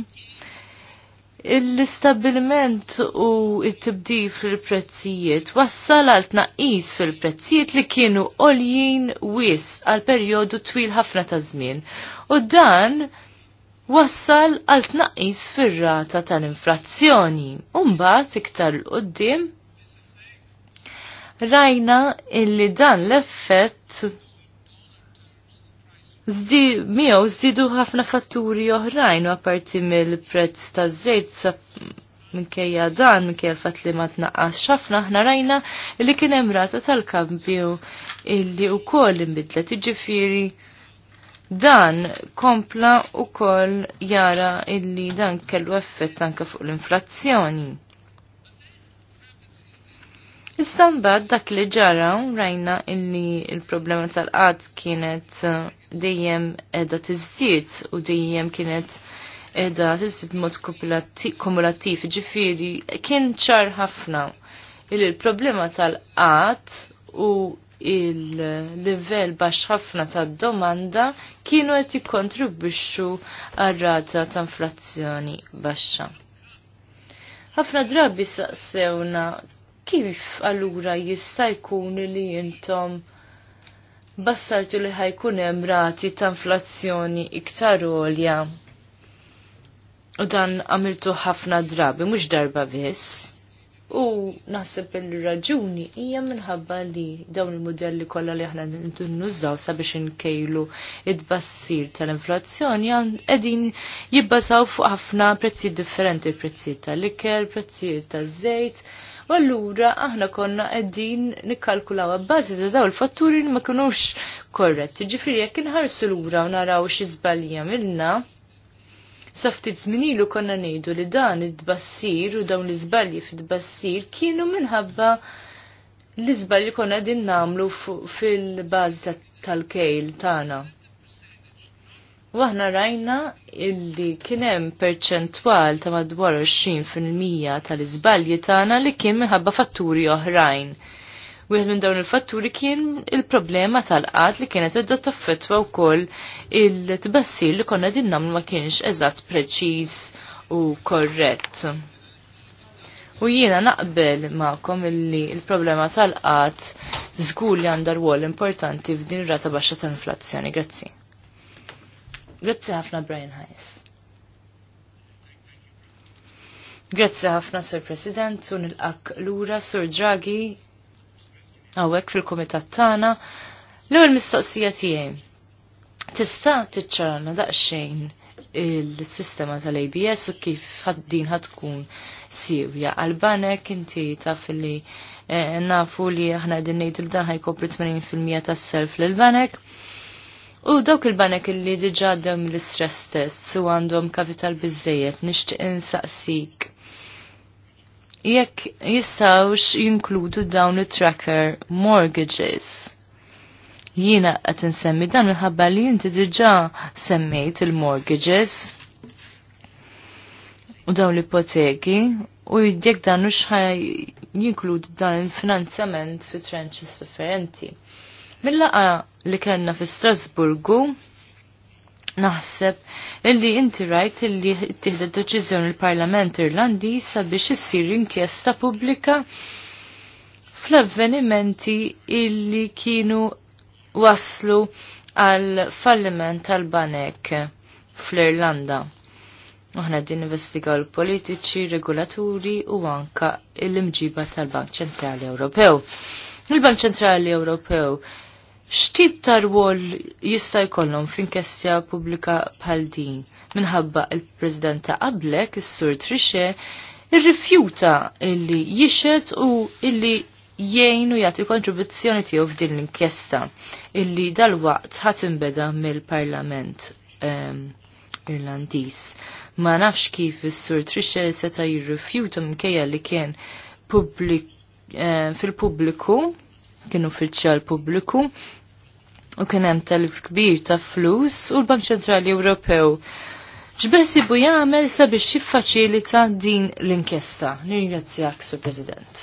l-istabilment u it tibdif fil-prezzijiet wassal għal tnaqqis fil-prezzijiet li kienu oljien wis għal perjodu twil ħafna ta' żmien. U dan wassal għal tnaqqis fir-rata tal-inflazzjoni. Umbagħad iktar l qoddim rajna illi dan l-effett zdi miegħu żdiedu ħafna fatturi oħrajn u apparti mill-prezz taż-żejt minkejja dan, minkejja l-fat li ma tnaqqas ħafna, ħna rajna li kien hemm rata tal-kampju illi wkoll inbidlet iġifieri Dan kompla u koll jara illi dan kellu effett anka fuq l-inflazzjoni. Istanbad dak li ġara rajna illi il-problema tal-qad kienet eh, dejjem edha tiżdied u dejjem kienet edha tiżdied mod kumulattiv ġifiri kien ċar ħafna illi il-problema tal-qad u il-livell baħx ħafna tad-domanda kienu qed jikkontribwixxu għal rata ta' inflazzjoni baxxa. Ħafna drabi saqsewna kif allura jista' jkun li intom bassartu li ħajkun hemm rati ta' inflazzjoni iktar għolja. U dan għamiltu ħafna drabi, mhux darba biss. U naħseb il-raġuni hija minħabba li dawn il-modelli kollha li aħna nużaw sabiex inkejlu id-bassir tal-inflazzjoni qegħdin jibbażaw fuq ħafna prezzijiet differenti, prezzijiet tal-ikel, prezzijiet taż-żejt. U allura aħna konna qegħdin nikkalkulaw bbażi ta' daw il-fatturi li ma kinux korretti. Ġifieri jekk inħarsu lura u naraw xi żbalja minnha. Saftit zminilu konna nejdu li dan id-bassir u dawn l-izbalji fid-bassir kienu minħabba l-izbalji konna din namlu fil-bazi tal-kejl tana. Waħna rajna illi kienem perċentwal ta' madwar 20% tal-izbalji tana li kien minħabba fatturi oħrajn. Oh Wieħed minn dawn il-fatturi kien il-problema tal-qat li kienet edda taffetwa wkoll il-tbassir li konna din namlu ma kienx eżatt preċiż u korrett. U jiena naqbel ma'kom illi il-problema tal-qat żgur li għandha rwol importanti f'din rata baxxa tal-inflazzjoni. Grazzi. Grazzi ħafna Brian Hayes. Grazzi ħafna Sur President u nilqak lura Sur Draghi għawek fil-komitat tana, l ewwel mistoqsija tiegħi. Tista' tiċċarana daqsxejn il-sistema tal-ABS u kif ħaddin ħatkun siwja. banek inti taf li eh, nafu li aħna din ngħidu li dan ħajkopri 80% tas-self lil banek. U dawk il-banek li diġa għaddew mill-istress test u għandhom kapital biżejjed nixtieq insaqsik jekk jistawx jinkludu dawn it-tracker mortgages. Jina qed insemmi dan minħabba li inti diġà semmejt il-mortgages u dawn l-ipoteki u jdek dan mhux jinkludu dan il-finanzjament fi tranches differenti. Mill-laqa li kellna fi Strasburgu Naħseb illi inti rajt illi tieħda deċiżjoni l-Parlament Irlandiż sabiex issir inkjesta pubblika fl-avvenimenti illi kienu waslu għal falliment tal-banek fl-Irlanda. Aħna din investigaw l-politiċi, regolaturi u anka l-imġiba tal-Bank Ċentrali Ewropew. Il-Bank Ċentrali Ewropew x'tip ta' rwol jista' jkollhom f'inkestja pubblika bħal din minħabba il-President ta' qablek is-Sur Trixe irrifjuta illi jixed u illi jgħin u jagħti kontribuzzjoni tiegħu f'din l-inkjesta illi dalwaqt ħadd inbeda mill-Parlament ehm, Irlandiż. Ma nafx kif is-Sur Trixe seta' jirrifjuta minkejja li kien ehm, fil-pubbliku kienu fil-ċal pubbliku u kien hemm telf kbir ta' flus u l-Bank Ċentrali Ewropew ġbesibu jagħmel sabiex jiffaċilita din l-inkjesta. Nirringrazzjak, Sur President.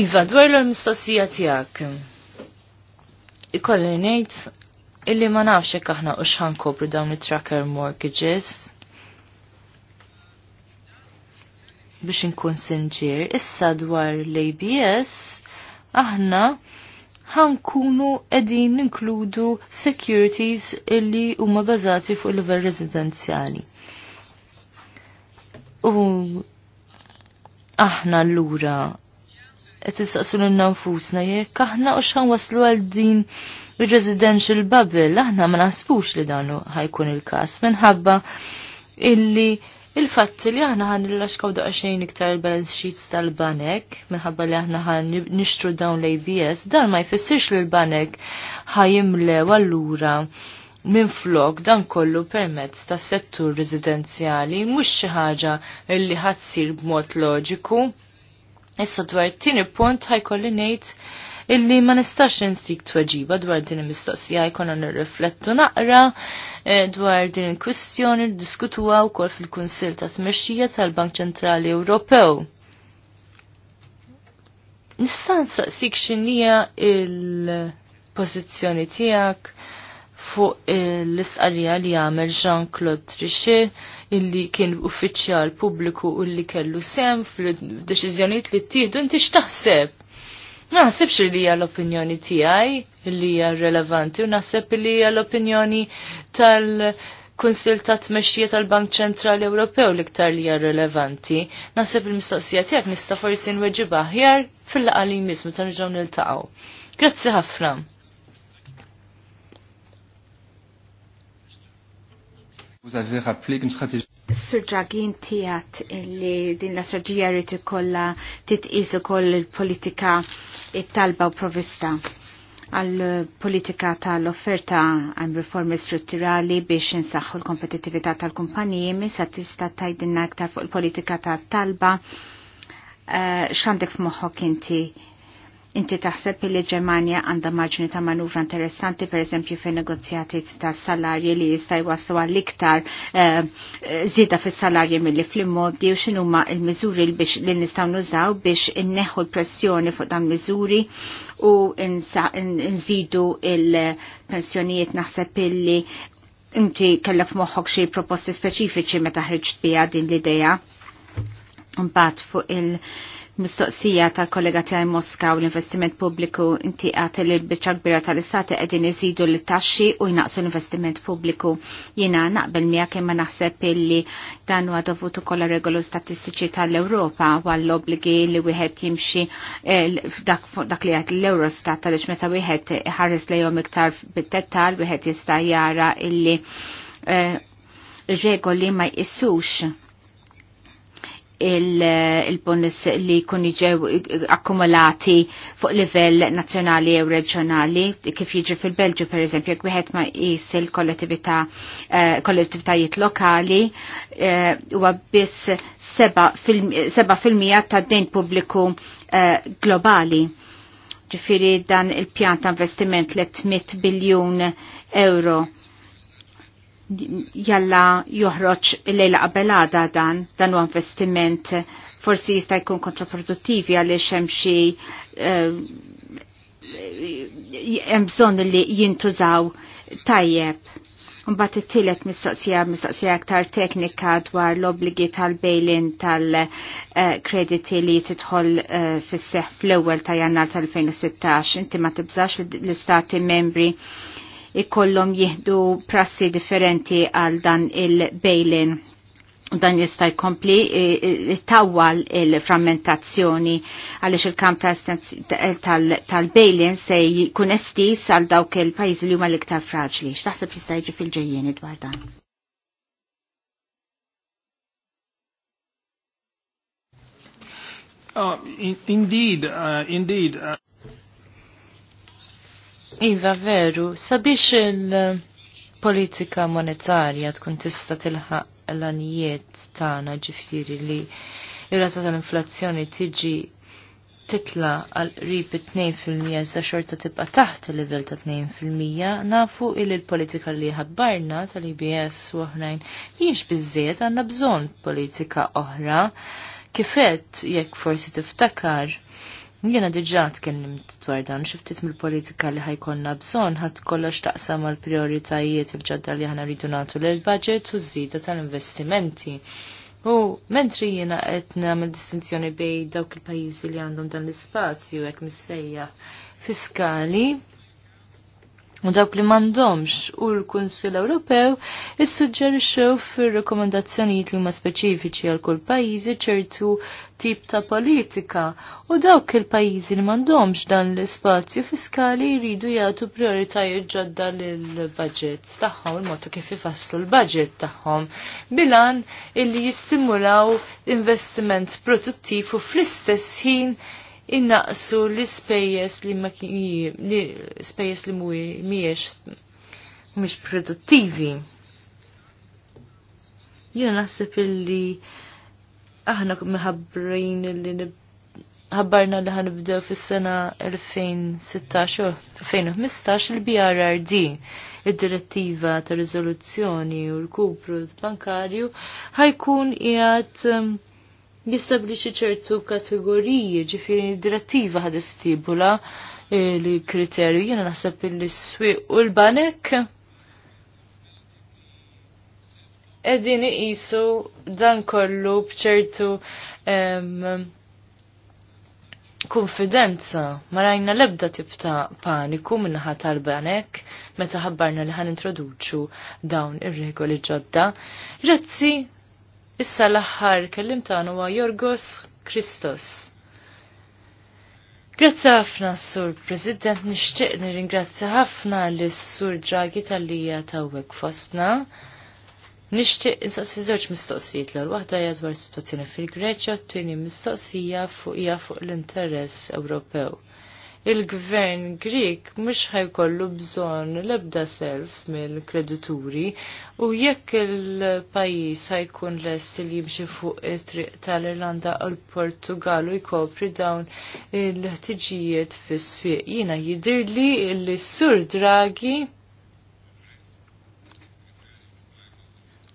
Iva, dwar l-mistoqsija tiegħek. Ikolli ngħid illi ma nafx hekk aħna u kopru dawn it-tracker mortgages. biex inkun sinġier, issa dwar l-ABS aħna ħankunu edin ninkludu securities illi huma bazati fuq il-level residenzjali. U aħna l-lura qed issaqsu lil nfusna jekk aħna u xan waslu għal din residential bubble aħna ma naħsbux li dan ħajkun il-każ minħabba illi il-fatt li aħna ħan il-laxkaw daqxajn iktar il-balance sheets tal-banek, minħabba li aħna ħan nishtru dawn l-ABS, dan ma jfissirx li l-banek ħajimle allura minn flok dan kollu permezz tas settur residenzjali mhux xi ħaġa li ħadsir b'mod loġiku. Issa dwar t tieni punt ħajkolli ngħid illi ma nistax instik tweġiba dwar din il-mistoqsija jkollna nirriflettu naqra eh, dwar din il-kwistjoni diskutuha wkoll fil-Kunsill ta' Tmexxija tal-Bank Ċentrali Ewropew. Nista' nsaqsik x'inhija il-pożizzjoni tiegħek fuq l-isqarja li għamel Jean-Claude Trichet illi kien uffiċjal pubbliku u li kellu sem fil deċizjoniet li ttieħdu inti x'taħseb Ma Naħsibx li hija l-opinjoni tiegħi li hija relevanti u naħseb li hija l-opinjoni tal- kunsil ta' tmexxija tal-Bank Ċentrali Ewropew liktar li hija rilevanti. Naħseb il-mistoqsija tiegħek nista' forsi nweġib aħjar fil-laqali mismu ta' nirġgħu niltaqgħu. Grazzi ħafna.
Vous avez rappelé qu'une stratégie
sir
Dragin tijat li din la strategija rrit ikolla titqis ukoll il-politika it-talba u provista għal politika tal-offerta għal reformi strutturali biex insaħħu l-kompetitività tal-kumpaniji mi tista tajdinna aktar fuq il-politika tal-talba eh, x'għandek f'moħħok inti Inti taħseb li Ġermanja għandha marġni ta' manuvra interessanti per eżempju fin negozjati ta' salarji li jista' jwaslu għal iktar eh, zida fis salarji milli fl-immodi u x'inhuma l-miżuri li nistgħu nużaw biex inneħħu l-pressjoni fuq dan miżuri u nżidu il-pensjonijiet naħseb illi inti kellek f'moħħok xi proposti speċifiċi meta ħriġt biha din l-idea. Mbagħad fuq il- Mistoqsija tal-kollega tiegħi Moska u l-investiment pubbliku inti għat li biċċa kbira tal-istati qegħdin iżidu l-taxxi u jnaqsu l-investiment pubbliku. Jiena naqbel miegħek imma naħseb illi dan huwa dovut ukoll regolu statistiċi tal-Ewropa u għall-obbligi li wieħed jimxi eh, dak li qed l-Eurostat għaliex meta wieħed iħares lejhom iktar bit-tettal wieħed jista' jara illi eh, regoli ma jqissux il-bonus li kun iġew akkumulati fuq livell nazzjonali u reġjonali, kif jiġi fil-Belġu per eżempju, jekk wieħed ma jis il-kollettività eh, kollettivitajiet lokali eh, huwa biss 7% ta' dejn pubbliku eh, globali. Ġifieri dan il-pjan ta' investiment 300 biljun euro jalla joħroċ lejla qabelada dan, dan u investiment forsi jista' jkun kontraproduttivi għaliex hemm xi eh, hemm bżonn li jintużaw tajjeb. Mbagħad it-tielet mistoqsija mistoqsija aktar teknika dwar l-obbligi tal-bejlin tal-krediti li tidħol eh, fis-seħħ fl-ewwel ta' Jannar tal-2016. Inti ma tibżax l-istati membri ikollhom jieħdu prassi differenti għal dan il-bejlin u dan jista' jkompli e, e, tawwal il-frammentazzjoni għaliex il-kamp tal-bejlin se jkun estis għal dawk il-pajjiżi li huma l-iktar fraġli. X'taħseb jista' jiġi fil-ġejjieni dwar dan?
Uh, indeed, uh, indeed. Uh...
Iva veru, sabiex il-politika monetarja tkun tista tilħaq l-anijiet tagħna ġifieri li il rata tal-inflazzjoni tiġi titla għal qrib 2% sa xorta tibqa' taħt il-livell ta' 2% nafu il l-politika li ħabbarna tal-IBS u oħrajn jiex biżżejjed għandna bżonn politika oħra kifet jekk forsi tiftakar Jena diġa tkellimt dwar dan xiftit mill-politika li ħajkonna bżon ħadd kollox taqsam għal prioritajiet il-ġodda li ħana rridu nagħtu lill budget u żida tal-investimenti. U mentri jiena qed nagħmel distinzjoni bej dawk il-pajjiżi li għandhom dan l-ispazju hekk missejja fiskali U dawk li mandomx u l-Kunsil Ewropew issuġġerixxew fir-rekomendazzjonijiet li huma speċifiċi għal kull pajjiżi ċertu tip ta' politika u dawk il-pajjiżi li mandomx dan l-ispazju fiskali jridu jagħtu prioritajiet ġodda lill-budget tagħhom il-mod kif ifasslu l-budget tagħhom bilan illi jistimulaw investiment produttiv u fl-istess ħin innaqsu l-ispejjeż li ma li spejjes li mhuwiex mhux produttivi. Jiena naħseb illi aħna meħabbrin illi ħabbarna li ħanibdew fis-sena 2016 u 2015 il-BRRD id-direttiva ta' riżoluzzjoni u l-kupru bankarju ħajkun qiegħed jistabliċi ċertu kategoriji ġifiri direttiva għad istibula eh, li kriterju jena naħseb il-swiq u l-banek edin iqisu dan kollu bċertu konfidenza ma rajna lebda tibta paniku minnaħa tal-banek meta ħabbarna li ħan introduċu dawn ir-regoli ġodda. Grazzi Issa l-aħħar kellim tagħna huwa Jorgos Kristos. Grazzi ħafna Sur President, nixtieq nirringrazzja ħafna lis sur Draghi tal-lija tawwek fostna. Nixtieq insaqsi żewġ mistoqsijiet l waħda hija dwar situazzjoni fil-Greċja u t-tieni mistoqsija fuq hija fuq l-interess Ewropew il-gvern Grik mhux ħajkollu bżonn l-ebda self mill-kredituri u jekk il-pajjiż ħajkun lest li jimxi fuq it-triq tal-Irlanda u l-Portugal u jkopri dawn il-ħtiġijiet fis-swieq. Jiena jidirli li sur Draghi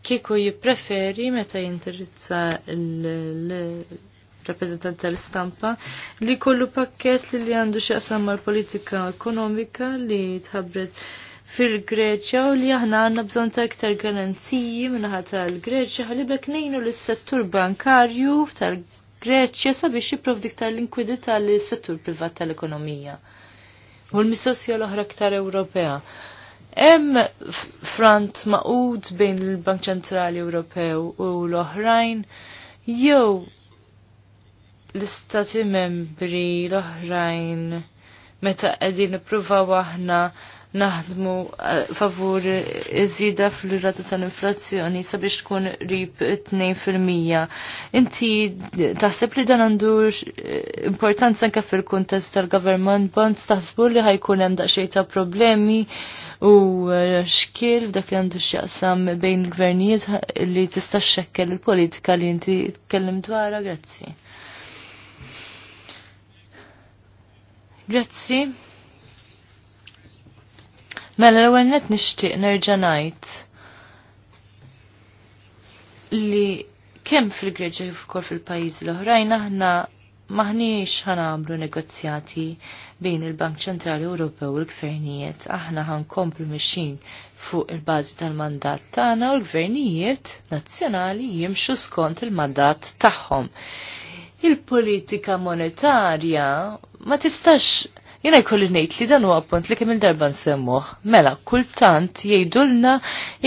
kiku jipreferi meta jindirizza l rappresentant tal-istampa li kollu pakket li li għandu xaqsam mal-politika ekonomika li tħabbret fil-Greċja u li aħna għanna bżon ta' iktar garanziji minnaħa tal-Greċja għalli bek nejnu s settur bankarju tal-Greċja sabiex jiprof diktar l-inkwidita s settur privat tal-ekonomija. U l missosja l-oħra iktar Ewropea. Hemm front maqud bejn il-Bank Ċentrali Ewropew u l-oħrajn jew l-istati membri l-oħrajn meta qegħdin pruva aħna naħdmu eh, favur iżida fl-rata tal-inflazzjoni sabiex tkun rib 2%. Inti taħseb li dan għandu importanza anke fil-kuntest tal-government bond taħsbu li ħajkun hemm daqsxejn ta' problemi u eh, xkiel f'dak li għandu x'jaqsam bejn il-gvernijiet li tista' xekkel il-politika li inti tkellim dwarha, grazzi. Grazzi. Mela l-ewwel net nixtieq nerġa' ngħid li kemm fil greġi kif fil-pajjiżi l-oħrajn aħna maħniex ħanamlu negozjati bejn il-Bank Ċentrali Ewropew u l-Gvernijiet. Aħna komplu mixin fuq il-bażi tal-mandat tagħna u l-Gvernijiet nazzjonali jimxu skont il-mandat tagħhom il-politika monetarja ma tistax jena jkolli ngħid li dan huwa punt li kemm il-darba nsemmuh. Mela, kultant jgħidulna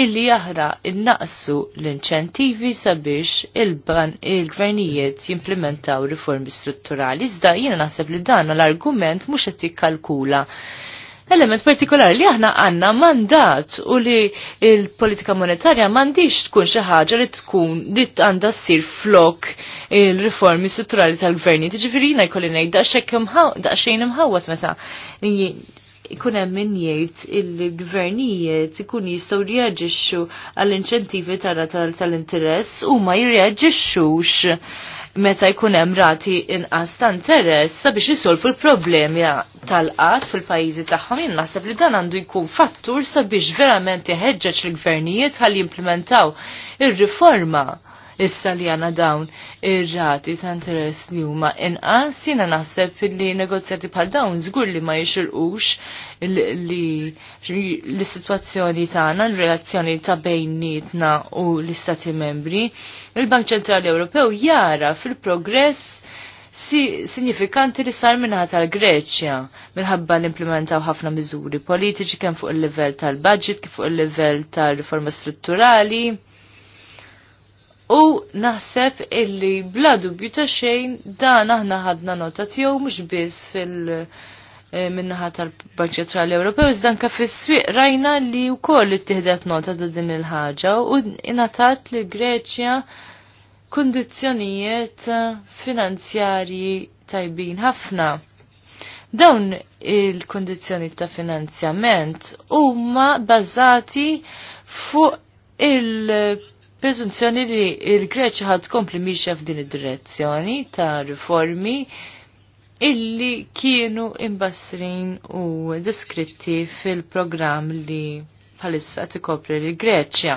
illi jaħra innaqsu l-inċentivi sabiex il-gvernijiet jimplementaw riformi strutturali. Iżda jiena naħseb li dan l-argument mhux qed jikkalkula element partikolari li aħna għanna mandat u li il-politika monetarja mandiċ tkun xi ħaġa li tkun li għandha ssir flok il-riformi strutturali tal-gverni. Tiġifieri jiena jkolli ngħid daqsxejn imħawwat meta ikun hemm min jgħid il-gvernijiet ikun jistgħu reaġixxu għall-inċentivi tara tal-interess huma jirreaġixxux meta jkun hemm rati inqas ta' interess sabiex isolfu l-problemi tal-qatt fil-pajjiżi tagħhom jien naħseb li dan għandu jkun fattur sabiex verament iħeġġeġ l-gvernijiet ħalli jimplementaw ir-riforma issa li għana dawn ir-rati ta' interess li huma inqas jiena naħseb li negozjati bħal dawn żgur li ma jixirqux li l-sitwazzjoni tagħna l-relazzjoni ta' bejnietna u l-Istati Membri. Il-Bank Ċentrali Ewropew jara fil-progress si sinifikanti li sar minnaħat tal-Greċja minħabba l-implementaw ħafna miżuri politiċi kemm fuq il-livell tal-budget kif fuq il-livell tal-riforma strutturali. U naħseb illi bla dubju ta' xejn dan aħna ħadna nota tiegħu mhux biss fil- eh, minnaħa tal-Bank Ċentrali Ewropew iżda anke fis-swieq rajna li wkoll ittieħdet nota ta' din il-ħaġa u ingħatat li Greċja kundizzjonijiet finanzjarji tajbin ħafna. Dawn il kundizzjonijiet ta' finanzjament huma bażati fuq il- preżunzjoni li l-Greċja ħad kompli miexja f'din id-direzzjoni ta' riformi illi kienu imbastrin u deskritti fil-programm li bħalissa kopri l-Greċja.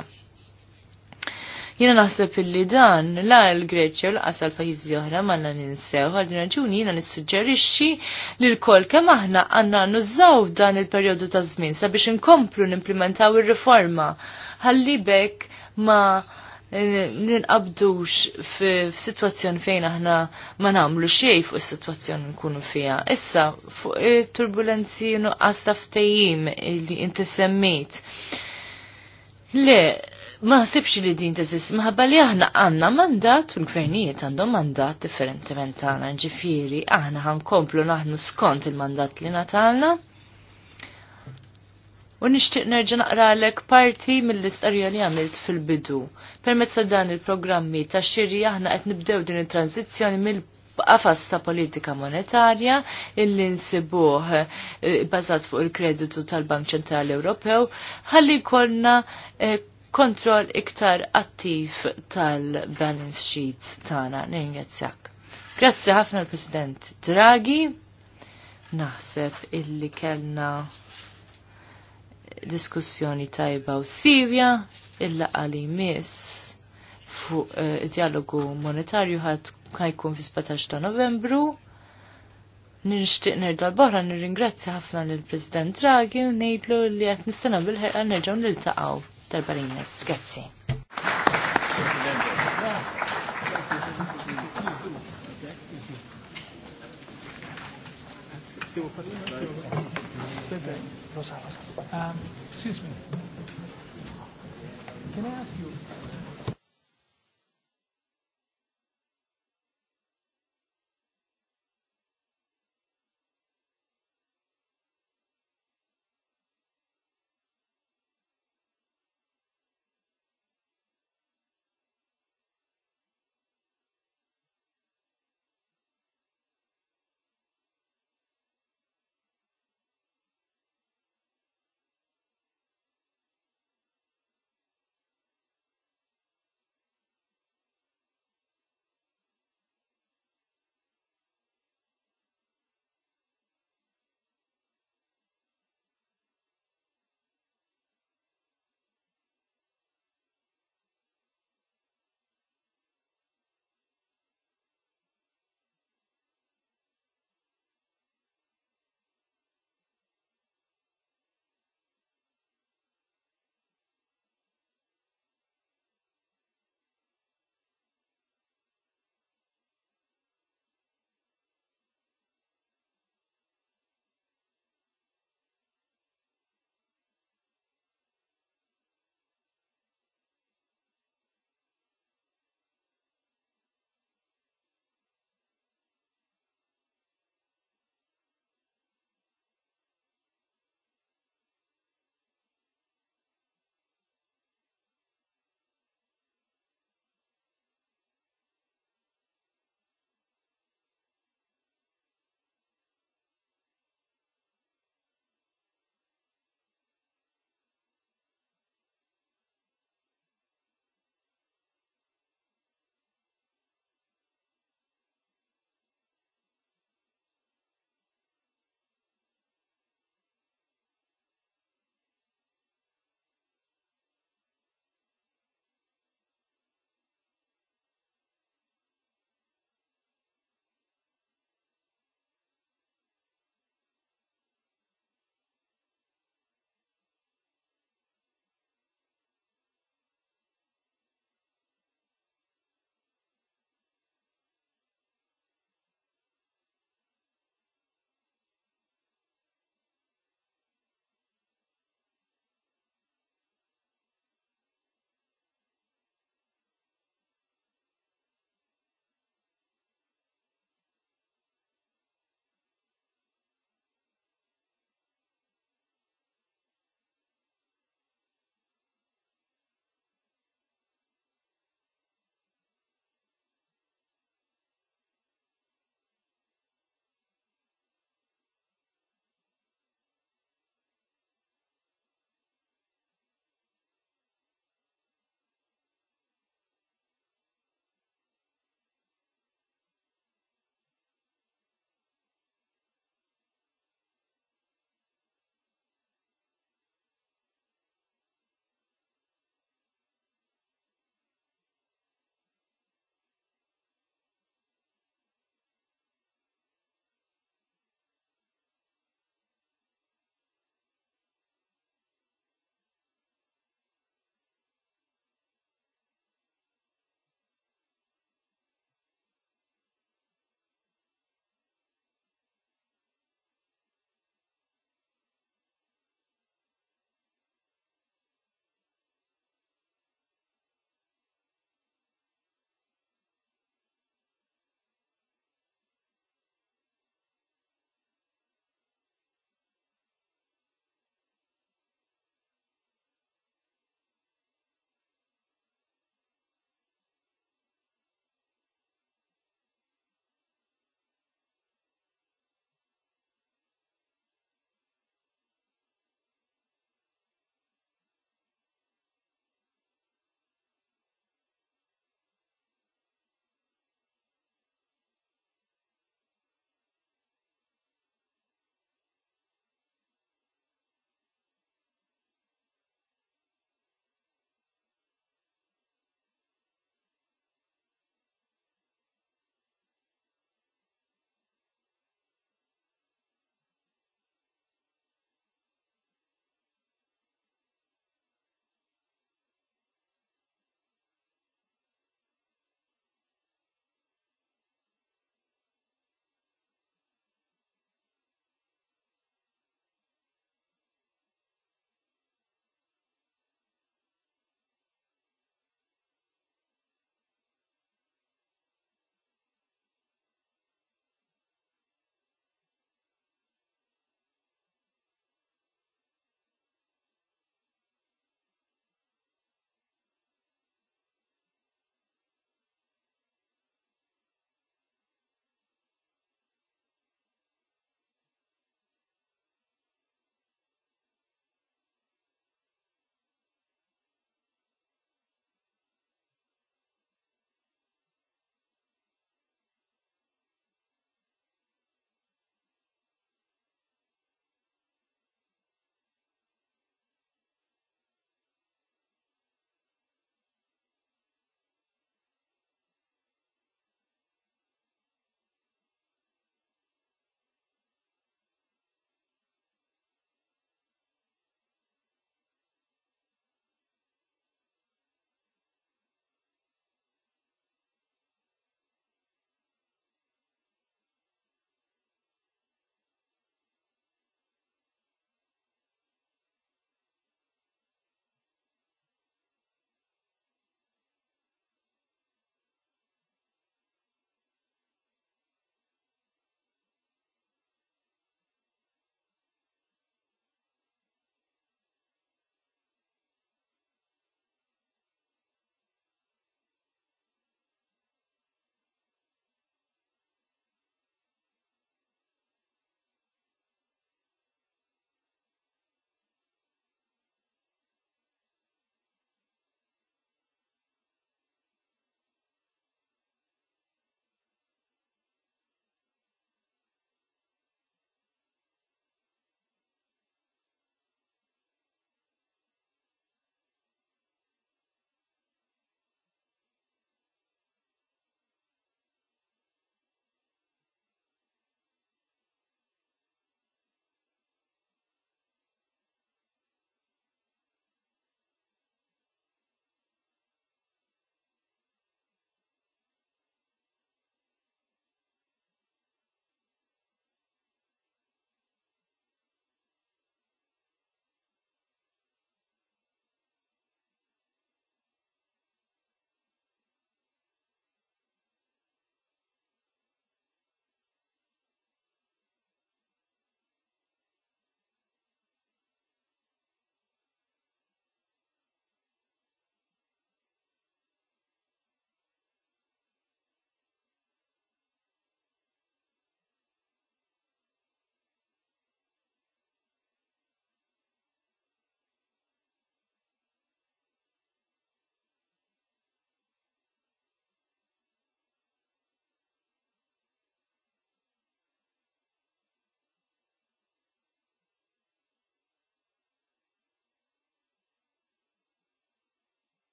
Jina naħseb illi dan la l-Greċja u l qasal pajizi oħra ma na ninsew għal din raġuni jina nissuġġerixxi li l-kol kemm aħna għandna nużaw dan il-perjodu ta' żmien sabiex inkomplu nimplementaw ir-riforma ħalli bekk ma ninqabdux f-situazzjoni fejn aħna ma namlu xej fuq is-situazzjoni nkunu fija. Issa, fuq turbulenzi nuqqas ftejim li inti semmejt. Le, ma ħsibx li din teżist, maħabba li aħna għanna mandat, u l-gvernijiet għandhom mandat differentiment għana ġifiri, aħna ħankomplu naħnu skont il-mandat li natalna. U nixtieq nerġa' naqralek parti mill-istqarrija li għamilt fil-bidu. Permezz ta' dan il-programmi ta' xirri aħna qed nibdew din it-tranzizzjoni mill qafas ta' politika monetarja illi nsibuh eh, bazat fuq il-kreditu tal-Bank Ċentrali Ewropew ħalli jkollna eh, kontroll iktar attiv tal-balance sheets tagħna. Ningrazzjak. Grazzi ħafna l-President Draghi. Naħseb illi kellna diskussjoni tajba u Sirja il għali li miss fuq eh, dialogu monetarju ħad kajkun fi 17 ta' Novembru. Nirixtieq nerda barra nirringrazzja ħafna lill president Draghi u ngħidlu li qed nistana bil-ħerqa nerġgħu niltaqgħu darba li Grazzi.
Devo fare Rosario. Um, excuse me. Can I ask you?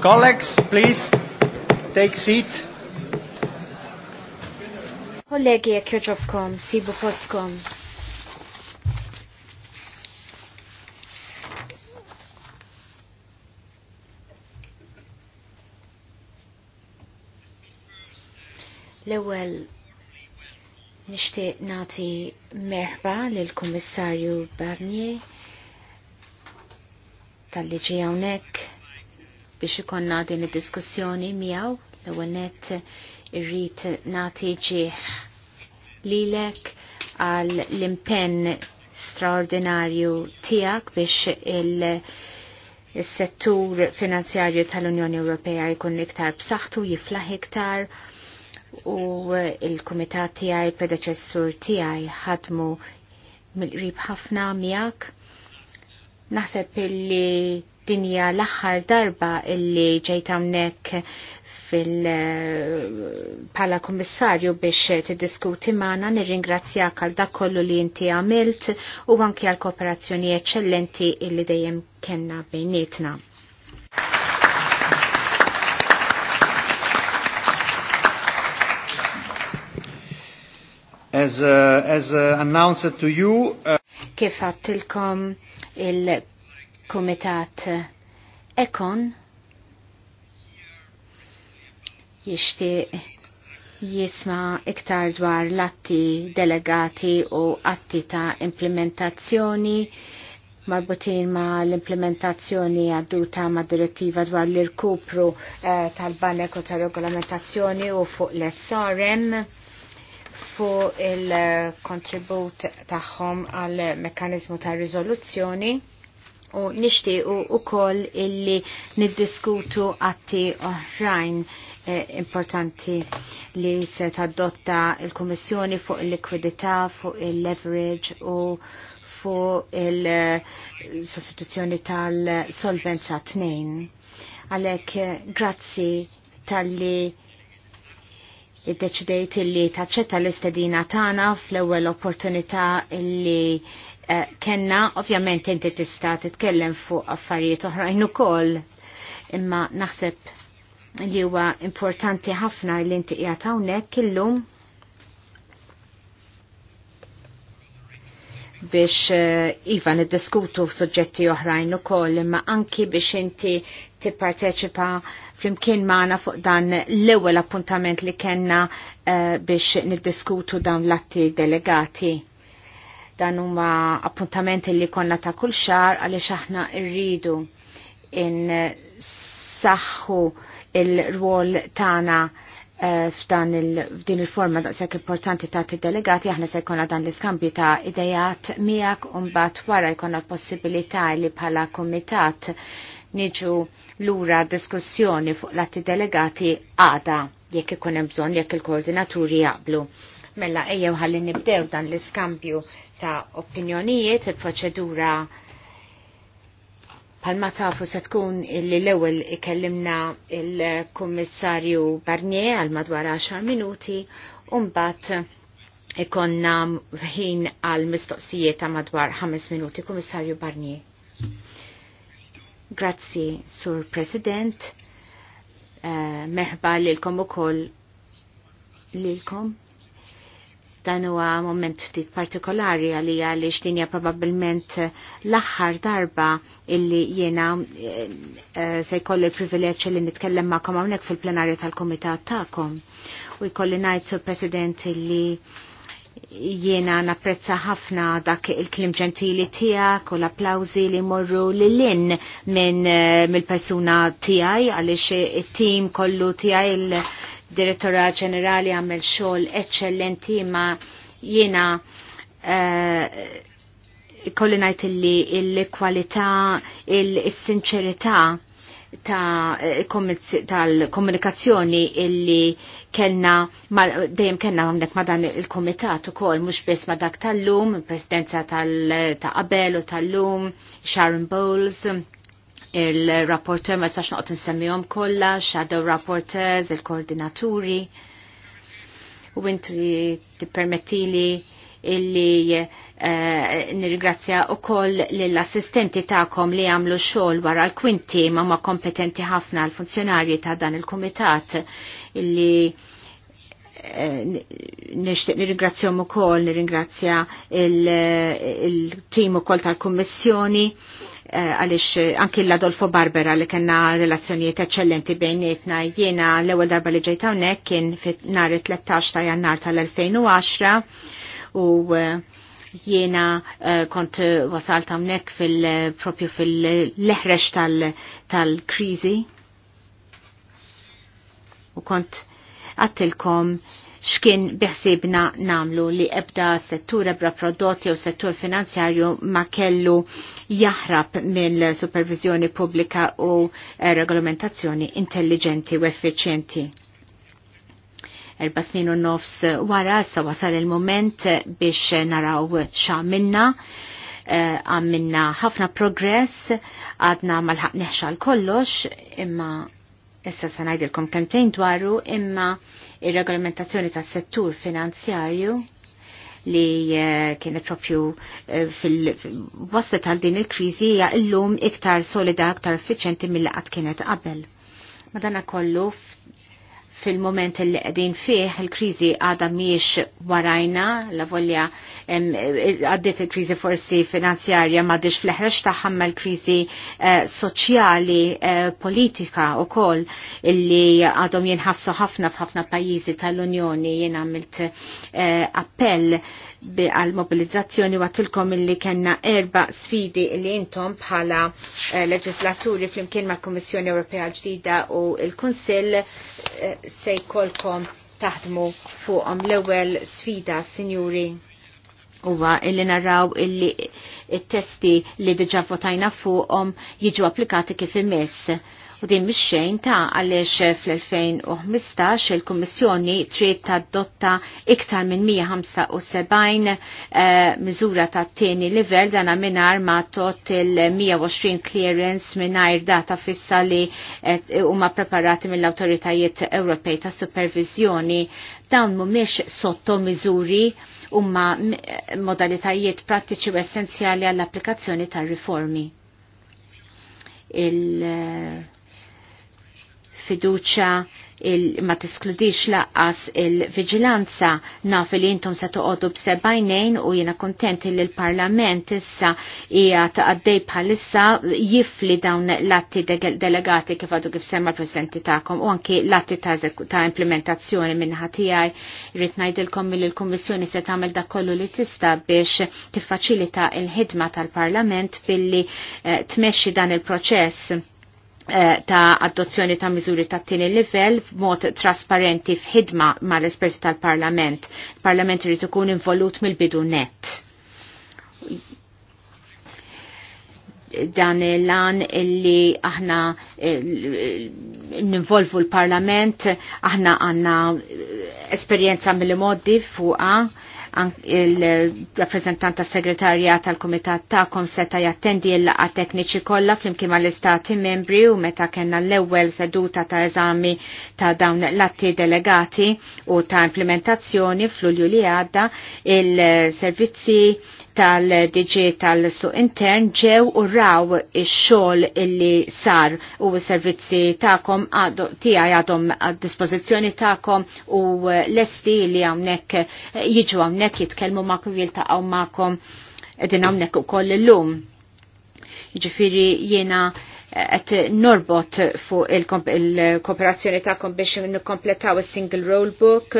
Colleagues, please, take seat.
Kollegi, jek joġofkom, sibu postkom. L-ewel nishtiq nati merħba l-Kummissarju Barnier tal-liġi għonek biex ikonna din id-diskussjoni miegħu l-ewwel net irrid nagħti ġieħ lilek għal l-impenn straordinarju tiegħek biex il- settur finanzjarju tal-Unjoni Ewropea jkun iktar b'saħħtu jiflaħ iktar u il-kumitat tiegħi predeċessur tiegħi ħadmu mill-qrib ħafna miegħek. Naħseb illi dinja l-axħar darba illi ġejt hawnhekk fil eh, pala kommissarju biex tiddiskuti nir nirringrazzjak għal dak kollu li inti għamilt u għanki għal kooperazzjoni eċċellenti illi dejjem kellna bejnietna.
As, uh, as uh, announced to you, uh...
kif għattilkom il Kumitat komitat Ekon jishti jisma iktar dwar l-atti delegati u atti ta' implementazzjoni marbutin ma l-implementazzjoni għadduta ma direttiva dwar l-irkupru eh, tal-banek u tal-regolamentazzjoni u fuq l-SRM fuq il-kontribut tagħhom għal mekkanizmu ta' rizoluzzjoni u nishtiqu u koll illi niddiskutu għatti oħrajn eh, importanti li se taddotta il-Kommissjoni fuq il-likwidità, fuq il-leverage u fuq il-sostituzzjoni tal-solvenza tat-tnejn. Għalek, grazzi tal-li id-deċidejt li taċċetta l-istedina tana fl-ewwel opportunità li Eh, kenna, ovvjament inti tista' titkellem fuq affarijiet oħrajn ukoll, imma naħseb li huwa importanti ħafna li inti qiegħed hawnhekk illum biex eh, iva niddiskutu f'suġġetti oħrajn ukoll imma anki biex inti tipparteċipa flimkien magħna fuq dan l-ewwel appuntament li kellna eh, biex niddiskutu dawn l-atti delegati. Dan huma appuntamenti li konna ta' kull xar għaliex aħna rridu in saħħu il-rwol tagħna eh, f'dan il-din il-forma daqshekk importanti ta' delegati aħna se jkollna dan l-iskambju ta' idejat miegħek u mbagħad wara jkollna l-possibilità li bħala kumitat niġu lura diskussjoni fuq l-atti delegati għada jekk ikun hemm bżonn jekk il-koordinaturi jaqblu. Mella ejjew ħalli nibdew dan l-iskambju ta' opinjonijiet, il-proċedura palma tafu se tkun li l-ewel ikellimna il-Kummissarju Barnier għal madwar 10 minuti, umbat ikonna ħin għal mistoqsijiet ta' madwar 5 minuti, kommissarju Barnier. Grazzi, Sur President. Uh, merħba lilkom u koll lilkom Dan huwa moment ftit partikolari għalija li dinja probabbilment l-aħħar darba illi jiena eh, eh, se jkollu l privileċ li nitkellem magħkom hawnhekk fil-plenarju tal-kumitat tagħkom. U jkolli ngħid sur President illi jiena napprezza ħafna dak il-klim ġentili tijak u l-applawzi li morru li l-in minn eh, mill-persuna tijaj għalix it-tim kollu tijaj direttora ġenerali għamel xogħol eccellenti ma jiena uh, kolli illi il-kwalità, il-sinċerità eh, tal-komunikazzjoni illi kellna dejjem kellna għamnek ma dan il-komitat ukoll mhux biss ma dak tal-lum, presidenza tal-qabel u tal-lum, Sharon Bowles, il-rapporter ma s-sax noqgħod nsemmihom kollha, shadow rapporters, il-koordinaturi. U inti tippermettili illi eh, nirgrazzja u koll l-assistenti ta'kom li għamlu xol wara l-kwinti ma ma kompetenti ħafna l-funzjonarji ta' dan il-komitat illi eh, nishtiq nirringrazzjom u koll, nirringrazzja il-tim u koll tal-kommissjoni Eh, għalix eh, anki l-Adolfo Barbera li kena relazzjonijiet eccellenti bejnietna jiena l-ewel darba li ġejta unnek kien fit nar 13 ta' jannar tal-2010 u eh, jiena kont wasalt unnek fil-propju fil-leħrex tal-krizi u kont għattilkom xkien biħsibna namlu li ebda settur ebra prodotti u settur finanzjarju ma kellu jahrab mill-supervizjoni pubblika u eh, regolamentazzjoni intelligenti u effiċjenti erba snin u nofs wara, sa wasal il-moment biex naraw xamminna, eh, għamminna ħafna progress, għadna malħaq neħxal kollox, imma Issa se ngħidilkom kentejn dwaru imma il regolamentazzjoni tas-settur finanzjarju li eh, kienet propju eh, fil-wasta tal din il-krizi hija illum iktar solida, iktar effiċenti mill qatt kienet qabel. Madana kollu fil-moment li għedin fih il-kriżi għadha mhijiex warajna, la volja għaddit il-kriżi forsi finanzjarja m'għadix fl ħreċ tagħha il kriżi eh, soċjali eh, politika wkoll illi għadhom jinħassu ħafna f'ħafna pajjiżi tal-Unjoni jien għamilt eh, appell għal-mobilizzazzjoni għatilkom illi kena erba sfidi illi intom bħala eh, leġislaturi flimkien ma' Komissjoni Ewropea ġdida u il-Kunsill eh, se jkolkom taħdmu fuqom l-ewel sfida, sinjuri huwa illi narraw illi il-testi li diġa votajna fuqom jiġu applikati kif imiss U din mhix xejn ta' għaliex fl-2015 il-Kummissjoni trid tadotta iktar minn 175 uh, eh, miżura ta' tieni livell dan mingħajr ma tot il-120 clearance mingħajr data fissa li eh, huma preparati mill-awtoritajiet Ewropej ta' supervizjoni dawn mhumiex sotto miżuri umma modalitajiet prattiċi u essenzjali għall-applikazzjoni tar-riformi. Il- fiduċa il ma tiskludix laqqas il-vigilanza naf li intom se toqgħodu b'sebajnejn u jiena kontent li l-Parlament issa hija taqaddej bħalissa jifli dawn l-atti delegati kif għadu kif semma l-presidenti tagħkom u anki l-atti ta' implementazzjoni minn tiegħi rrid ngħidilkom milli l-Kummissjoni se tagħmel dak kollu li tista' biex tiffaċilita l-ħidma tal-Parlament billi eh, tmexxi dan il-proċess Eh, ta' adozzjoni ta' miżuri ta' tieni livell mod trasparenti f'ħidma mal-esperti tal-Parlament. parlament irid ikun involut mill-bidu net. Dan l-an illi aħna eh, ninvolvu l-Parlament, aħna għanna eh, esperjenza mill-modi fuqa il-rappresentant tas segretarja tal-Kumitat ta'kom seta' jattendi l-laqa tekniċi kollha flimkien mal-istati membri u meta kellna l-ewwel seduta ta' eżami ta' dawn l-atti delegati u ta' implementazzjoni fl-Ulju li għadda il-servizzi tal-DG tal-suq intern ġew u raw il xogħol illi sar u s-servizzi tagħkom tiegħi għadhom għad-dispożizzjoni tagħkom u lesti li hawnhekk eh, jiġu hawnhekk jitkellmu ma'kom edin għamnek u hawnhekk ukoll illum. Jiġifieri jiena qed norbot fuq il-kooperazzjoni tagħkom biex nikkompletaw is-single roll book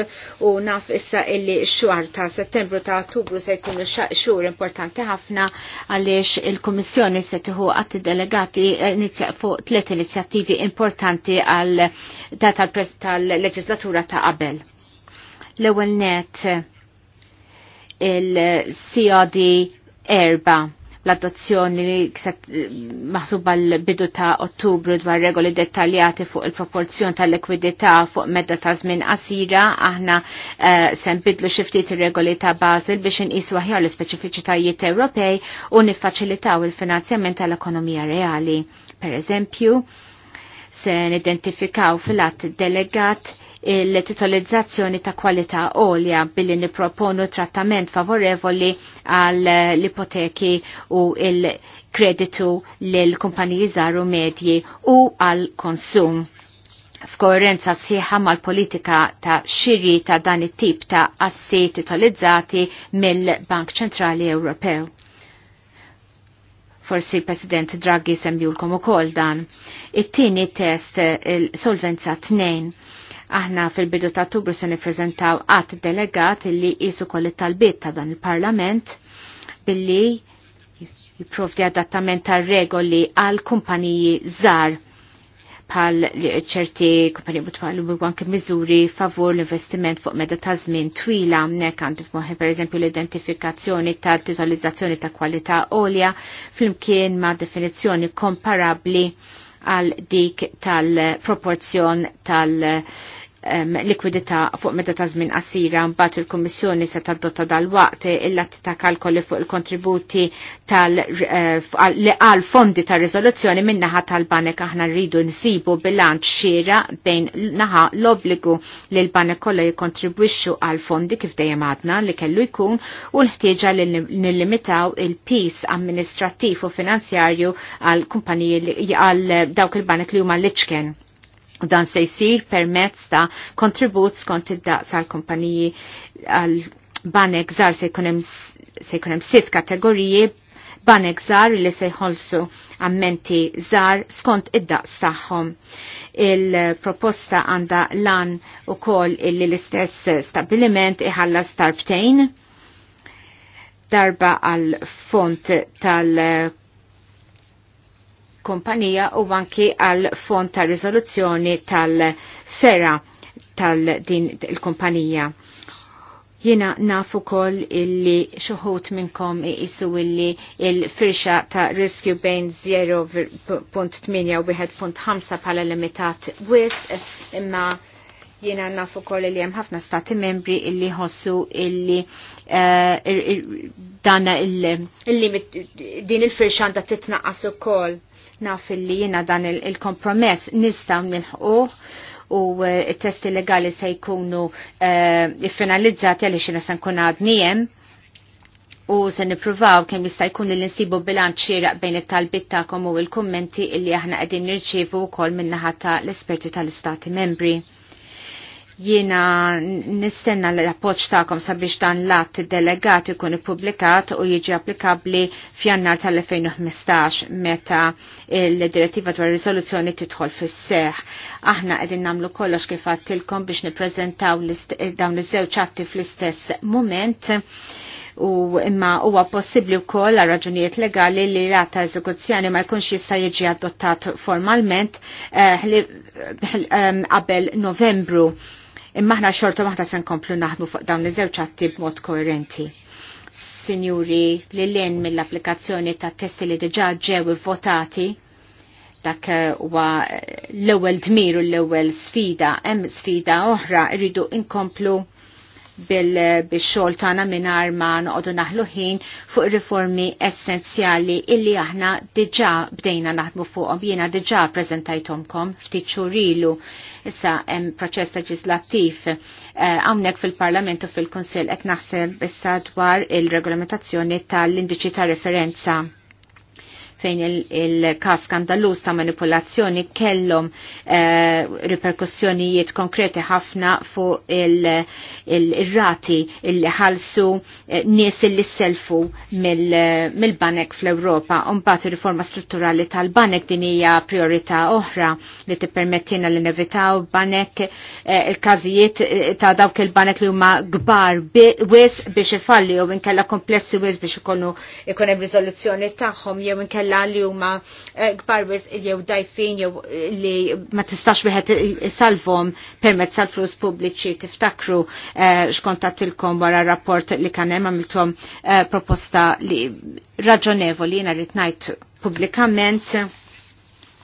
u naf issa illi x ta' Settembru ta' Ottubru se jkun xhur importanti ħafna għaliex il-Kummissjoni se tieħu għat delegati fuq tliet inizjattivi importanti għal tal-leġislatura ta' qabel. L-ewwel net il-COD erba' l-adozzjoni li kset eh, maħsuba l-bidu ta' ottubru dwar regoli dettaljati fuq il-proporzjon tal-likwidità fuq medda ta' żmien qasira aħna eh, sem bidlu xiftit ir-regoli ta' Basel biex inqisu aħjar l speċifiċitajiet Ewropej u niffaċilitaw il-finanzjament tal-ekonomija reali. Per eżempju, se nidentifikaw fil-att delegat il-titolizzazzjoni ta' kwalità olja billi niproponu trattament favorevoli għal l-ipoteki u il-kreditu l-kumpaniji zaru medji u għal konsum f'koerenza sħiħa mal-politika ta' xiri ta' dan it-tip ta' assi titolizzati mill-Bank Ċentrali Ewropew. Forsi president Draghi semmjulkom u kol dan. It-tini test il-Solvenza 2 Aħna fil-bidu ta' Ottubru se nippreżentaw għat delegat li jisu kolli tal-bit ta' dan il-Parlament billi jiprovdi adattament ta' regoli għal kumpaniji zar pal ċerti kumpaniji butfall u anke miżuri favur l-investiment fuq meda ta' żmien twila nek għandi per pereżempju l-identifikazzjoni ta' titolizzazzjoni ta' kwalità olja flimkien ma' definizzjoni komparabbli għal dik tal-proporzjon tal-, -proporzjon tal likwidità fuq meta ta' żmien qasira mbagħad il-Kummissjoni se tadotta dal-waqt il-latti ta' kalkoli fuq il-kontributi eh, għal fondi ta' riżoluzzjoni min-naħa tal-banek aħna rridu nsibu bilanċ xira bejn naħa l-obbligu li l-banek kollha jikkontribwixxu għal fondi kif dejjem għadna li kellu jkun u l-ħtieġa li nillimitaw il-pis amministrattiv u finanzjarju għal kumpaniji għal dawk il-banek li huma l U dan se jsir permezz ta' kontribut skont id-daqs għal kumpaniji għal banek zar se jkun hemm sitt kategoriji banek zar li se jħolsu ammenti zar skont id-daqs tagħhom. Il-proposta għanda lan u kol illi l-istess stabiliment iħallas tarbtejn darba għal font tal- kumpanija u anki għal fond ta' rizoluzzjoni tal-fera tal-din il-kumpanija. Jena nafu kol illi xuħut minnkom jisu illi il-firxa ta' riskju bejn 0.8 u 1.5 pala limitat wis imma jena nafu kol illi jem ħafna stati membri illi ħossu illi uh, dan il-limit din il-firxa għanda titnaqqas u kol. Naf li jina dan il-kompromess il nistaw nilħuq u eh, il-testi legali se jkunu uh, finalizzati għalli xina san kuna għadnijem u se niprufaw kem jista' jkun li nsibu bilanċ xieraq bejn it-talbit tagħkom u l-kummenti illi aħna qegħdin nirċievu wkoll min-naħa l-esperti tal-istati membri. Jiena nistenna l-appoċ ta'kom sabiex dan l-att delegat ikun ippubblikat u jiġi applikabli f'jannar tal-2015 meta l-direttiva dwar riżoluzzjoni tidħol fis-seħ. Aħna qegħdin nagħmlu kollox kif għattilkom biex nippreżentaw dawn iż-żewġ atti fl-istess moment u imma huwa possibbli wkoll għal raġunijiet legali li rata eżekuzzjoni ma jkunx jista' jiġi adottat formalment eh, eh, qabel eh, eh, Novembru Imma aħna xortu maħna se nkomplu naħdmu fuq dawn iż-żewġ atti b'mod koerenti. Sinjuri, li l-in mill-applikazzjoni ta' testi li diġa ġew votati, dak eh, huwa eh, l-ewwel dmir u l-ewwel sfida, hemm sfida oħra rridu inkomplu bil-xol tana minar ma noqdu naħlu ħin fuq riformi essenzjali illi aħna diġa bdejna naħdmu fuqom jiena diġa prezentajtomkom ftit xurilu issa hemm proċess leġislattiv eh, hawnhekk fil-Parlament u fil-Kunsill qed naħseb issa dwar il-regolamentazzjoni tal-indiċi ta' referenza fejn il-kas il skandalus ta' manipolazzjoni kellhom eh, riperkussjonijiet konkreti ħafna fuq il-rati il, il li ħalsu eh, nies li selfu mill-banek mil fl-Ewropa. Umbat riforma strutturali tal-banek din hija priorità oħra li tippermettina li nevitaw banek eh, il-każijiet eh, ta' dawk il-banek li huma gbar wis biex ifalli u inkella komplessi wis biex ikunu ikun hemm riżoluzzjoni tagħhom jew inkella kollha li huma gbarwis eh, jew dajfin jew li ma tistax wieħed isalvhom permezz tal-flus pubbliċi tiftakru eh, xkontattilkom wara rapport li kan hemm għamiltom eh, proposta li raġonevoli jiena rrid ngħid pubblikament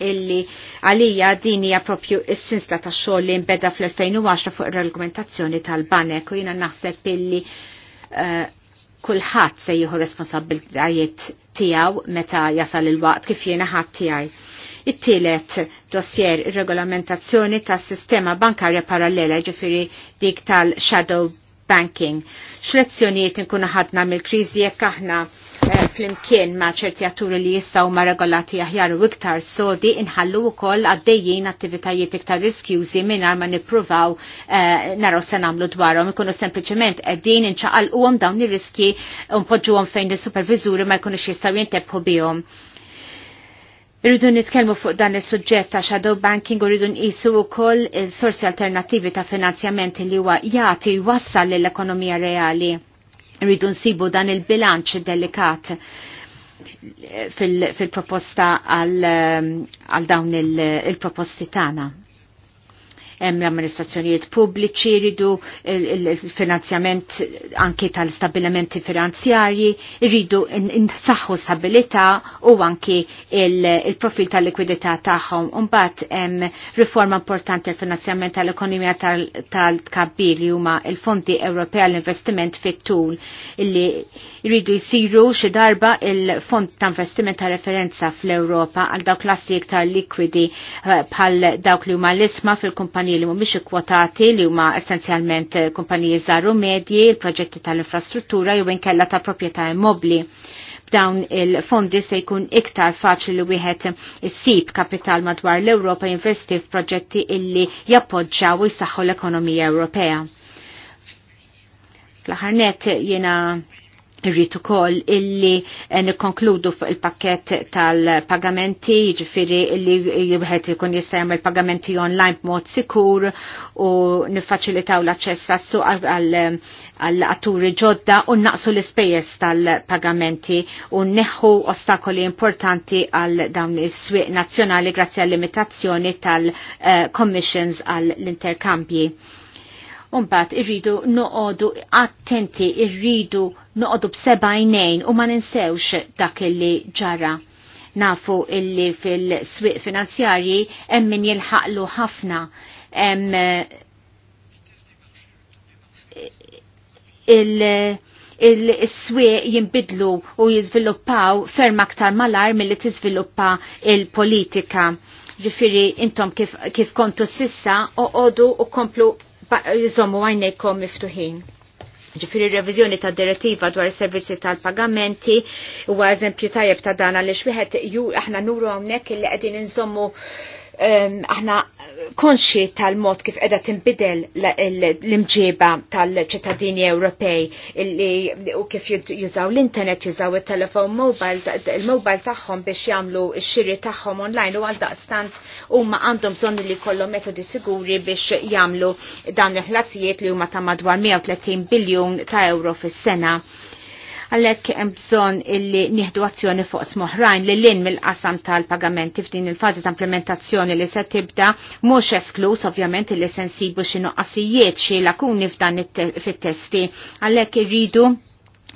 illi għalija din hija propju s-sinsla ta' xogħol li nbeda fl-2010 fuq ir-argumentazzjoni tal-banek u jiena naħseb illi kulħadd se jieħu responsabbiltajiet tiegħu meta jasal il-waqt kif jiena ħadd tijaj. It-tielet dossier regolamentazzjoni tas sistema bankarja parallela ġifiri dik tal-shadow banking. X'lezzjonijiet inkunu ħadna mill-kriżi jekk aħna Eh, flimkien ma' ċerti atturi li jissa ma' regolati aħjar u iktar sodi inħallu u koll għaddejjien attivitajiet iktar riskjużi minn ma' nipruvaw eh, naraw se namlu dwarom. Ikunu sempliciment għeddin inċaqal u għom dawn ir-riski unpoġġu għom fejn il-supervizuri ma' jkunu xistaw jintebħu bijom. Rridu nitkellmu fuq dan is-suġġett ta' shadow banking u rridu nqisu wkoll il-sorsi alternattivi ta' finanzjamenti li huwa jagħti jwassal lill-ekonomija reali rridu nsibu dan il-bilanċ delikat fil-proposta fil għal dawn il-proposti il tagħna hemm amministrazzjonijiet pubbliċi jridu l finanzjament anki tal-stabilimenti finanzjarji, jridu nsaħħu stabilità u anki il-profil tal-likwidità tagħhom. Imbagħad hemm riforma importanti l-finanzjament tal-ekonomija tal-tkabbir li huma il-Fondi Ewropea l-Investiment fit-tul li jridu jsiru xi darba il-Fond ta' Investiment ta' Referenza fl-Ewropa għal dawk klassi iktar likwidi eh, bħal dawk li huma l-isma fil-kumpanija kumpaniji li mhumiex ikkwotati li huma essenzjalment eh, kumpaniji żgħar medji, il-proġetti tal-infrastruttura jew inkella ta' proprjetà immobli B'dawn il-fondi se jkun iktar faċli li wieħed issib kapital madwar l-Ewropa investi f'proġetti illi jappoġġaw u jsaħħu l-ekonomija Ewropea. Fl-aħħar net jiena Rritu kol illi eh, nikonkludu fuq il-pakket tal-pagamenti, ġifiri illi jibħet ikun jistajam il-pagamenti online b'mod sikur u nifacilitaw l-access għall-atturi ġodda u naqsu l-ispejjeż tal-pagamenti u neħu ostakoli importanti għal dawn is-swieq nazzjonali grazzi għall-limitazzjoni tal-commissions għall-interkambji. Umbat irridu noqodu attenti, irridu noqodu b'seba' jnejn u ma ninsewx dak li ġara nafu illi fil-swiq finanzjarji hemm min jilħaqlu ħafna hemm eh, il-swiq jimbidlu u jizviluppaw ferm aktar malar mill-li tiżviluppa il-politika. Ġifiri, intom kif, kif kontu sissa u għodu u komplu jizomu għajnejkom miftuħin ġifiri revizjoni ta' direttiva dwar servizzi tal-pagamenti u eżempju tajjeb ta' dana li xwieħed ju aħna nuru hawnhekk li qegħdin inżommu aħna konxi tal-mod kif edha timbidel l-imġiba tal-ċittadini Ewropej u kif jużaw l-internet, jużaw il-telefon mobile, il-mobile tagħhom biex jagħmlu xiri tagħhom online u għal daqstant huma għandhom bżonn li jkollhom metodi siguri biex jagħmlu dan il-ħlasijiet li huma ta' madwar 130 biljun ta' euro fis-sena għalhekk hemm bżonn illi nieħdu azzjoni fuq smoħrajn li lin mill-qasam tal-pagamenti f'din il-fażi ta' implementazzjoni li se tibda mhux esklus ovvjament illi sensibu xi noqqasijiet xi lakuni f'dan fit-testi għalhekk irridu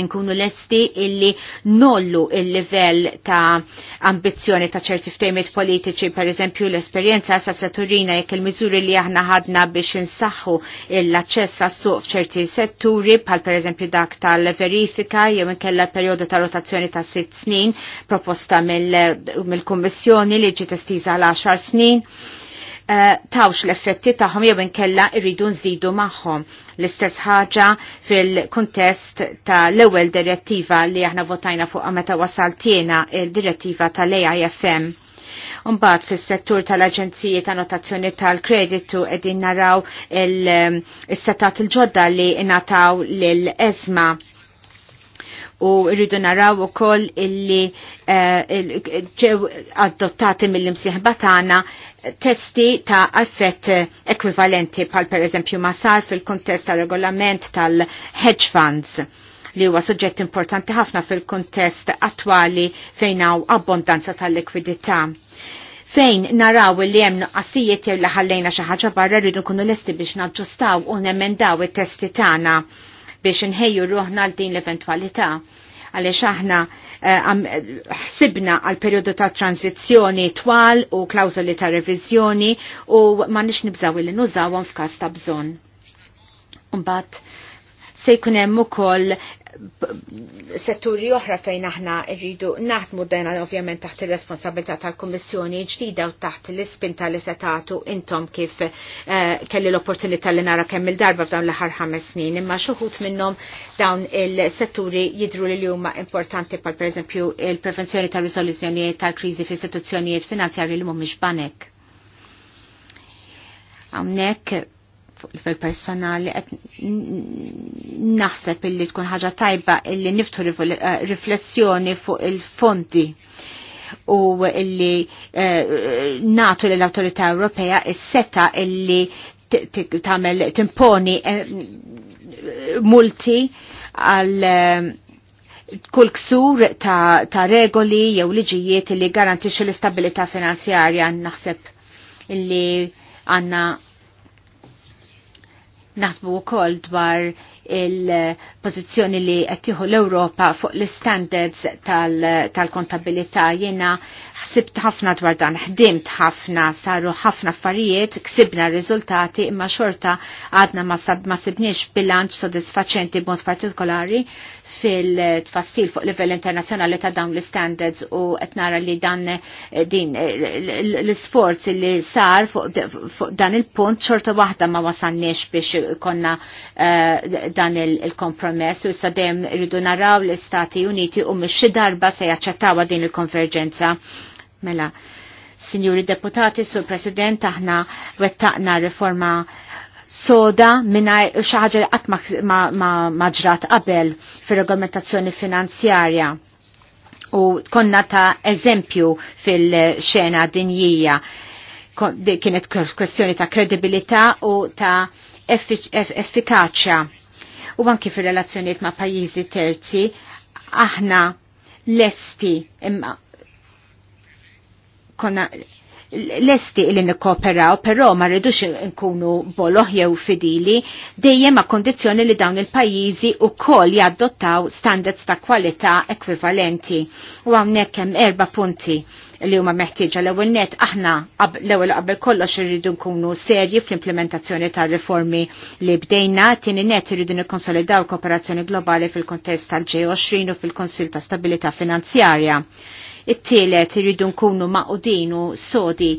nkunu lesti illi nollu il-livell ta' ambizjoni ta' ċerti ftejmiet politiċi, per eżempju l-esperienza sa' Saturina jekk il-miżuri li aħna ħadna biex insaħħu l-aċċess għas suq f'ċerti setturi, bħal per eżempju dak tal-verifika jew inkella perjodu ta' rotazzjoni ta' sitt snin proposta mill-Kummissjoni li ġi estiża għal 10 snin Eh, tawx l-effetti tagħhom jew inkella irridu nżidu magħhom. L-istess ħaġa fil-kuntest ta' l-ewwel direttiva li aħna votajna fuq meta wasaltiena il-direttiva tal-AIFM. Umbat fis settur tal-Aġenziji ta' Notazzjoni tal-Kreditu edin naraw il-setat il-ġodda li ingħataw l-ezma u rridu naraw u koll illi uh, adottati mill-imsieħba tagħna testi ta' effett ekvivalenti pal per eżempju ma sar fil-kontest ta' regolament tal-hedge funds li huwa suġġett importanti ħafna fil-kontest attwali fejn hawn abbondanza tal-likwidità. Fejn naraw li hemm nuqqasijiet jew li ħallejna xi ħaġa barra rridu nkunu lesti biex naġġustaw u nemendaw it-testi tagħna biex inħejju ruħna l din l-eventwalità għaliex aħna Eh, ħsibna għal periodu ta' tranzizjoni twal u klawżoli ta' reviżjoni u ma nix nibżaw li nużawhom f'każ ta' bżonn. Mbagħad se jkun hemm ukoll setturi oħra fejn aħna rridu naħdmu dajna ovvjament taħt il-responsabilità tal kummissjoni ġdida u taħt l-ispinta li setatu intom kif eh, kelli l-opportunità li nara kemm il-darba f'dawn l-aħħar ħames snin imma xuħut minnhom dawn il-setturi jidru li huma importanti pal pereżempju il-prevenzjoni tal-risoluzzjonijiet tal-kriżi fl-istituzzjonijiet finanzjarji li mhumiex banek. Hawnhekk fil-personali għet naħseb illi tkun ħaġa tajba illi niftu eh, riflessjoni fuq il-fondi u illi eh, natu l autorità Ewropea il seta illi tamel timponi eh, multi għal kull ksur ta', regoli jew liġijiet li garantix l-istabilità finanzjarja naħseb illi għanna Naħsbu wkoll dwar il-pozizjoni li għattiħu l-Europa fuq l-standards tal-kontabilità tal jena ħsibt ħafna dwar dan, ħdimt ħafna, saru ħafna affarijiet, ksibna rizultati imma xorta għadna ma, ma sibniex bilanċ sodisfaċenti b'mod partikolari fil-tfassil fuq livell internazzjonali ta' dawn l-standards u etnara li dan eh, din eh, l-sforz li sar fuq dan il-punt xorta waħda ma wasanniex biex konna uh, dan il-kompromess u issa dejjem rridu naraw l-Istati Uniti u mhux xi darba se jaċċettawa din il-konverġenza. Mela, Signori Deputati, Sur President, aħna wettaqna riforma soda minna xaħġa għat maġrat qabel fil-regolamentazzjoni finanzjarja u konna ta' eżempju fil-xena dinjija. Kienet kwestjoni ta' kredibilità u ta' effikaċja u anki fir-relazzjonijiet ma' pajjiżi terzi aħna lesti imma konna lesti li nikkooperaw, però ma rridux nkunu boloħ jew fidili dejjem ma' kondizjoni li dawn il-pajjiżi wkoll jaddottaw standards ta' kwalità ekvivalenti. U hawnhekk hemm erba' punti li huma meħtieġa l-ewwel net aħna l-ewwel qabel kollox irridu nkunu serji fl-implementazzjoni tar-riformi li bdejna, tieni net irridu nikkonsolidaw kooperazzjoni globali fil-kontest tal-G20 u fil-Konsil ta' Stabilità Finanzjarja. It-tielet irridu nkunu maqudin sodi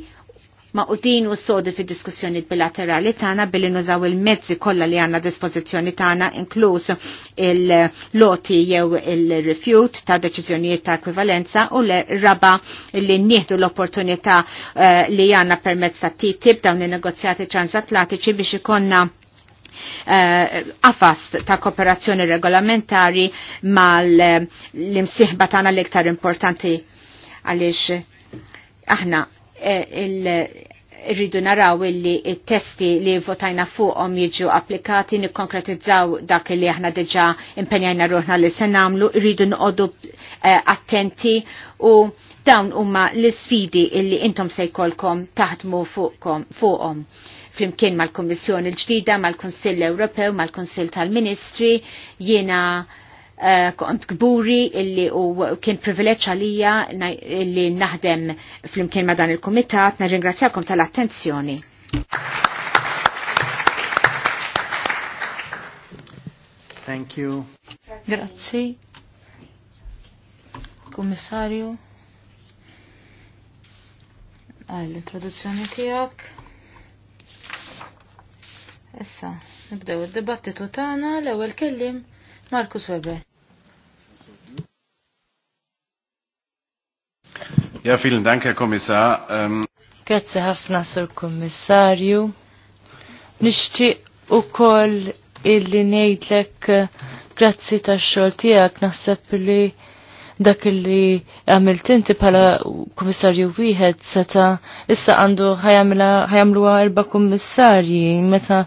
ma' u din u sodi fi diskussjoni bilaterali tana billi nużaw il-mezzi kolla li għanna dispozizjoni tana inkluż il-loti jew il refut ta' deċizjonijiet ta' ekvivalenza u l-raba li nieħdu l-opportunità eh, li għanna permezz ta' TTIP dawn il-negozjati transatlantiċi biex ikonna għafas eh, uh, ta' kooperazzjoni regolamentari mal l-imsiħba tana l-iktar importanti għaliex aħna Eh, rridu naraw illi il-testi li votajna fuqhom jiġu applikati nikkonkretizzaw dak li aħna diġa' impenjajna ruħna li se nagħmlu, rridu noqogħdu eh, attenti u dawn huma l-sfidi illi intom se jkollkom taħdmu fuqhom flimkien mal-Kommissjoni l-ġdida, mal-Konsill Ewropew, mal-Konsill tal-Ministri, jiena Eh, kont kburi illi u kien privileġġ għalija illi naħdem fl-imkien ma dan il-komitat, nirringrazzjakom tal-attenzjoni.
Thank you.
Grazzi. Kommissarju. l introduzzjoni tijak. Issa, nibdew id-dibattitu tagħna l-ewwel kellim Markus
Weber.
Ja, vielen Dank, Herr Kommissar. Um...
Grazie ħafna, Sur Kommissarju. Nishti ukol illi nejdlek eh, grazzi ta' xol tijak naħseb li dak illi għamilt inti bħala kommissarju wieħed seta issa għandu ħajamlu erba kommissarji meta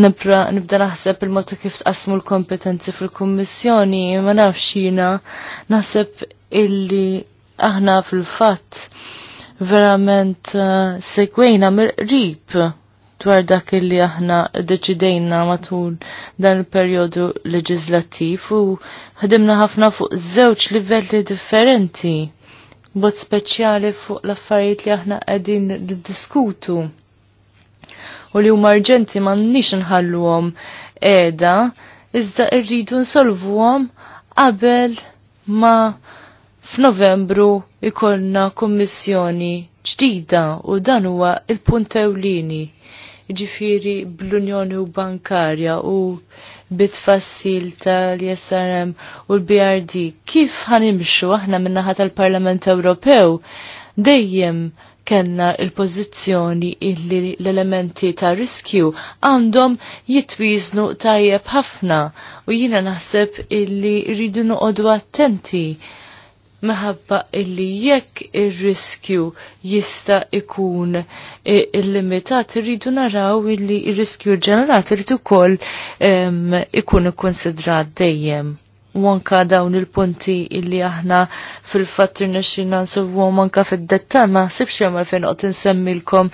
nibra nibda naħseb il mota kif tqasmu l-kompetenzi fil-kummissjoni ma nafx jiena naħseb illi aħna fil-fatt verament uh, segwejna mir-rib dwar dak li aħna deċidejna matul dan il-perjodu leġislattiv u ħdimna ħafna fuq żewġ livelli differenti bot speċjali fuq l-affarijiet li aħna qegħdin diskutu u li huma arġenti m'għandniex nħalluhom qiegħda iżda rridu nsolvuhom qabel ma' f'Novembru ikollna kommissjoni ġdida u dan huwa il-punt ewlieni ġifiri bl-Unjoni u Bankarja u bit-fassil tal-ISRM u l-BRD. Kif ħanimxu aħna minnaħa tal-Parlament Ewropew dejjem kenna il-pozizjoni illi l-elementi ta' riskju għandhom jitwiznu tajjeb ħafna u jina naħseb illi rridu noqodu attenti meħabba illi jekk ir-riskju jista' ikun illimitat irridu naraw illi il riskju ġenerat irid ukoll ikun ikkonsidrat dejjem. U anka dawn il-punti illi aħna fil-fatt irnexxina nsolvuhom anka fid dettal ma ħsibx hemm fejn qed insemmilkom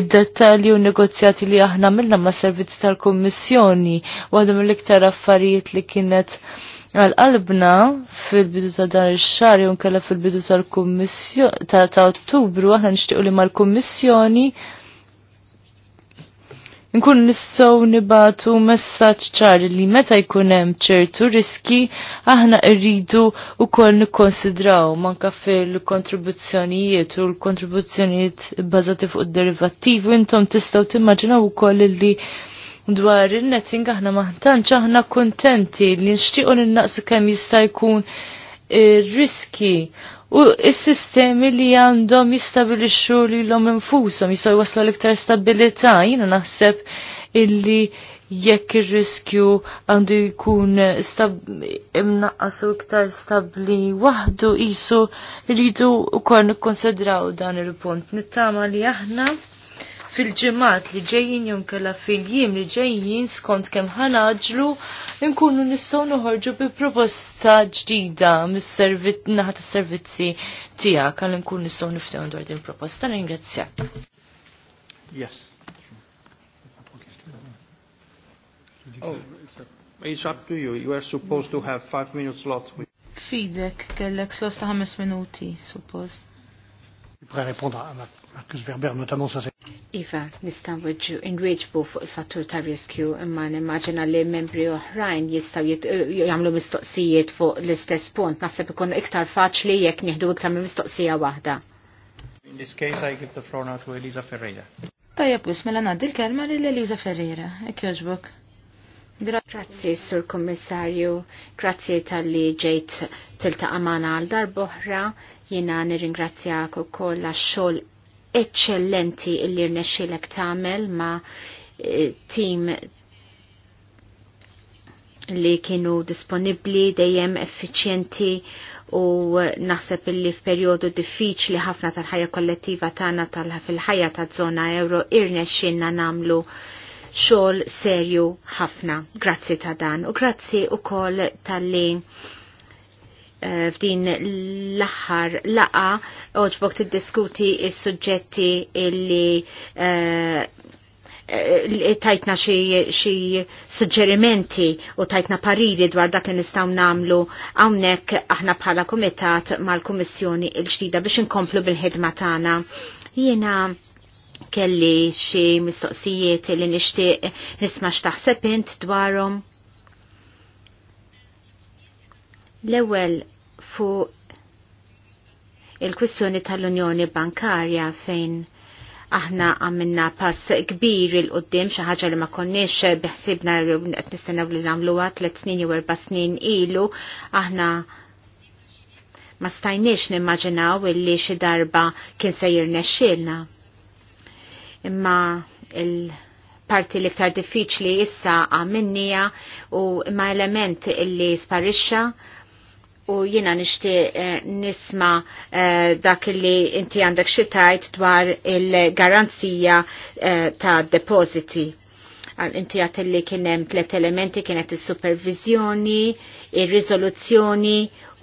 id-dettalji u negozjati li aħna minna ma' servizz tal-Kummissjoni waħda mill-iktar affarijiet li kienet għal-qalbna fil-bidu ta' dan il-xar jew kella fil-bidu tal-kummissjoni ta', ta Ottubru aħna nixtiequ li mal-kummissjoni nkun nistgħu nibatu messaġġ ċar li meta jkun hemm ċertu riski aħna rridu wkoll nikkonsidraw manka fil-kontribuzzjonijiet u l-kontribuzzjonijiet bbażati fuq id-derivattivi intom tistgħu timmaġinaw ukoll li dwar il-netting aħna maħtanċ aħna kontenti li nxtiqo n-naqsu kem jista' jkun riski u s-sistemi li għandhom jistabilixxu li l-om infusom jisaw waslu l-iktar stabilita jina naħseb illi jekk ir-riskju għandu jkun imnaqqas u iktar stabli waħdu qisu rridu wkoll nikkonsidraw dan il-punt. Nittama li aħna fil-ġemat li ġejjin jumkella fil jim li ġejjin skont kem ħanaġlu nkunu nistgħu noħorġu bi proposta ġdida mis-servizz naħa tas-servizzi tiegħek kan nkunu nistgħu niftehom dwar din proposta Ringrazzja.
Yes. Oh, it's up to you. You are supposed to have five minutes lot.
Fidek, kellek sosta ħames minuti, suppost.
Je pourrais répondre à ma Marcus Verber, notamment c'est.
Iva, wedġu inwieġbu fuq il-fattur ta' riskju imma nimmaġina li membri oħrajn jistaw eh, jagħmlu mistoqsijiet fuq l-istess punt. Naħseb ikunu iktar faċli jekk nieħdu iktar minn mistoqsija waħda.
In this case I give the floor now to Elisa Ferreira.
Tajjeb wis mela ngħaddi l-kelma lil Elisa Ferreira. Hekk jogħġbok. Grazzi, Sur Kommissarju, grazzi tal-li ġejt tilta' amana għal darboħra, jiena nirringrazzjak ukoll għax-xogħol eccellenti illi rnexxilek tagħmel ma' eh, tim li kienu disponibli dejjem effiċjenti u naħseb illi f'perjodu diffiċli ħafna tal-ħajja kollettiva tagħna fil-ħajja taż-żona euro irnexxinna namlu xogħol serju ħafna. Grazzi ta' dan u grazzi ukoll tal-li Eh, f'din l-aħħar laqa oġbok tiddiskuti is-suġġetti illi eh, eh, tajtna xie suġġerimenti u tajtna pariri dwar dak li nistaw namlu għawnek aħna bħala kumitat mal kummissjoni il-ġdida biex inkomplu bil-ħidma tagħna. Jiena kelli xie mistoqsijiet li nixtieq nisma' x'taħseb int dwarhom L-ewwel fuq il-kwistjoni tal-Unjoni Bankarja fejn aħna għamilna pass kbir il-qoddim xi ħaġa li ma konniex biħsibna qed nistennew li nagħmluha tliet snin jew erba' snin ilu aħna ma stajniex nimmaġinaw illi xi darba kien se jirnexxilna. Imma il-parti l-iktar diffiċli issa għamilnija u imma element illi sparixxa u jiena nixtieq eh, nisma eh, dak li inti għandek xi tajt dwar il-garanzija eh, ta' depositi. Inti għatilli kien hemm tliet elementi kienet is-supervizjoni, ir rizoluzzjoni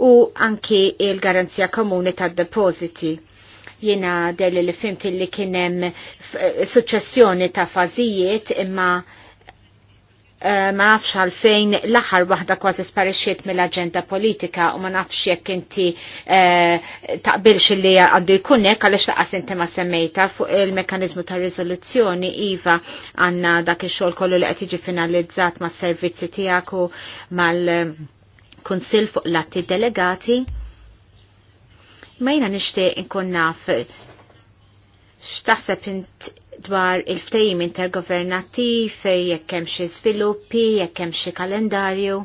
u anki il-garanzija komuni ta' depositi. Jiena derli li fimti li kien hemm suċċessjoni ta' fażijiet imma Eh, ma nafx għalfejn l-aħħar waħda kważi sparixxiet mill-aġenda politika u ma nafx jekk inti eh, taqbilx li għaddu jkunek għalix għaliex laqas inti ma semmejta fuq il-mekkaniżmu ta' riżoluzzjoni iva għandna dak ix xol kollu li qed finalizzat mas-servizzi tiegħek u mal-kunsill fuq l-atti delegati. Ma jina nixtieq inkun naf x'taħseb int dwar il-ftejim intergovernattiv jekk hemm xi sviluppi, jekk hemm xi kalendarju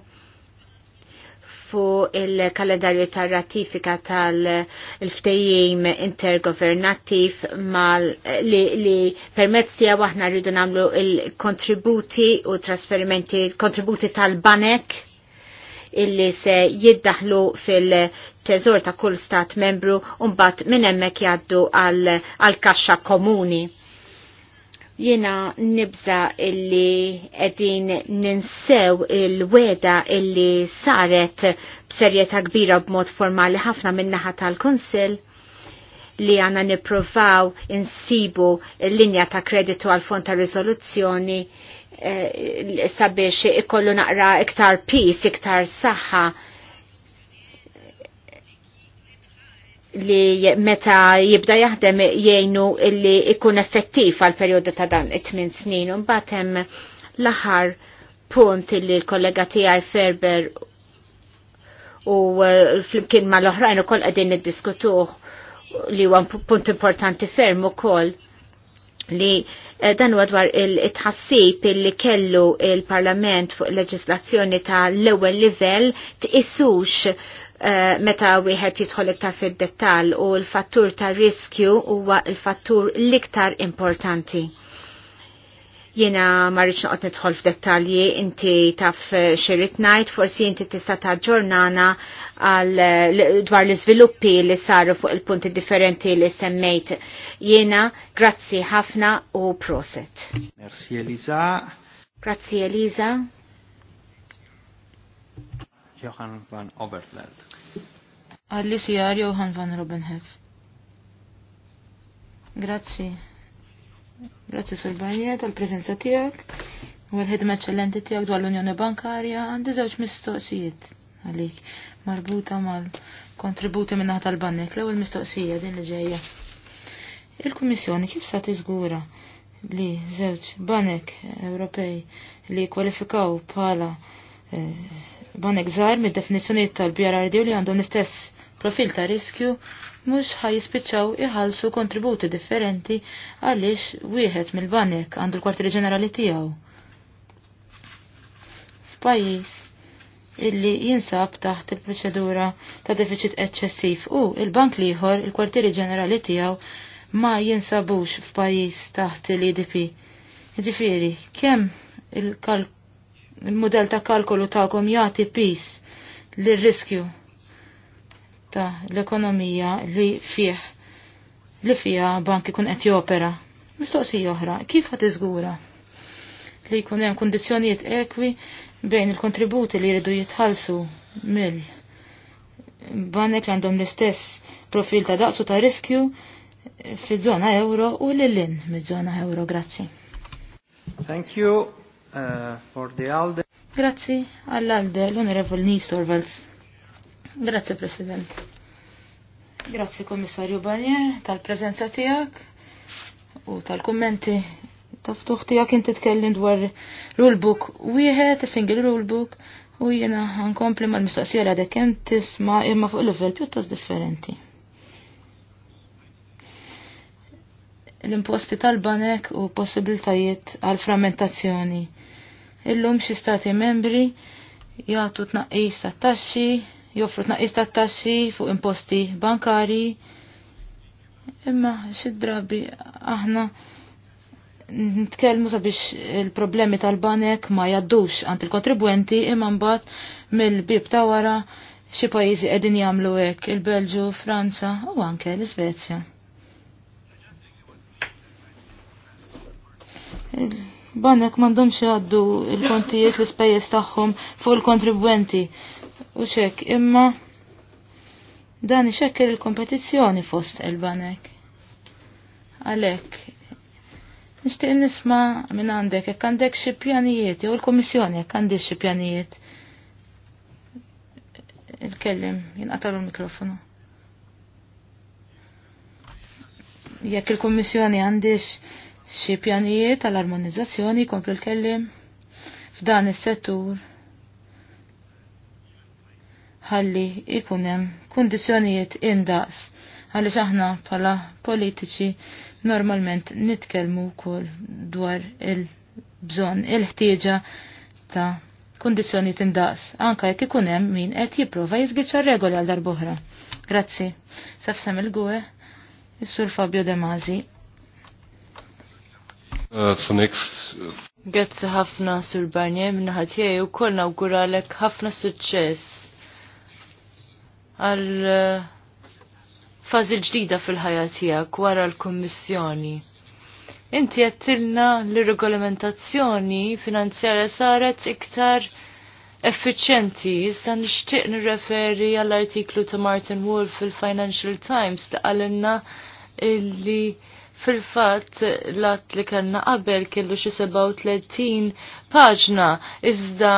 fuq il-kalendarju tar ratifika tal-ftejjim intergovernattiv mal li, li permezz tiegħu aħna rridu nagħmlu il-kontributi u trasferimenti kontributi tal-banek illi se jiddaħlu fil-teżor ta' kull stat membru un bat minn hemmhekk jgħaddu għal kaxxa komuni Jena nibza illi edin ninsew il-weda illi saret b'serjeta kbira b'mod formali ħafna minnaħa tal-Konsil li għana niprofaw insibu l-linja ta' kreditu għal fond ta' rizoluzzjoni eh, sabiex ikollu naqra iktar pis, iktar saħħa li meta jibda jaħdem jgħinu li ikun effettiv għal perjodu ta' dan it-tmin snin. Mbagħad hemm l-aħħar punt li l-kollega tiegħi Ferber u uh, flimkien mal oħrajn ukoll qegħdin niddiskutuh li huwa punt importanti ferm ukoll li eh, dan huwa dwar il-tħassib li kellu il-Parlament fuq leġislazzjoni ta' l-ewwel livell tqisux Eh, meta wieħed jidħol iktar fid-dettall u l-fattur ta' riskju huwa l-fattur l-iktar importanti. Jiena ma rridx noqgħod nidħol f'dettalji inti taf eh, xirrit ngħid, forsi inti tista' taġġornana għal dwar l-iżviluppi li saru fuq il-punti differenti li semmejt. Jiena grazzi ħafna u proset.
Merci Eliza.
Grazzi Eliza.
Johan van Overland
għalli sijar Johan van Robbenhef. Grazzi. Grazzi sur bajnija tal-prezenza tijak u għal ħedma ċellenti tijak dwar l-Unjoni Bankarja għandi zewċ mistoqsijiet għalik marbuta mal-kontributi minna tal-bannek l ewwel mistoqsija din li ġeja. Il-Kummissjoni kif sa tiżgura li żewġ banek Ewropej li kwalifikaw bħala eh, banek żgħar mid definizjoni tal-BRRD u li għandhom l-istess profil ta' riskju mhux ħajispiċċaw iħallsu kontributi differenti għaliex wieħed mill-banek għandu l-kwartieri ġenerali tiegħu. F'pajjiż illi jinsab taħt il-proċedura ta' deficit eċċessiv u il-bank liħor il-kwartieri ġenerali tiegħu ma jinsabux f'pajjiż taħt l-IDP. Ġifieri, kemm il-modell ta' kalkolu tagħkom jagħti pis lir-riskju ta' l-ekonomija li fih li fija bank ikun qed jopera. Mistoqsija oħra, kif ħad iżgura li jkun hemm kundizzjonijiet ekwi bejn il-kontributi li jridu jitħallsu mill banek li għandhom l-istess profil ta' daqsu ta' riskju fi zona euro u l-lin mid zona euro. Grazzi.
Thank you uh, for the ALDE.
Grazzi għall-ALDE l-Onorevol Nistorvalds. Grazie, President. Grazie, Komissarju Barnier, tal-prezenza tijak u tal-kommenti taftuħ tijak inti tkellim dwar rulebook wieħed, single rulebook, u jena għankompli mal-mistoqsija li għadek tisma imma fuq level pjuttos differenti. L-imposti tal-banek u possibiltajiet għal-frammentazzjoni. Illum xi stati membri jagħtu tnaqqis tat-taxxi joffru tnaqqis tat-taxxi fuq imposti bankari. Imma xi drabi aħna nitkellmu sabiex il-problemi tal-banek ma jaddux għand il-kontribwenti imma mbagħad mill-bib ta' wara xi pajjiżi qegħdin jagħmlu hekk il-Belġu, Franza u anke l-Iżvezja. Il-banek m'għandhomx jgħaddu il-kontijiet l-ispejjeż tagħhom fuq il-kontribwenti. il kontribwenti u xek imma dan ixekker il-kompetizzjoni fost il-banek. Għalek, nishtiq nisma minn għandek, jekk għandek xi pjanijiet, jew il-Komissjoni jekk għandek xi pjanijiet. Il-kellim, jinqatalu l-mikrofonu. Jekk il-Komissjoni għandix xi pjanijiet għall-armonizzazzjoni komplu l-kellim f'dan is-settur ħalli ikunem kondizjonijiet indaqs ħalli aħna pala politiċi normalment nitkelmu kol dwar il-bżon il-ħtieġa ta' kondizjonijiet indaqs anka jek ikunem min qed jipprova jiżgiċċa regoli għal darbohra. Grazzi. Safsam il-gwe,
il-sur Fabio De Mazi.
Uh, uh,
Grazzi ħafna sur Barnier minna ħatijaj u kolna u għuralek ħafna suċċess għal eh, fażi ġdida fil-ħajja tiegħek wara l-Kummissjoni. Inti għattilna li regolamentazzjoni finanzjarja saret iktar effiċenti, iżda nixtieq nirreferi għall-artiklu ta' Martin Wolf fil-Financial Times taqalinna illi fil-fat lat li kanna qabel kellu xi 37 paġna iżda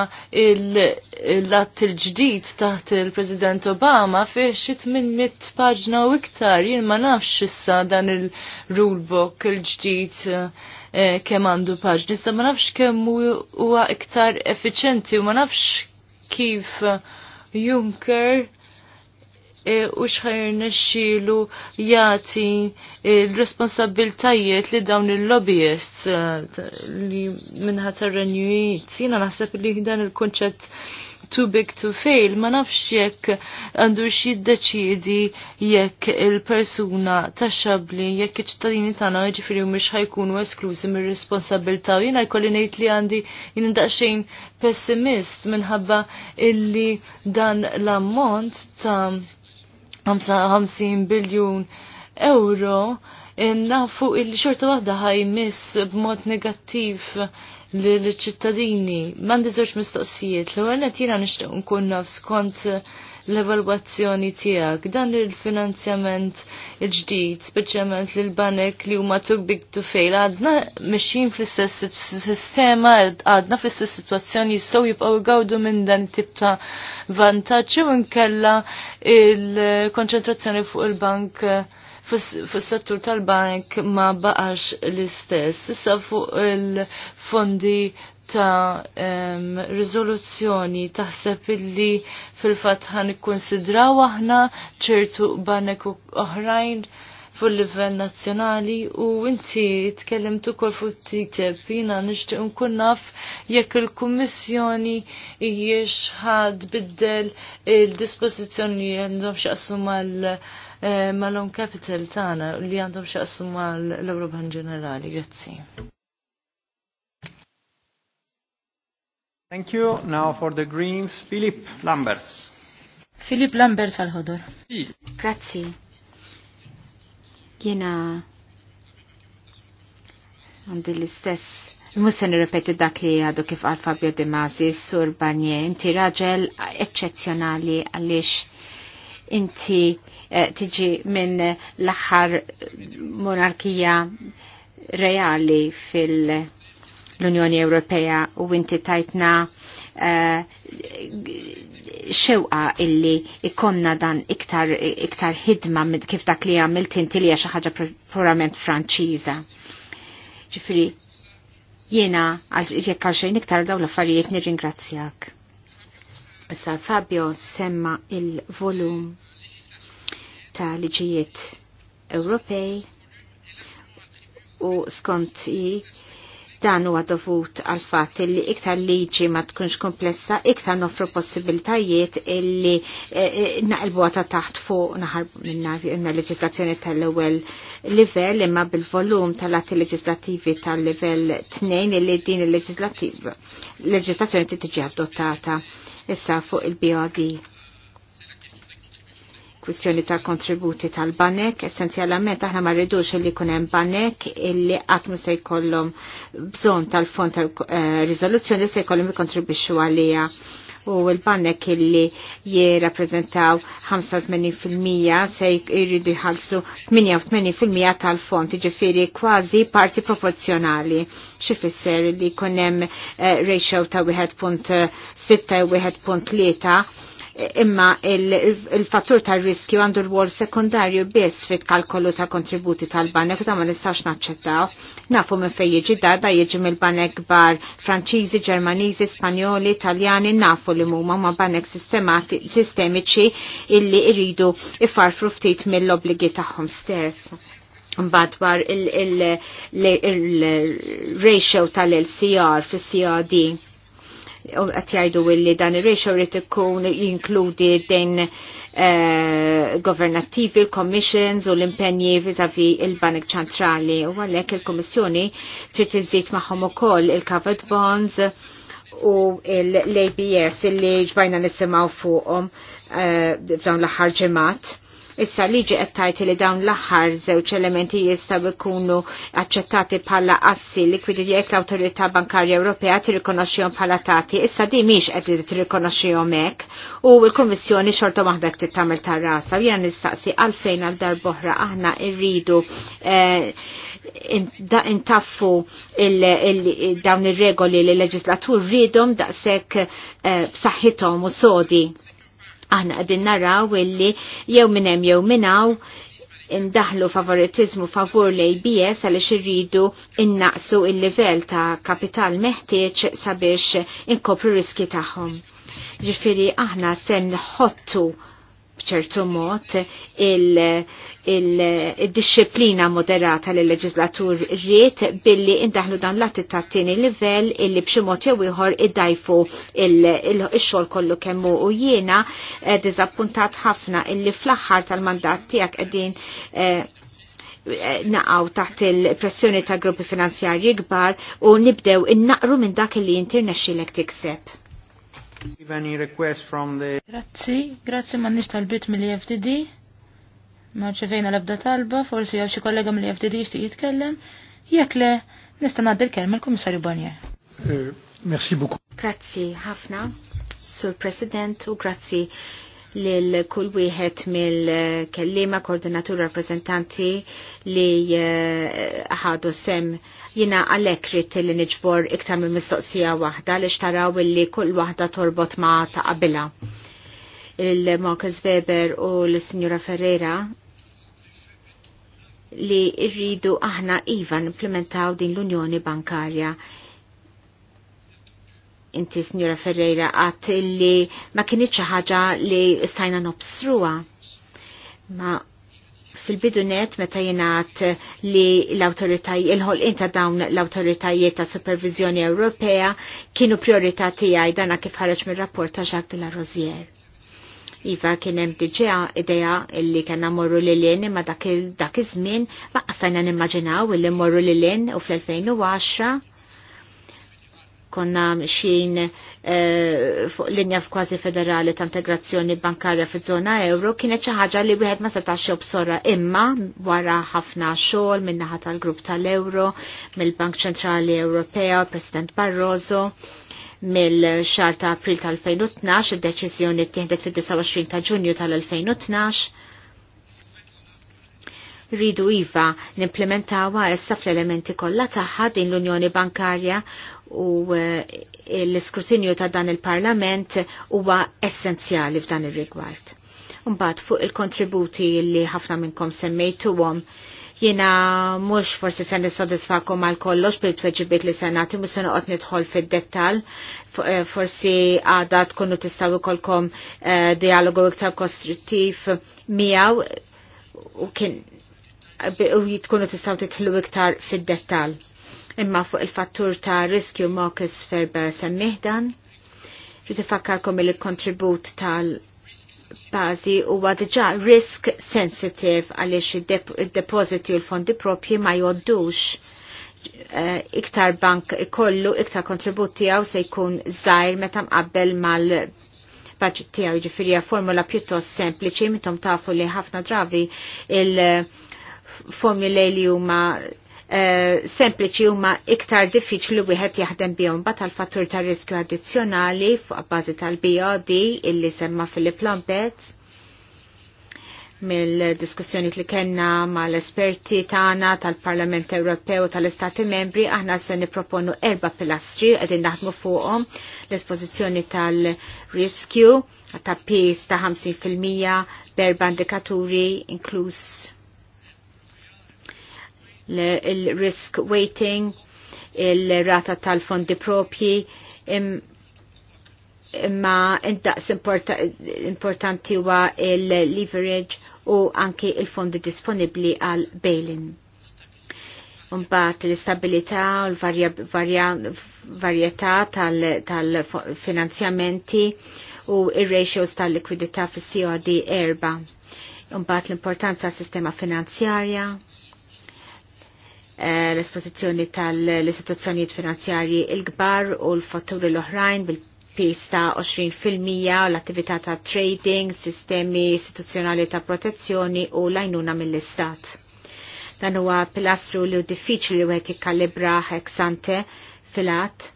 il-lat il-ġdid taħt il-President Obama fih xi 800 paġna u iktar jien ma nafx issa dan il-rulebook il-ġdid eh, kemm għandu paġni iżda ma nafx kemm huwa iktar effiċenti u ma nafx kif Juncker E, u xħajr nexxilu jati l-responsabiltajiet e, li dawn il lobbyist e, li minnħat renjujiet. Jina naħseb li dan il konċet too big to fail, ma nafx jekk għandu deċidi jekk il-persuna ta' xabli, jekk iċ-ċittadini tagħna jiġifieri mhux ħajkunu esklużi mir-responsabilità. Jiena jkolli ngħid li għandi jien daqsxejn pessimist minħabba illi dan l-ammont ta' 55 biljun euro eh, nafu il-xorta wahda ħaj miss b'mod negattiv l-ċittadini. Mandi żewġ mistoqsijiet, l-ewwel qed jiena nixtieq nkun naf skont l-evalwazzjoni tiegħek dan il-finanzjament il-ġdid, speċjalment l banek li huma too big to fail, għadna mexjin fl-istess sistema, għadna fl-istess situazzjoni jistgħu jibqgħu jgawdu minn dan tip ta' vantaġġ u nkella il-konċentrazzjoni fuq il-bank fis-settur tal-bank ma baqax l-istess. Issa fuq il-fondi ta' um, rizoluzzjoni taħseb illi fil-fat ħan ikkonsidraw aħna ċertu banek oħrajn fuq livell nazzjonali u inti tkellimt ukoll fuq TTIP jiena nixtieq nkun naf jekk il-Kummissjoni hijiex ħad biddel il-dispożizzjoni għandhom x'aqsu mal- Eh, mal-on capital tana li għandhom assumma l ewropa ġenerali. Grazie.
Thank you. Now for the Greens, Philip Lamberts.
Philip Lamberts al ħodor Grazie. Jena għandi l-istess Musa nirrepeti dak li għadu kif għal Fabio De Masi, Sur Barnier, inti raġel eccezzjonali għalix inti Eh, tiġi minn l-aħħar monarkija reali fil-Unjoni Ewropea u inti tajtna eh, xewqa illi ikonna dan iktar, iktar hidma kif dak li għamilt inti li xi ħaġa purament Franċiża. Ġifri jiena għal jekk għal xejn iktar dawn l-affarijiet nirringrazzjak. Issa Fabio semma il-volum ta' liġijiet Ewropej u skont dan huwa dovut għal fatt li iktar liġi ma tkunx komplessa, iktar nofru possibiltajiet illi eh, eh, naqilbu ta' taħt fuq naħar minna leġislazzjoni tal-ewwel livell imma bil-volum tal-atti leġislativi tal-livell 2 illi din il-leġislazzjoni tiġi adottata issa fuq il-BOD kwistjoni ta' kontributi tal-banek, essenzjalament aħna ma rridux li kunem banek illi għatmu se jkollhom bżon tal-fond tal-rizoluzzjoni eh, se jkollhom jikontribixxu għalija u l-banek illi jirrappreżentaw 85% se jridu jħallsu 88% tal-fond, ġifiri kważi parti proporzjonali. Xifisser li kunem eh, ratio ta' 1.6 eh, u 1.3 imma il-fattur tar riskju għandu rwol sekundarju biss fit kalkolu ta' kontributi tal-banek u ta' ma nistax naċċettaw. Nafu minn fej jiġi dada jiġi mill-banek bar Franċiżi, Ġermaniżi, Spanjoli, Italjani, nafu li mumma ma' banek sistemiċi illi irridu ifarfru ftit mill-obligi tagħhom stess. Mbagħad il-ratio tal-LCR fis-CRD qed jgħidu illi dan ir reċo rrit ikun jinkludi din governativi, eh, governattivi, commissions u l-impenji vizavi il banik ċentrali u għalhekk il-Kummissjoni trid iżid magħhom ukoll il-covered bonds u l-ABS il illi ġbajna nisimgħu fuqhom eh, f'dawn l-aħħar ġimgħat Issa liġi qed tgħid li dawn l-aħħar żewġ elementi jistgħu jkunu aċċettati bħala assi kwidi jekk l-Awtorità Bankarja Ewropea tirrikonoxxihom bħala tagħti, issa di mhix qed tirrikonoxxihom hekk u l-Kummissjoni xorta waħda qed tagħmel tar rasa. Jiena nistaqsi għalfejn għal darb'oħra aħna rridu eh, intaffu dawn ir-regoli li l-leġislatur rridhom daqshekk eh, b'saħħithom u sodi. Aħna għadin naraw illi jew minn hemm jew minn indaħlu favoritizmu favur l-ABS għalix irridu innaqsu il-livell ta' kapital meħtieġ sabiex inkopru riski tagħhom. Ġifiri aħna sen ħottu bċertu mod il- il-disciplina moderata li l-leġislatur rrit billi indaħlu dan l-atti ta' tieni livell illi b'xi mod jew ieħor iddajfu il-xogħol kollu kemmu u jiena eh, diżappuntat ħafna illi fl-aħħar tal-mandat tiegħek qegħdin eh, eh, naqaw taħt il-pressjoni ta' gruppi finanzjarji kbar u nibdew innaqru minn dak li jinternexxilek tikseb.
Grazzi,
grazzi ma nix tal-bit mill-FDD. Marċevejna l-ebda talba, forsi għaw xie kollega mill FDD jishtiq jitkellem, jekk le nista' ngħaddi l-kelma l-Kummissarju Barnier.
Eh, merci beaucoup.
Grazzi ħafna, Sur President, u grazzi lil kull wieħed mill-kellima koordinatur rappresentanti li eh, ħadu sem jina għalek rrit li nġbor iktar minn mistoqsija waħda li xtaraw li kull waħda torbot ma ta' qabila il-Marcus Weber u l-Signora Ferrera li irridu aħna iva implementaw din l-Unjoni Bankarja. Inti, Signora Ferreira, għat li ma kienieċ ħaġa li stajna nobsruwa. Ma fil-bidunet meta jenat li l-autoritaj, il-ħol inta dawn l-autoritajiet ta' supervizjoni Ewropea kienu priorità tiegħi dana kif ħareġ mir-rapport ta' Jacques de la Rosière Iva kienem diġà ideja illi kena morru l imma dak iż-żmien ma qasajna nimmaġinaw illi morru l u fl-2010 konna xin e, eh, fuq linja f'kważi federali ta' integrazzjoni bankarja fiż zona euro kienet xi ħaġa li wieħed ma setax bsora imma wara ħafna xogħol min-naħa tal-grupp tal-euro mill-Bank Ċentrali Ewropea, President Barroso mill-xar ta' april tal-2012, id-deċiżjoni tieħdet fid-29 ta' ġunju tal-2012. Ridu iva nimplementawa issa fl-elementi kollha tagħha din l-Unjoni Bankarja u eh, l-iskrutinju ta' dan il-Parlament huwa essenzjali f'dan ir-rigward. Mbagħad fuq il-kontributi li ħafna minnkom semmejtuhom Jiena mux forsi sen nissodisfakom mal kollox bil tweġibiet li senati, mus sen uqot nidħol fid dettal eh, forsi għada tkunu tistaw ikolkom eh, dialogu iktar kostruttiv miaw u kien u jitkunu tistaw titħlu iktar fid dettal Imma fuq il-fattur ta' riskju mokis ferba semmihdan, rridu fakkarkom il-kontribut tal- bazi huwa diġà risk sensitive għaliex id-depositi u l-fondi propji ma joddux eh, iktar bank kollu iktar kontributi għaw se jkun zaħir meta mqabbel mal budget tiegħu ġifieri formula pjuttost sempliċi mitom tafu li ħafna drabi il-formula li huma Eh, sempliċi huma iktar diffiċli wieħed jaħdem bihom bat tal-fattur ta' riskju addizzjonali fuq bażi tal-BOD illi semma Philip Lombet mill-diskussjoni li kellna mal-esperti tagħna tal-Parlament Ewropew tal-Istati Membri aħna se nipproponu erba' pilastri qegħdin naħdmu fuqhom l-espożizzjoni tal-riskju ta' pis ta' 50% berba indikaturi inkluż il-risk weighting, il-rata tal-fondi propji, imma intaqs importanti huwa il-leverage u anki il-fondi disponibli għal bail-in. Umbat l-istabilità u l-varjetà tal-finanzjamenti u il-ratios tal-likwidità fis cod erba. Umbat l-importanza sistema finanzjarja Eh, l-esposizjoni tal-istituzzjonijiet finanzjarji il-gbar u l-fatturi l-oħrajn bil fil ta' 20% l-attività ta' trading, sistemi istituzzjonali ta' protezzjoni u lajnuna mill-istat. Dan huwa pilastru li diffiċli wieħed jikkalibra heksante filat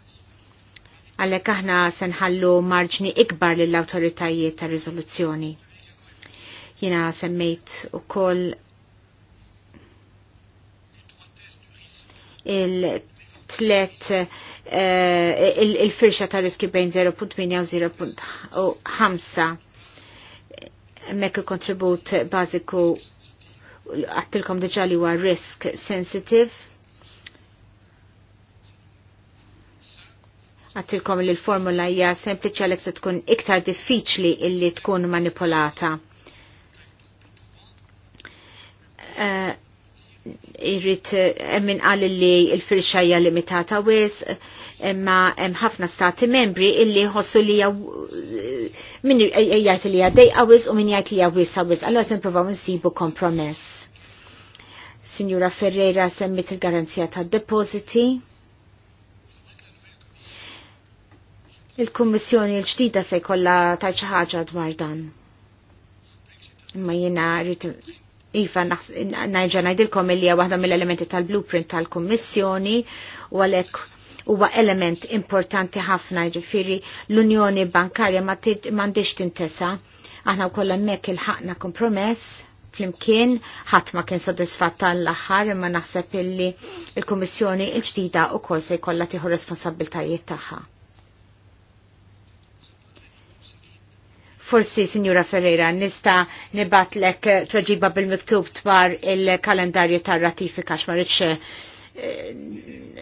għallek aħna senħallu marġni ikbar lill awtoritajiet ta' rizoluzzjoni. Jina semmejt u koll il-tlet eh, il-firxa ta' riski bejn 0.8 u 0.5 mek kontribut bażiku għattilkom diġali li huwa risk sensitive għattilkom li l-formula hija sempliċi għalek se tkun iktar diffiċli illi tkun manipolata. Uh, eh, irrit emmin għal li il-firxajja limitata wis imma hemm ħafna stati membri illi ħossu li min jgħid li għaddej wis u min jgħid li għawis għawis. għallu se provaw nsibu kompromess. Signora Ferreira semmit il-garanzija ta' depositi. Il-Kummissjoni l-ġdida se jkollha ta' xi ħaġa dwar dan. Imma jiena rrid Iva, najġa najdilkom il-li waħda mill-elementi tal-blueprint tal-Kommissjoni u għalek huwa element importanti ħafna ġifiri l-Unjoni Bankarja m'għandix tintesa. Aħna wkoll hemmhekk il-ħaqna kompromess flimkien ħadd ma kien sodisfatt tal-aħħar imma naħseb illi l-Kummissjoni l-ġdida wkoll se jkollha tieħu responsabbiltajiet tagħha. Forsi, Signora Ferreira, nista nibatlek tweġiba bil-miktub dwar il-kalendarju tar ratifika x'ma rridx eh,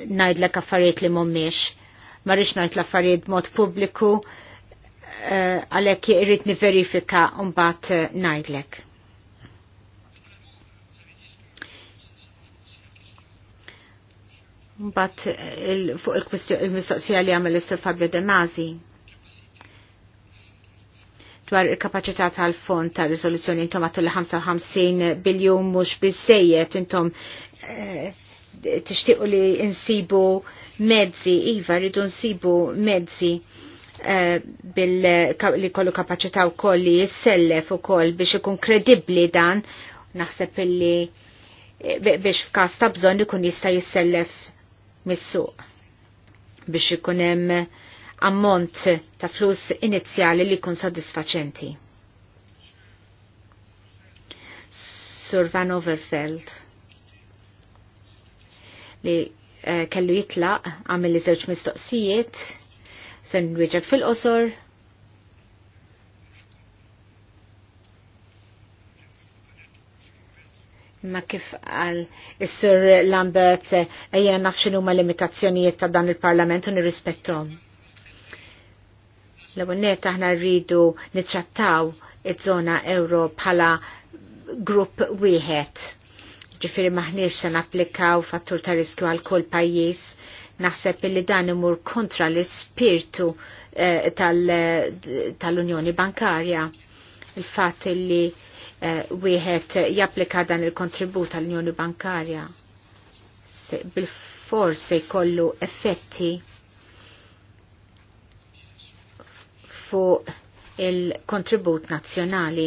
ngħidlek affarijiet li mhumiex. Ma rridx ngħid l-affarijiet mod pubbliku eh, għalhekk irrid niverifika u mbagħad eh, ngħidlek. Mbagħad fuq il-mistoqsija li għamel is-Sur Fabio De Mazi dwar il-kapacità tal-fond ta' risoluzzjoni intom għattu l-55 biljon mux bizzejiet intom eh, t-ixtiqu li insibu mezzi, iva, rridu nsibu mezzi eh, li kollu kapacità u kolli li jissellef u koll biex ikun kredibli dan naħseb illi eh, biex f'kas ta' bżon ikun jista' jissellef mis-suq biex ikun hemm ammont ta' flus inizjali li kun soddisfaċenti. Sur Van Overfeld li eh, kellu jitlaq għamil li zewċ mistoqsijiet sen wieġeb fil-qosor Ma kif għal is-sur Lambert ejja eh, nafxinu ma limitazzjonijiet ta' dan il-Parlament u nirrispettom. L-għonet aħna rridu nitrattaw il-zona euro bħala grupp wieħed. Ġifiri maħniex se napplikaw fattur ta' riskju għal kull pajjiż. Naħseb li dan imur kontra l-ispirtu eh, tal-Unjoni Bankarja. Il-fatt li eh, wieħed japplika dan il-kontribut tal-Unjoni Bankarja bil-forsi kollu effetti fuq il-kontribut nazzjonali.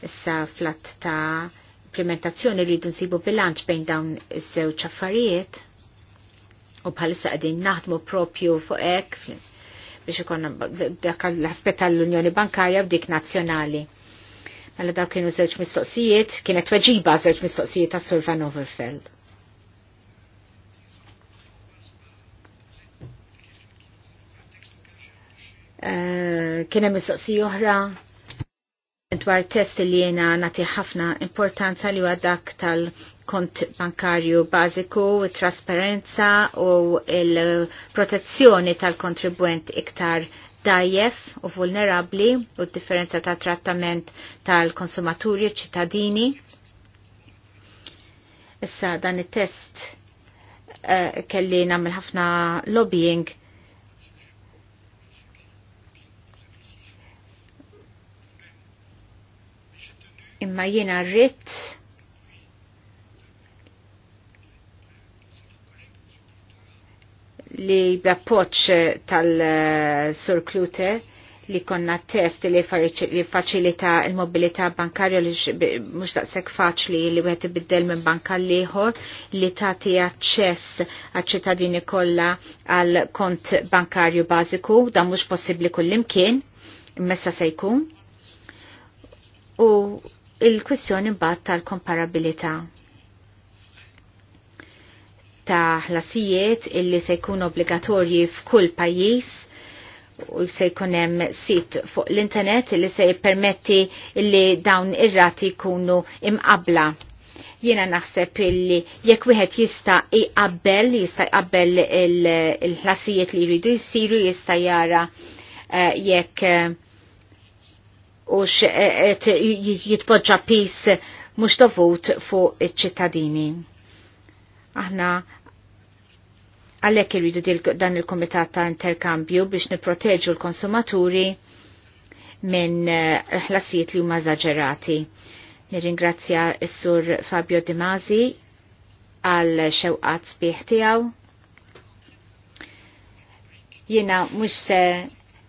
Issa flat ta' implementazzjoni rridu nsibu bilanċ bejn dawn iż-żewġ affarijiet u bħalissa qegħdin naħdmu propju fuq hekk biex ikonna dak l-aspett tal-Unjoni Bankarja u dik nazzjonali. Mela daw kienu żewġ mistoqsijiet, kienet weġiba żewġ mistoqsijiet ta' Sur Van Overfeld. Eh, kienem mistoqsi oħra dwar test li jena nati ħafna importanza li għadak tal-kont bankarju bażiku, trasparenza u il-protezzjoni tal-kontribwent iktar dajjef u vulnerabli u differenza ta' trattament tal-konsumaturi ċittadini. Issa dan it-test uh, kelli namil ħafna lobbying imma jiena rrit li b'appoċ tal-Sur Klute li konna test li faċilita il-mobilità bankarja li mux daqsek faċli li wieħed biddel minn banka liħor li tagħti aċċess għaċ-ċittadini kollha għal kont bankarju bażiku dan mhux possibbli kullimkien messa se jkun. U il kwissjoni mbagħad tal-komparabilità ta' ħlasijiet illi se jkun obbligatorji f'kull pajjiż u se jkun hemm sit fuq l-internet illi se jippermetti illi dawn ir-rati jkunu imqabla. Jiena naħseb illi jekk wieħed jista' iqabbel, jista' jqabbel il-ħlasijiet li jridu jsiru jista' jara eh, jekk uh, u jitpoġġa pis mux dovut fuq iċ-ċittadini. Aħna għalhekk irridu dan il-Kumitat ta' Interkambju biex niproteġu l-konsumaturi minn eh, ħlasijiet li huma zaġerati. Nirringrazzja s-sur Fabio Di Masi għal xewqat sbieħ tiegħu. Jiena mhux se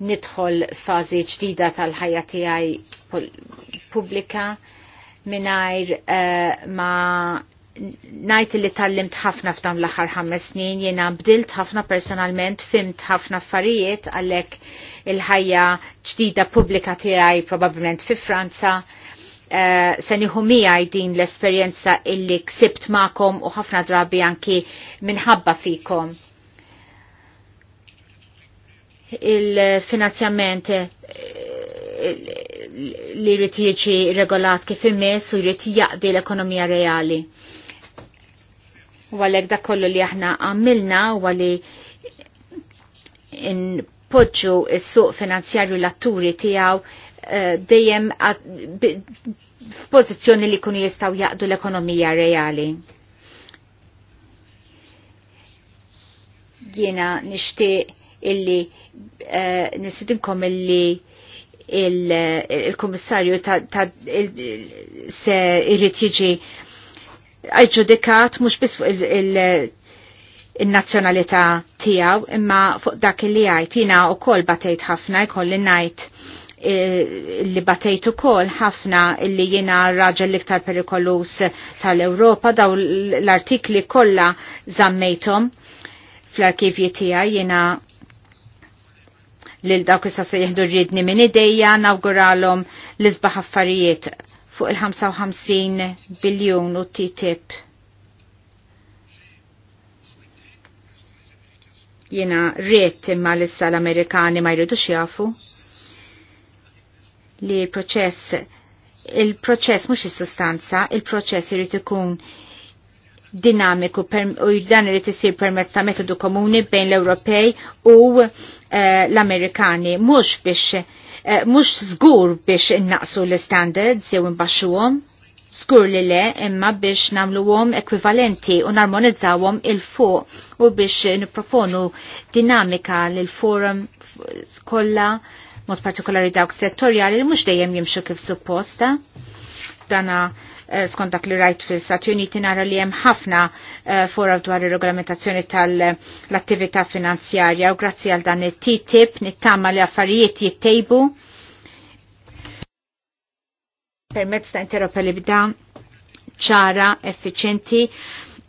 nidħol fażi ġdida tal-ħajja tiegħi pubblika mingħajr uh, ma ngħid li tallimt ħafna f'dawn l-aħħar ħames snin, jiena bdilt ħafna personalment, fimt ħafna affarijiet għalhekk il-ħajja ġdida pubblika tiegħi probabbilment fi Franza. Uh, se nieħu miegħi din l-esperjenza illi ksibt magħkom u ħafna drabi anki minħabba fikom il-finanzjament eh, li jrid jiġi regolat kif imiss u jrid jaqdi l-ekonomija reali. U għalhekk dak kollu li aħna għamilna u għali npoġġu s-suq finanzjarju l-atturi tiegħu eh, dejjem f'pożizzjoni li jkunu jistgħu jaqdu l-ekonomija reali. Jiena nixtieq illi uh, nisidinkom illi il-komissarju se irrit jiġi aġġudikat mux bis fuq il-nazjonalità tijaw imma fuq dak li għajt jina u kol batejt ħafna jkolli najt eh, li batejtu kol ħafna li jena raġel liktar perikolus tal-Europa daw l-artikli kolla zammejtum fl-arkivji tija jina lil dawk issa se jieħdu rridni minn ideja nawguralhom l-isbaħ affarijiet fuq il-55 biljun u TTIP. Jiena rrit imma lissa l-Amerikani ma jridu jafu li proċess il-proċess mhux is-sustanza, il-proċess irid ikun dinamiku u dan irid isir permezz ta' metodu komuni bejn l-Ewropej u eh, l-Amerikani, mhux biex eh, mhux żgur biex innaqsu l-standards jew imbaxxuhom. Skur li le imma biex għom ekvivalenti u narmonizzawom il-fuq u biex niproponu dinamika l-forum kolla mod partikolari dawk settorjali li mux dejjem jimxu kif supposta. Dana Eh, skont dak li rajt fil-Stati Uniti nara li hemm ħafna eh, fora dwar ir-regolamentazzjoni tal-attività finanzjarja u grazzi għal dan it-TTIP nittama li affarijiet jittejbu permezz ta' interoperabilità ċara, effiċenti,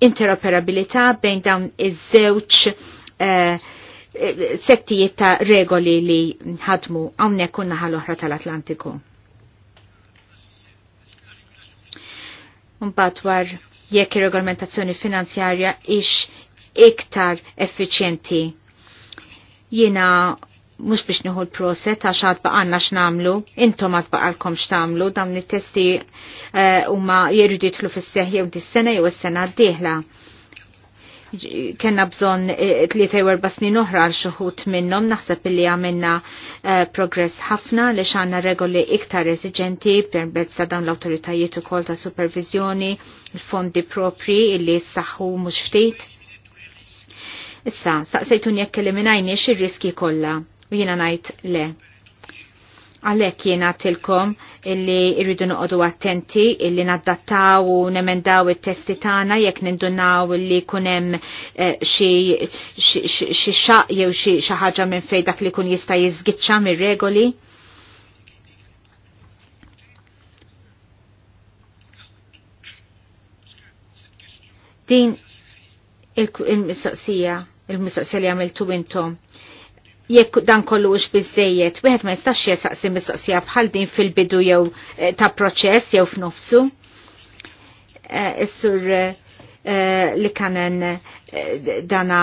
interoperabilità bejn dawn iż-żewġ eh, settijiet ta' regoli li ħadmu u kunna ħal-oħra tal-Atlantiku. Mbagħad war jekk ir-regolamentazzjoni finanzjarja ix iktar effiċjenti. Jiena mhux biex nieħu l-proset għax għad baqanna x'namlu, intom għad baqalkom x'tamlu, dawn it-testi eh, huma uh, jiridu jidħlu fis-seħħ jew dis-sena jew is-sena d-dieħla kena bżon 3-4 eh, snin oħra għal xuħut minnhom naħseb li għamilna eh, progress ħafna li xanna regoli iktar eżigenti permezz ta' dawn l-autoritajiet u kol ta' supervizjoni, l fondi propri li s-saxhu mux ftit. Issa, saqsejtun jekk eliminajni xir-riski kolla u jina najt le Għalek jena tilkom illi irridu noqodu attenti illi naddattaw u nemendaw il-testi tana jekk nindunaw illi kunem eh, xie xaq jew xie ħaġa minn fejdak dak li kun jista jizgitxa minn regoli. Din il-mistoqsija, il-mistoqsija li għamiltu intom jekk dan kollux bizzejiet, wieħed ma jistax jesaqsi mistoqsija bħal din fil-bidu jew eh, ta' proċess jew f'nofsu. Eh, is-sur eh, li kanen dana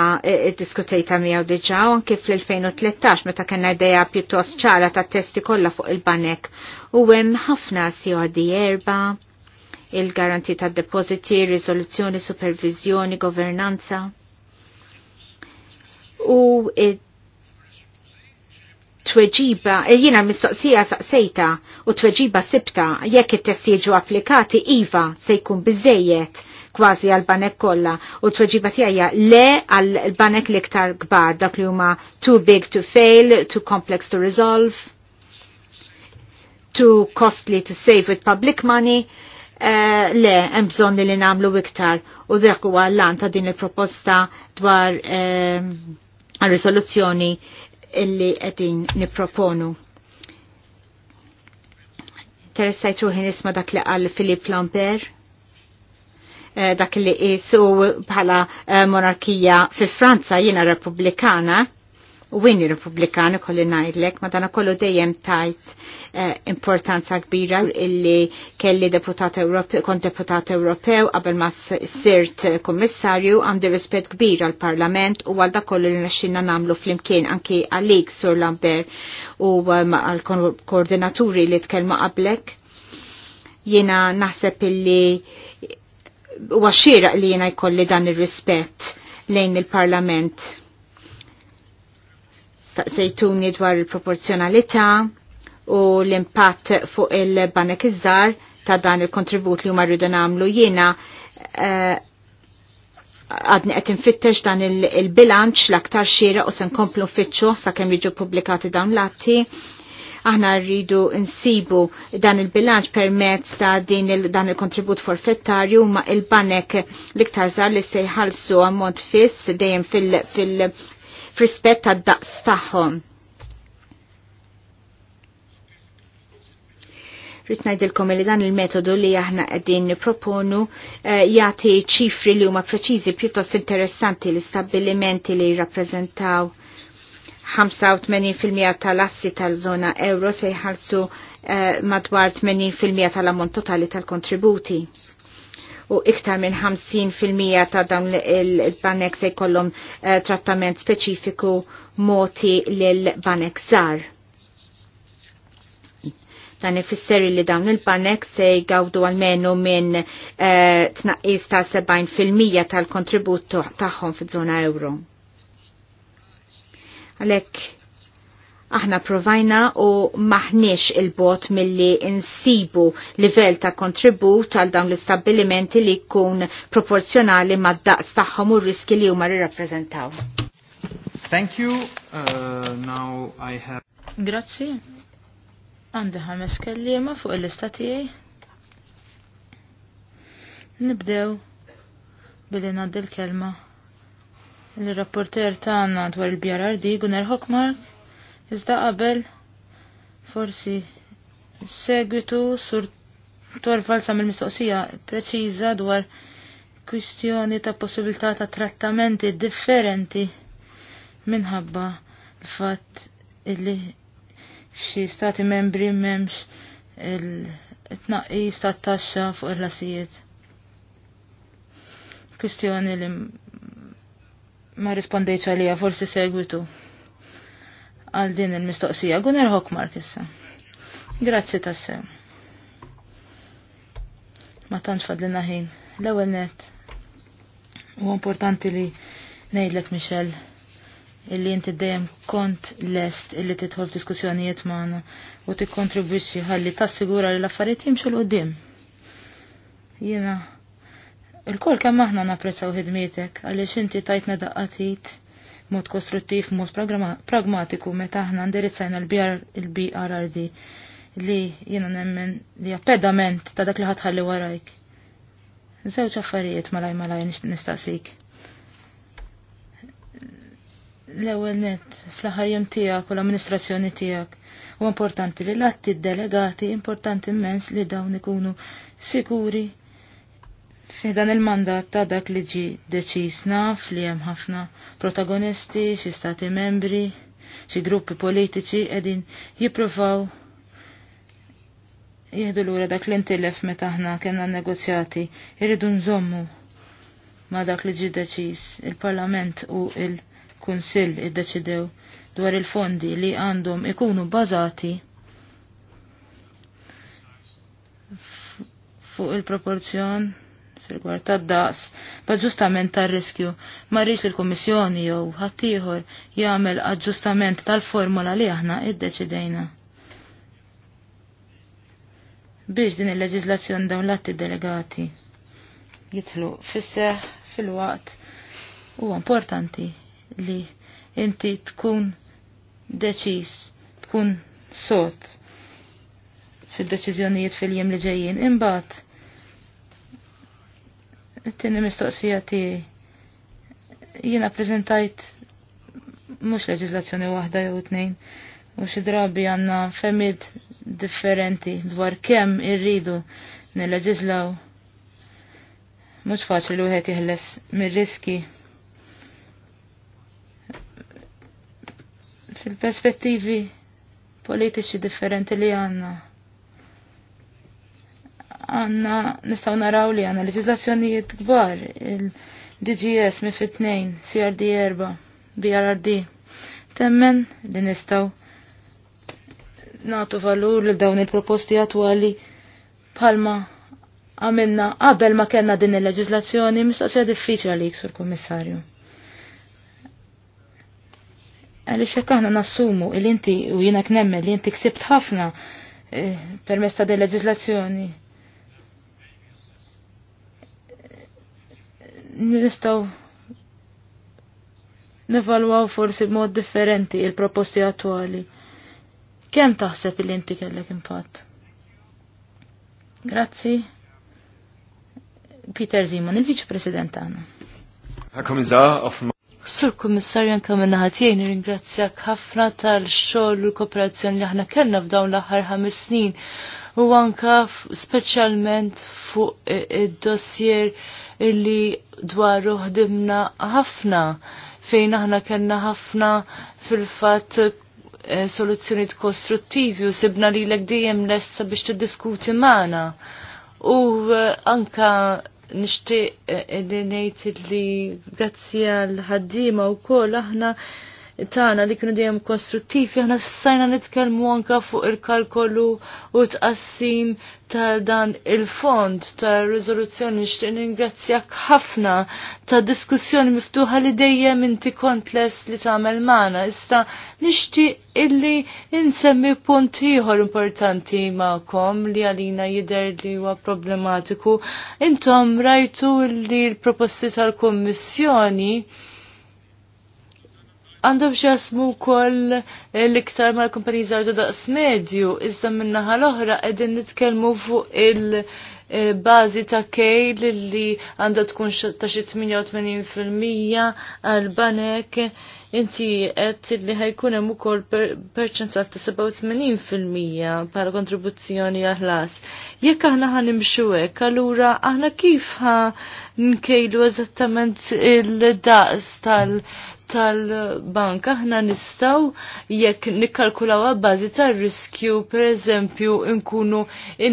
diskutejta miegħu diġà anke fl-2013 meta kena idea pjuttost ċara ta' testi kollha fuq il-banek u hemm ħafna COD erba' il-garanti ta' depositi, riżoluzzjoni, supervizjoni, governanza. U id tweġiba, eh, jiena mistoqsija saqsejta u tweġiba sibta jekk it-test applikati iva se jkun biżejjed kważi għal-banek kollha u tweġiba tijaja le għal-banek l-iktar kbar dak li huma too big to fail, too complex to resolve, too costly to save with public money. Uh, le, hemm bżonn li nagħmlu iktar u dak huwa l-lan ta' din il-proposta dwar uh, eh, għal-risoluzzjoni uh, illi qegħdin nipproponu. Teressajt ruħi nisma dak li qal Filip Lambert, eh, dak li qisu bħala eh, monarkija fi Franza, jiena repubblikana, u il-Republikanu kolli najdlek, ma dana kollu dejjem tajt eh, importanza kbira illi kelli deputat Ewropew, kon deputat Ewropew qabel ma sirt kommissarju għandi rispet kbir għal parlament u għal kollu li naxxinna namlu fl-imkien anki għalik sur Lambert u eh, għal koordinaturi li tkelma qablek. Jena naħseb illi għaxira li jena jkolli dan il-rispet lejn il-parlament Sejtuni dwar il-proporzjonalità u l-impatt fuq il-banek iż-żar ta' dan il-kontribut li huma rridu nagħmlu jiena eh, għadni qed infittex dan il-bilanċ l-aktar xira u se nkomplu nfittxu sakemm jiġu pubblikati dawn l-atti aħna rridu nsibu dan il-bilanċ permezz ta' din il dan il-kontribut forfettarju ma' il-banek l-iktar zar li se jħalsu ammont fiss dejjem fil-, fil frispett tad-daqs tagħhom. Rrit ngħidilkom li dan il-metodu li aħna qegħdin nipproponu jati eh, jagħti ċifri li huma preċiżi pjuttost interessanti li stabilimenti li jirrappreżentaw 85% tal-assi tal-żona euro se jħallsu eh, madwar 80% tal-ammont totali tal-kontributi. tal ammont totali tal kontributi u iktar minn 50% ta' dawn il-banek se jkollhom eh, trattament speċifiku moti lil-banek żar. Dan ifisser li dawn il-banek se jgawdu għalmenu minn uh, tnaqqis ta' 70% tal-kontribut tagħhom fiż-żona euro. Għalhekk Aħna provajna u maħniex il-bot mill-li insibu livell ta' kontribut għal dawn l-istabbilimenti li jkun proporzjonali ma' daqs tagħhom u riski li huma rirrappreżentaw.
Thank you. Uh, now I have. Grazzi.
Għandi ħames
kellima fuq il-lista tiegħi. Nibdew billi naddil l-kelma. Il-rapporter tagħna dwar il-BRRD Gunnar Hockmark Iżda qabel forsi segwitu sur falsa mill mistoqsija preċiża dwar kwistjoni ta' possibilità ta' trattamenti differenti minħabba l-fatt illi xi stati membri m'hemmx il-tnaqqis ta' taxxa fuq il-ħlasijiet. Kwistjoni li ma rispondejċ għalija forsi segwitu għal din il-mistoqsija. Gunnar Hockmark issa. Grazzi tassew. Ma tantx fadlina ħin. L-ewwel net. U importanti li ngħidlek Michel illi inti dejjem kont lest illi titħol diskussjonijiet magħna u tikkontribwixxi ħalli tassigura li l-affarijiet jimxu l qoddim Jiena il-kol kemm aħna napprezzaw hidmietek għaliex inti tajtna daqqatit mod kostruttiv, mod pragmatiku meta aħna ndirizzajna l-BRRD li jiena nemmen li appedament ta' dak li ħatħalli warajk. Żewġ affarijiet malaj malaj nistaqsik. L-ewwel net fl-aħħar jiem tiegħek u l-amministrazzjoni tiegħek u importanti li l-atti delegati importanti immens li dawn ikunu sikuri F'dan il-mandat ta' dak li ġi deċisna naf li hemm ħafna protagonisti, xi stati membri, xi gruppi politiċi qegħdin jippruvaw jieħdu lura dak li intilef meta aħna kellna negozjati, irridu nżommu ma dak li ġi deċis. Il-Parlament u il-Kunsill iddeċidew dwar il-fondi li għandhom ikunu bażati fuq il-proporzjon fil-gwar tad daqs ba' ġustament tar riskju ma rridx il kummissjoni jew ħaddieħor jagħmel aġġustament tal-formula li aħna iddeċidejna. Biex din il-leġiżlazzjoni dawn l-atti delegati jitlu fis fil-waqt huwa importanti li inti tkun deċis, tkun sot fil-deċizjonijiet fil-jem li ġejjin. Imbagħad it-tieni mistoqsija tiegħi jiena prezentajt mhux leġizlazzjoni waħda jew tnejn u xi drabi għandna femid differenti dwar kemm irridu nil-leġizlaw. Mhux faċli li wieħed jeħles mir-riski fil-perspettivi politiċi differenti li għandna għanna nistaw naraw li għanna leġizlazzjonijiet kbar il-DGS MIFID 2, CRD 4, BRRD. Temmen li nistaw natu valur li dawn il-proposti attwali palma għamilna qabel ma kellna din il-leġizlazzjoni mistoqsija diffiċli għalik sur kommissarju Għaliex hekk aħna nassumu il inti u jina knemmen li inti ksibt ħafna eh, permesta ta' din leġizlazzjoni nistaw nevalwaw forsi b'mod differenti il-proposti attuali. Kem taħseb il inti kellek impatt?
Grazzi. Peter Zimon, il vice President għana. Sur Kummissarju anka minna ħatijin ringrazzjak ħafna tal-xogħol u l-kooperazzjoni li aħna kellna f'dawn l-aħħar ħames snin u anka speċjalment fuq id-dossier illi dwaru ħdimna ħafna fejn aħna kellna ħafna fil-fatt eh, soluzzjonijiet kostruttivi u sibna li l dejjem lesta biex tiddiskuti magħna. U eh, anka nixtieq eh, li ngħid li grazzi għall ħaddiema wkoll aħna Tana li kienu dejjem kostruttivi aħna sajna nitkellmu anka fuq il-kalkolu u tqassim ta' dan il-fond ta' riżoluzzjoni nixtieq ningrazzjak ħafna ta' diskussjoni miftuħa li dejjem inti kont lest li tagħmel magħna. Issa nixtieq illi insemmi punt ieħor importanti magħkom li għalina jidher li huwa problematiku. Intom rajtu li l-proposti tal-Kummissjoni għandhom xjasmu wkoll eh, l-iktar mal kumpaniji żgħar daqs medju, iżda min-naħa l-oħra qegħdin nitkellmu fuq il- bazi ta' kejl li għandha tkun ta' xi 88% għal banek inti qed li ħajkun hemm ukoll perċentwal ta' 87% bħala kontribuzzjoni għal-ħlas. Jekk aħna ħanimxu hekk, allura aħna kif ħa nkejlu eżattament il-daqs tal- tal-bank aħna nistaw jekk nikkalkulawa bażi tar-riskju pereżempju nkunu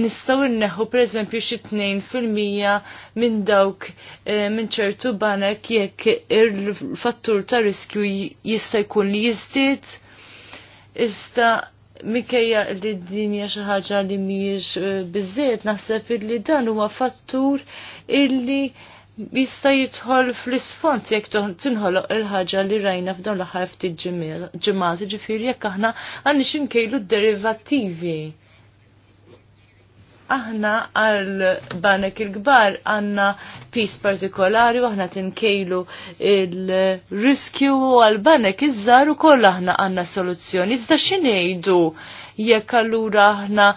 nistaw inneħu pereżempju xi tnejn fil-mija minn dawk eh, minn ċertu banek jekk il-fattur tal riskju jista' jkun li jiżdied iżda mikkeja li d-dinja xi ħaġa li mhijiex eh, biżejjed naħseb li dan huwa fattur illi jista' jidħol fl isfont jekk tinħoloq il-ħaġa li rajna f'dawn l-aħħar ftit ġimgħat, ġifieri jekk aħna għandix inkejlu d-derivattivi aħna għal banek il-gbar għanna pis partikolari u aħna tinkejlu il-riskju u għal banek iż-żar u koll aħna għanna soluzzjoni. Iżda xinejdu jekk allura aħna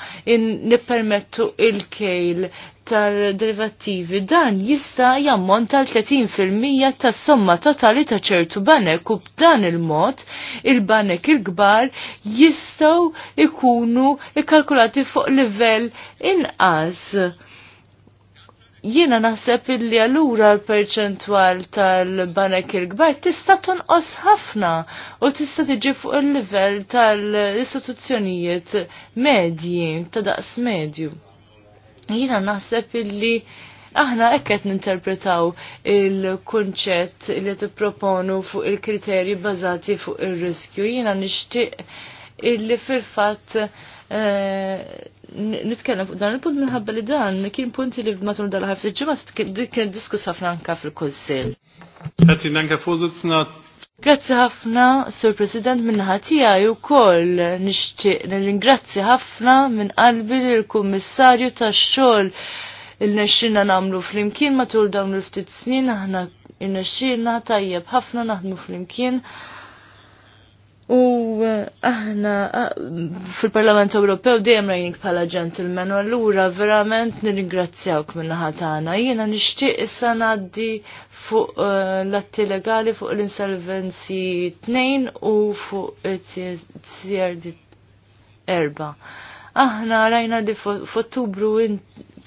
nippermettu il-kejl tal-derivattivi dan jista jammont tal-30% tas somma totali ta' ċertu banek u b'dan il-mod il-banek il-kbar jistaw ikunu ikkalkulati fuq livell inqas. Jiena naħseb illi allura l-perċentwal tal-banek il-kbar tista' tonqos ħafna u tista' tiġi fuq il-livell tal-istituzzjonijiet medji ta' daqs medju. Jina naħseb illi aħna ekket ninterpretaw il-kunċett li t-proponu fuq il-kriterji bazati fuq il-riskju. Jina nishtiq illi fil-fat Eh, nitkellem fuq dan il-punt minħabba li dan kien punti li matul dal ħafna ġimgħa kien diskuss ħafna anke fil-Kunsill.
Grazzi anke Vorsitzender.
Grazzi ħafna, Sur President, minnaħa tiegħi wkoll nixtieq nirringrazzi ħafna minn qalbi lill-Kummissarju tax-xogħol il-nexxinna nagħmlu flimkien matul dawn il-ftit snin aħna il-nexxinna tajjeb ħafna naħdmu flimkien. U eh, aħna eh, fil-Parlament Ewropew dejjem rajnik bħala gentleman u allura verament nirringrazzjawk naħa tagħna. Jiena nixtieq issa ngħaddi fuq eh, l-atti legali fuq l-insolvenzi 2 u fuq CRD 4. Aħna rajna li f'Ottubru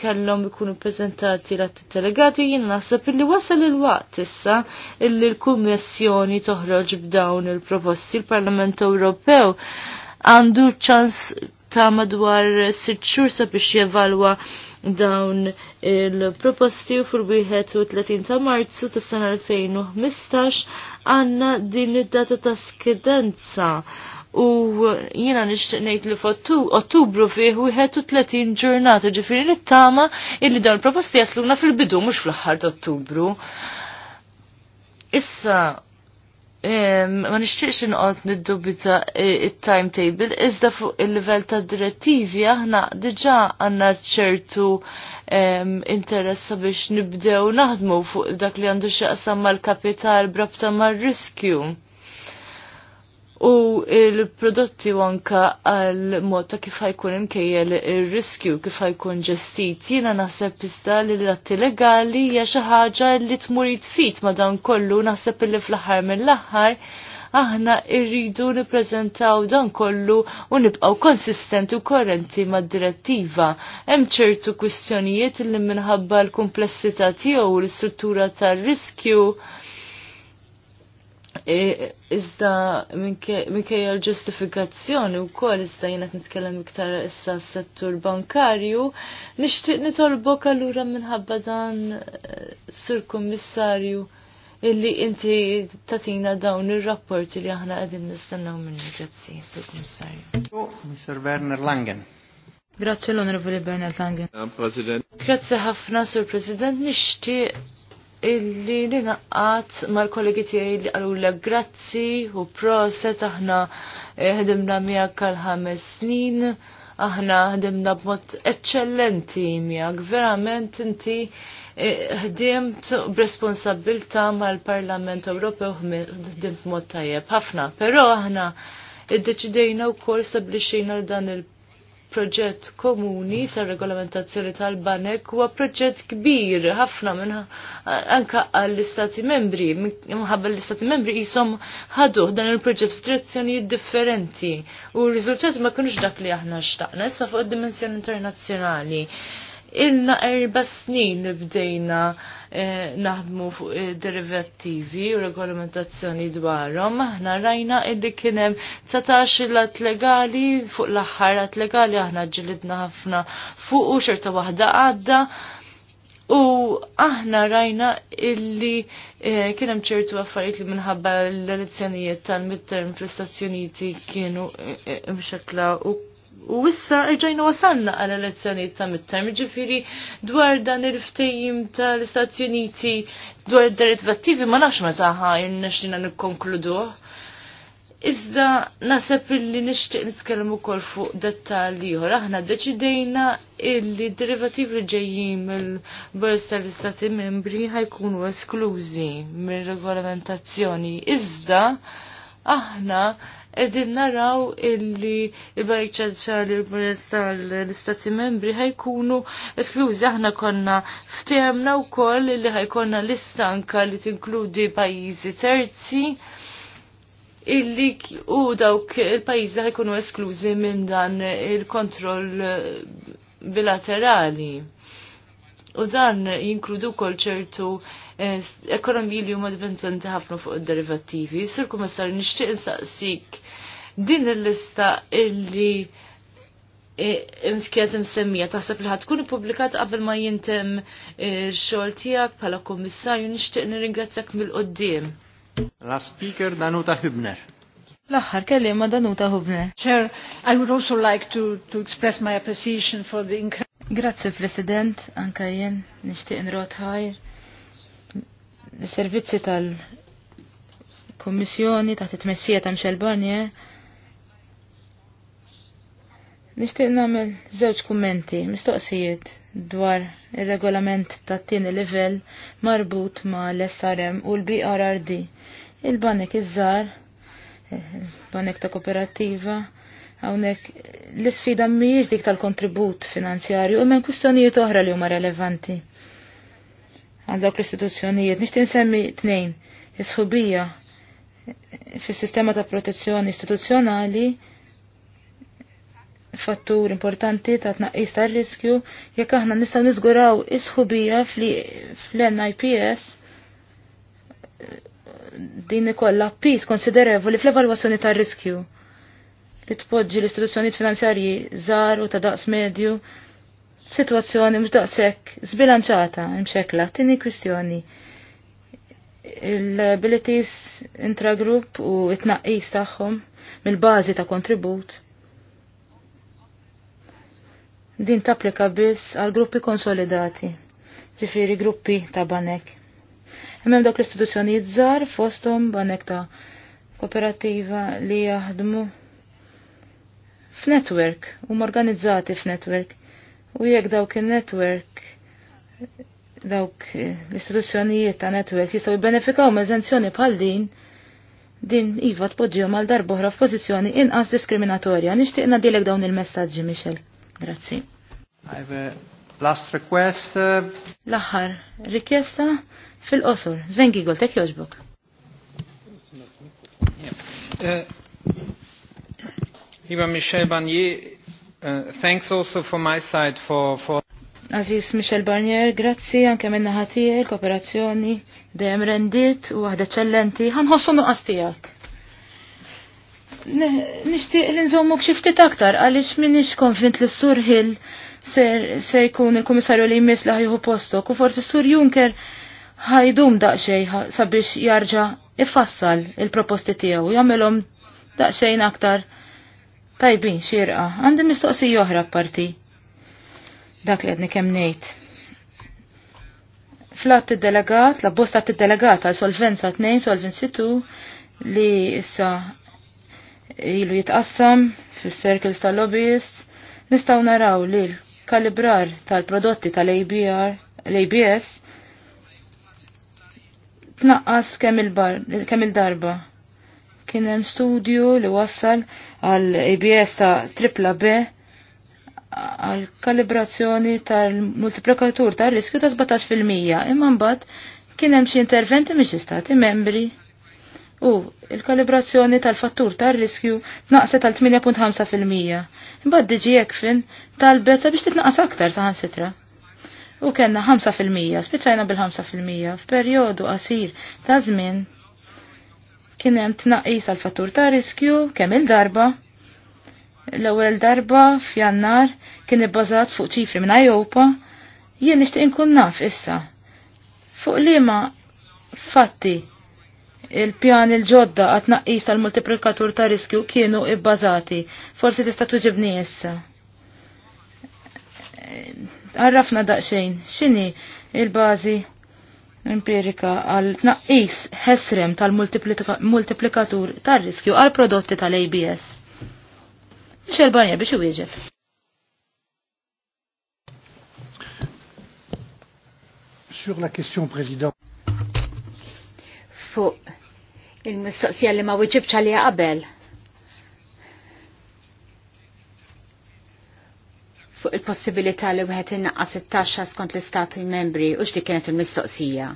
kellhom ikunu prezentati l-atti delegati jien naħseb illi wasal il-waqt issa illi l-Kummissjoni toħroġ b'dawn il-proposti l-Parlament Ewropew għandu ċans ta' madwar sitt xhur sabiex jevalwa dawn il-proposti u fil-31 ta' Marzu ta' sena 2015 għanna din id-data ta' skedenza u jina nishtiq ngħid li Ottubru fih wieħed u 30 ġurnata ġifieri nittama illi dawn proposti jasluna fil-bidu mhux fl-aħħar Ottubru. Issa ma nixtieqx inqod niddubita e, it-timetable iżda fuq il-livell ta' direttivi aħna diġà għandna ċertu interessa biex nibdew naħdmu fuq dak li għandu x'aqsam mal-kapital brabta mar-riskju U il-prodotti wanka għal mod ta' kif ħajkun imkejjel ir-riskju kif ħajkun ġestit, jiena naħseb pista li l-atti legali hija xi ħaġa li tmur jitfit ma' dan kollu naħseb li fl-aħħar mill-aħħar aħna irridu nippreżentaw dan kollu u nibqgħu konsistenti u korrenti mad-direttiva. Hemm ċertu kwistjonijiet li minħabba l-kumplessità tiegħu u l-istruttura tar-riskju E, iżda minkejja l-ġustifikazzjoni u kol, iżda jenat nitkellem iktar issa settur bankarju, nixtieq nitolbok allura minħabba dan eh, sur Kommissarju, illi inti tatina dawn ir-rapporti li aħna qegħdin nistennew minn
Grazzi, sur kummissarju. Mr. Werner Langen.
Grazzi l-Onorevoli Bernard
Langen.
Grazie ħafna, Sur President. Nixtieq illi li naqqat mal-kollegi tiegħi li qalu l grazzi u proset aħna eh, ħdimna miegħek għal ħames snin, aħna ħdimna b'mod eċċellenti miegħek, verament inti eh, ħdimt b'responsabilta mal-Parlament Ewropew ħdimt b'mod tajjeb ħafna, però aħna iddeċidejna wkoll stablixxejna dan il- proġett komuni tar regolamentazzjoni tal-banek huwa proġett kbir ħafna minn anka għall-istati membri, minħabba l-istati membri jisom ħadu dan il-proġett f'direzzjonijiet differenti u r-riżultati ma kienux dak li aħna xtaqna, issa fuq id-dimensjoni internazzjonali. Ilna erba snin bdejna eh, naħdmu fuq eh, derivattivi u regolamentazzjoni dwarhom, aħna rajna illi kien hemm satax lat legali fuq l-aħħar lat legali aħna ġilidna ħafna fuq u xorta waħda għadda. U aħna rajna illi eh, kien hemm ċertu affarijiet li minħabba l-elezzjonijiet tal-midterm fl-Istati Uniti kienu eh, e, u U issa rġajna wasalna għal elezzjonijiet ta' mitterm, ġifiri dwar dan il-ftejjim tal-Istati Uniti dwar id-derivativi ma nafx meta ħajr nexxina nikkonkluduh. Iżda naseb illi nixtieq nitkellem ukoll fuq dettalji ieħor aħna deċidejna illi derivativi li ġejjin mill-bors tal-Istati Membri ħajkunu esklużi mir-regolamentazzjoni. Iżda aħna edin naraw illi il bajk ċentrali li l-prezz tal-istati membri ħajkunu esklużi aħna konna ftehemna u koll illi ħajkonna l-istanka li tinkludi pajizi terzi illi u dawk il pajizi li ħajkunu esklużi minn dan il-kontroll bilaterali. U dan jinkludu kol ċertu eh, ekonomiji li huma dipendenti ħafna fuq id-derivattivi. Sir kummissar nixtieq insaqsik din il-lista illi imskiet imsemmija taħseb li ħatkun publikat qabel ma jintem e, xogħol tiegħek bħala kummissarju nixtieq nirringrazzjak mill-qoddim.
La speaker Danuta Hübner.
L-aħħar kelliema Danuta Hübner.
Chair, I would also like to, to express my appreciation for the
Grazzi President, anka jien nixtieq
nrot ħajr.
servizzi tal-Kummissjoni taħt it-tmessija ta' Michel Barnier Nishtiq namel zewċ kummenti, mistoqsijiet dwar il-regolament ta' tieni livell marbut ma' l-SRM u l-BRRD. Il-banek iż-żar, il-banek ta' kooperativa, għawnek l-sfida mhijiex dik tal-kontribut finanzjarju, men kwistjonijiet oħra li huma relevanti. Għal l-istituzzjonijiet, nixtieq insemmi tnejn, is-ħubija fis-sistema ta' protezzjoni istituzzjonali fattur importanti ta' tnaqqis ta' riskju jekk aħna nistgħu niżguraw isħubija fl-NIPS din ikollha pis konsiderevoli fl-evalwazzjoni tar riskju li tpoġġi l-istituzzjonijiet finanzjarji żgħar u ta' daqs medju b'sitwazzjoni mhux daqshekk zbilanċata imxekla. Tieni kwistjoni il abilities intra-group u t-tnaqqis tagħhom mill-bażi ta' kontribut Din tapplika biss għal gruppi konsolidati, ġifiri gruppi ta' banek. Hemm dawk l-istituzzjonijiet żgħar fosthom banek ta' kooperativa li jaħdmu f'network, huma organizzati f'network. U jekk dawk il-network dawk l-istituzzjonijiet ta' netwerk jistgħu jibbenefikaw meżenzjoni bħal din din iva tpoġġihom għal oħra f'pożizzjoni inqas diskriminatorja. Nixtieq ngħidilek dawn il-messaġġi, Michel. Grazzi.
I have a last request. Uh,
L-aħħar fil-qosor. Sven Gigol, tek joġbok.
Uh, iva Michel Barnier, uh, thanks also for my side for... for
Aziz Michel Barnier, grazzi anke minna ħatijek, kooperazzjoni, dejjem rendit u għahda eccellenti. ħanħossu nuqqas nuqastijak nishtiq li nżommu b'xiftit aktar għaliex minix konfint li s-sur Hill se jkun il-komissarju li jmiss li ħajħu postok u forsi s-sur Juncker ħajdum daqxej sabiex jarġa ifassal il-proposti tiegħu jagħmelhom daqsxejn aktar tajbin xirqa. Għandi mistoqsija oħra parti. Dak li għedni kemm ngħid. Flat id-delegat, la bosta id-delegat għal solvenza 2, solvenzi 2 li issa ilu jitqassam fis-circles tal lobbyists nistaw naraw li l-kalibrar tal-prodotti tal-ABR, l-ABS, tnaqqas kemm il-darba. Kien hemm studju li wassal għal ABS ta' tripla B għal kalibrazzjoni tal-multiplikatur tar riskju ta' 17% imma mbagħad kien hemm xi interventi mhix istati membri U il-kalibrazzjoni tal-fattur tar-riskju naqset tal-8.5%. Imbagħad diġi Ekfin talbet sabiex titnaqas aktar saħansitra. U kellna 5%, spiċċajna bil-5% f'perjodu qasir ta' żmien kien hemm tnaqqis għall fattur ta' riskju kemm il-darba. L-ewwel darba f'Jannar kien ibbażat fuq ċifri minn Ajopa, jien nixtieq inkun naf issa. Fuq liema fatti il-pjan il-ġodda għatnaqqis tal-multiplikatur ta' riskju kienu ibbażati. Forsi tista' tuġibni issa. Għarrafna daqxejn, xini il-bazi empirika għal tnaqqis ħesrem tal-multiplikatur tar riskju għal prodotti tal-ABS. Michel Barnier biex iwieġeb.
Sur la question president
fuq il-mistoqsija li ma wieġibx għalija qabel. Fuq il-possibilità li wieħed innaqqas it-taxxa skont l-istati membri u x'di kienet il-mistoqsija.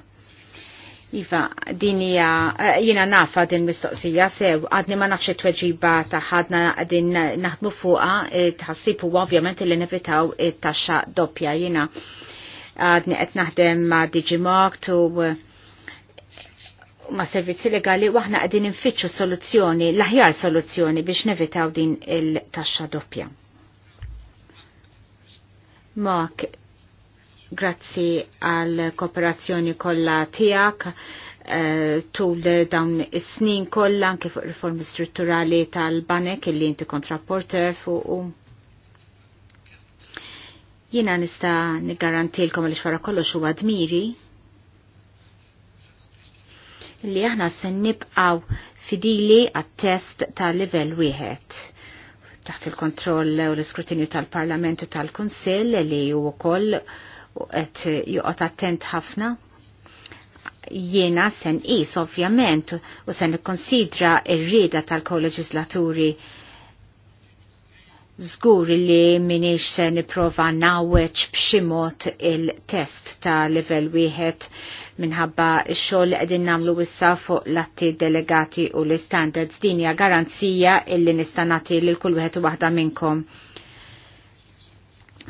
Iva, din hija eh, jiena nafa din mistoqsija sew għadni ma nafx it-tweġiba ta' ħadna qegħdin naħdmu fuqha tħassib huwa ovvjament li nevitaw it-taxxa doppja jiena għadni qed naħdem ma' Digimart u eh, ma' servizzi legali waħna għadin infittxu soluzzjoni, l-aħjar soluzzjoni biex nevitaw din il-taxxa doppja. Mok, grazzi għal kooperazzjoni kollha tiegħek eh, tul dawn is-snin kollha anke fuq riformi strutturali tal-banek illi inti kontrapporter fuq Jiena nista nigarantilkom li xwara kollox huwa dmiri li aħna se nibqaw fidili għat-test ta' livell wieħed taħt il-kontroll u l-iskrutinju tal-Parlamentu tal-Kunsill li u wkoll qed joqgħod attent ħafna jiena sen is ovvjament u sen nikkonsidra r-rieda tal-koleġislaturi Zgur li minix se niprofa naweċ bximot il-test ta' level wieħed minħabba xoll għedin namlu wissa fuq l-atti delegati u l-standards dinja garanzija illi nistanati l kull wieħed u waħda minnkom.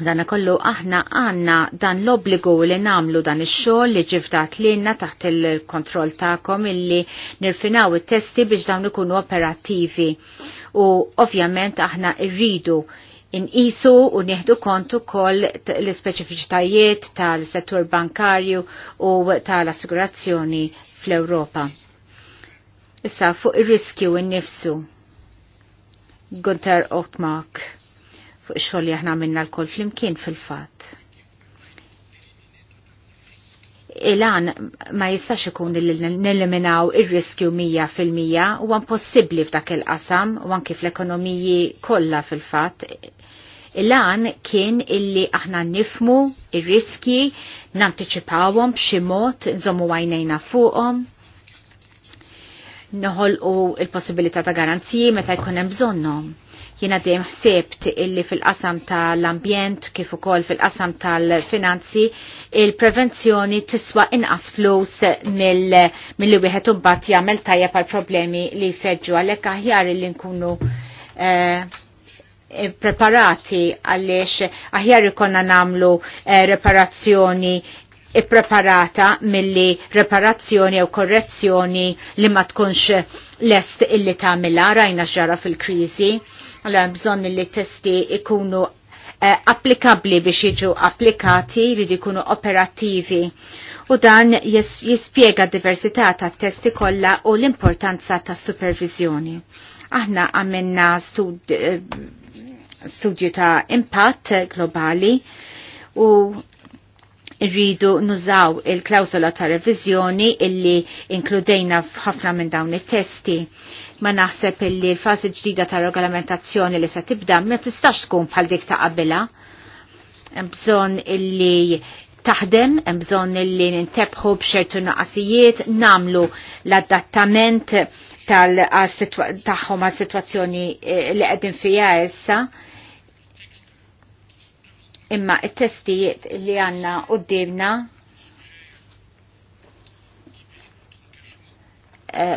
Dana kollu aħna għanna dan l-obligu li namlu dan ix-xogħol li ġifdat jenna taħt il-kontroll tagħkom illi nirfinaw it-testi biex dawn ikunu operattivi u ovvjament aħna rridu inqisu u nieħdu kontu kol l-ispeċifiċitajiet tal-settur bankarju u tal-assigurazzjoni fl-Ewropa. Issa fuq ir-riskju n-nifsu. Gunter Otmark, fuq ix-xogħol li aħna minna l-kol flimkien fil-fatt il-għan ma jistax ikun nil-eliminaw il-riskju 100% u għan possibli f'dak il-qasam u għan kif l-ekonomiji kolla fil-fat. Il-għan kien illi aħna nifmu il-riski, nantiċipawom b'ximot, nżommu għajnejna fuqom, noħol u il possibilita ta' garanziji meta jkun hemm bżonnhom. Jiena dem ħsebt illi fil-qasam tal-ambjent kif ukoll fil-qasam tal-finanzi il-prevenzjoni tiswa inqas flus mill-li wieħed imbagħad jagħmel tajjeb għal problemi li jfeġġu għalhekk aħjar li nkunu eh, preparati għaliex aħjar ikonna namlu eh, reparazzjoni ippreparata milli reparazzjoni u korrezzjoni li ma tkunx lest illi tagħmilha rajna x'ġara fil-kriżi Għalla bżon li testi ikunu eh, applikabli biex jiġu applikati, jridu jkunu operattivi. U dan jispjega diversità ta' testi kollha u l-importanza ta' supervizjoni. Aħna għamilna eh, studju ta' impatt globali u rridu nużaw il-klawsola ta' revizjoni illi inkludejna f'ħafna minn dawn it-testi ma naħseb illi l-fazi ġdida ta' regolamentazzjoni li se tibda ma tistax tkun bħal dik ta' qabila. Hemm bżonn illi taħdem, hemm bżonn illi nintebħu b'xertu naqasijiet, namlu l-adattament tagħhom għal sitwazzjoni eh, li qegħdin fija issa imma it-testijiet li għanna u d-dibna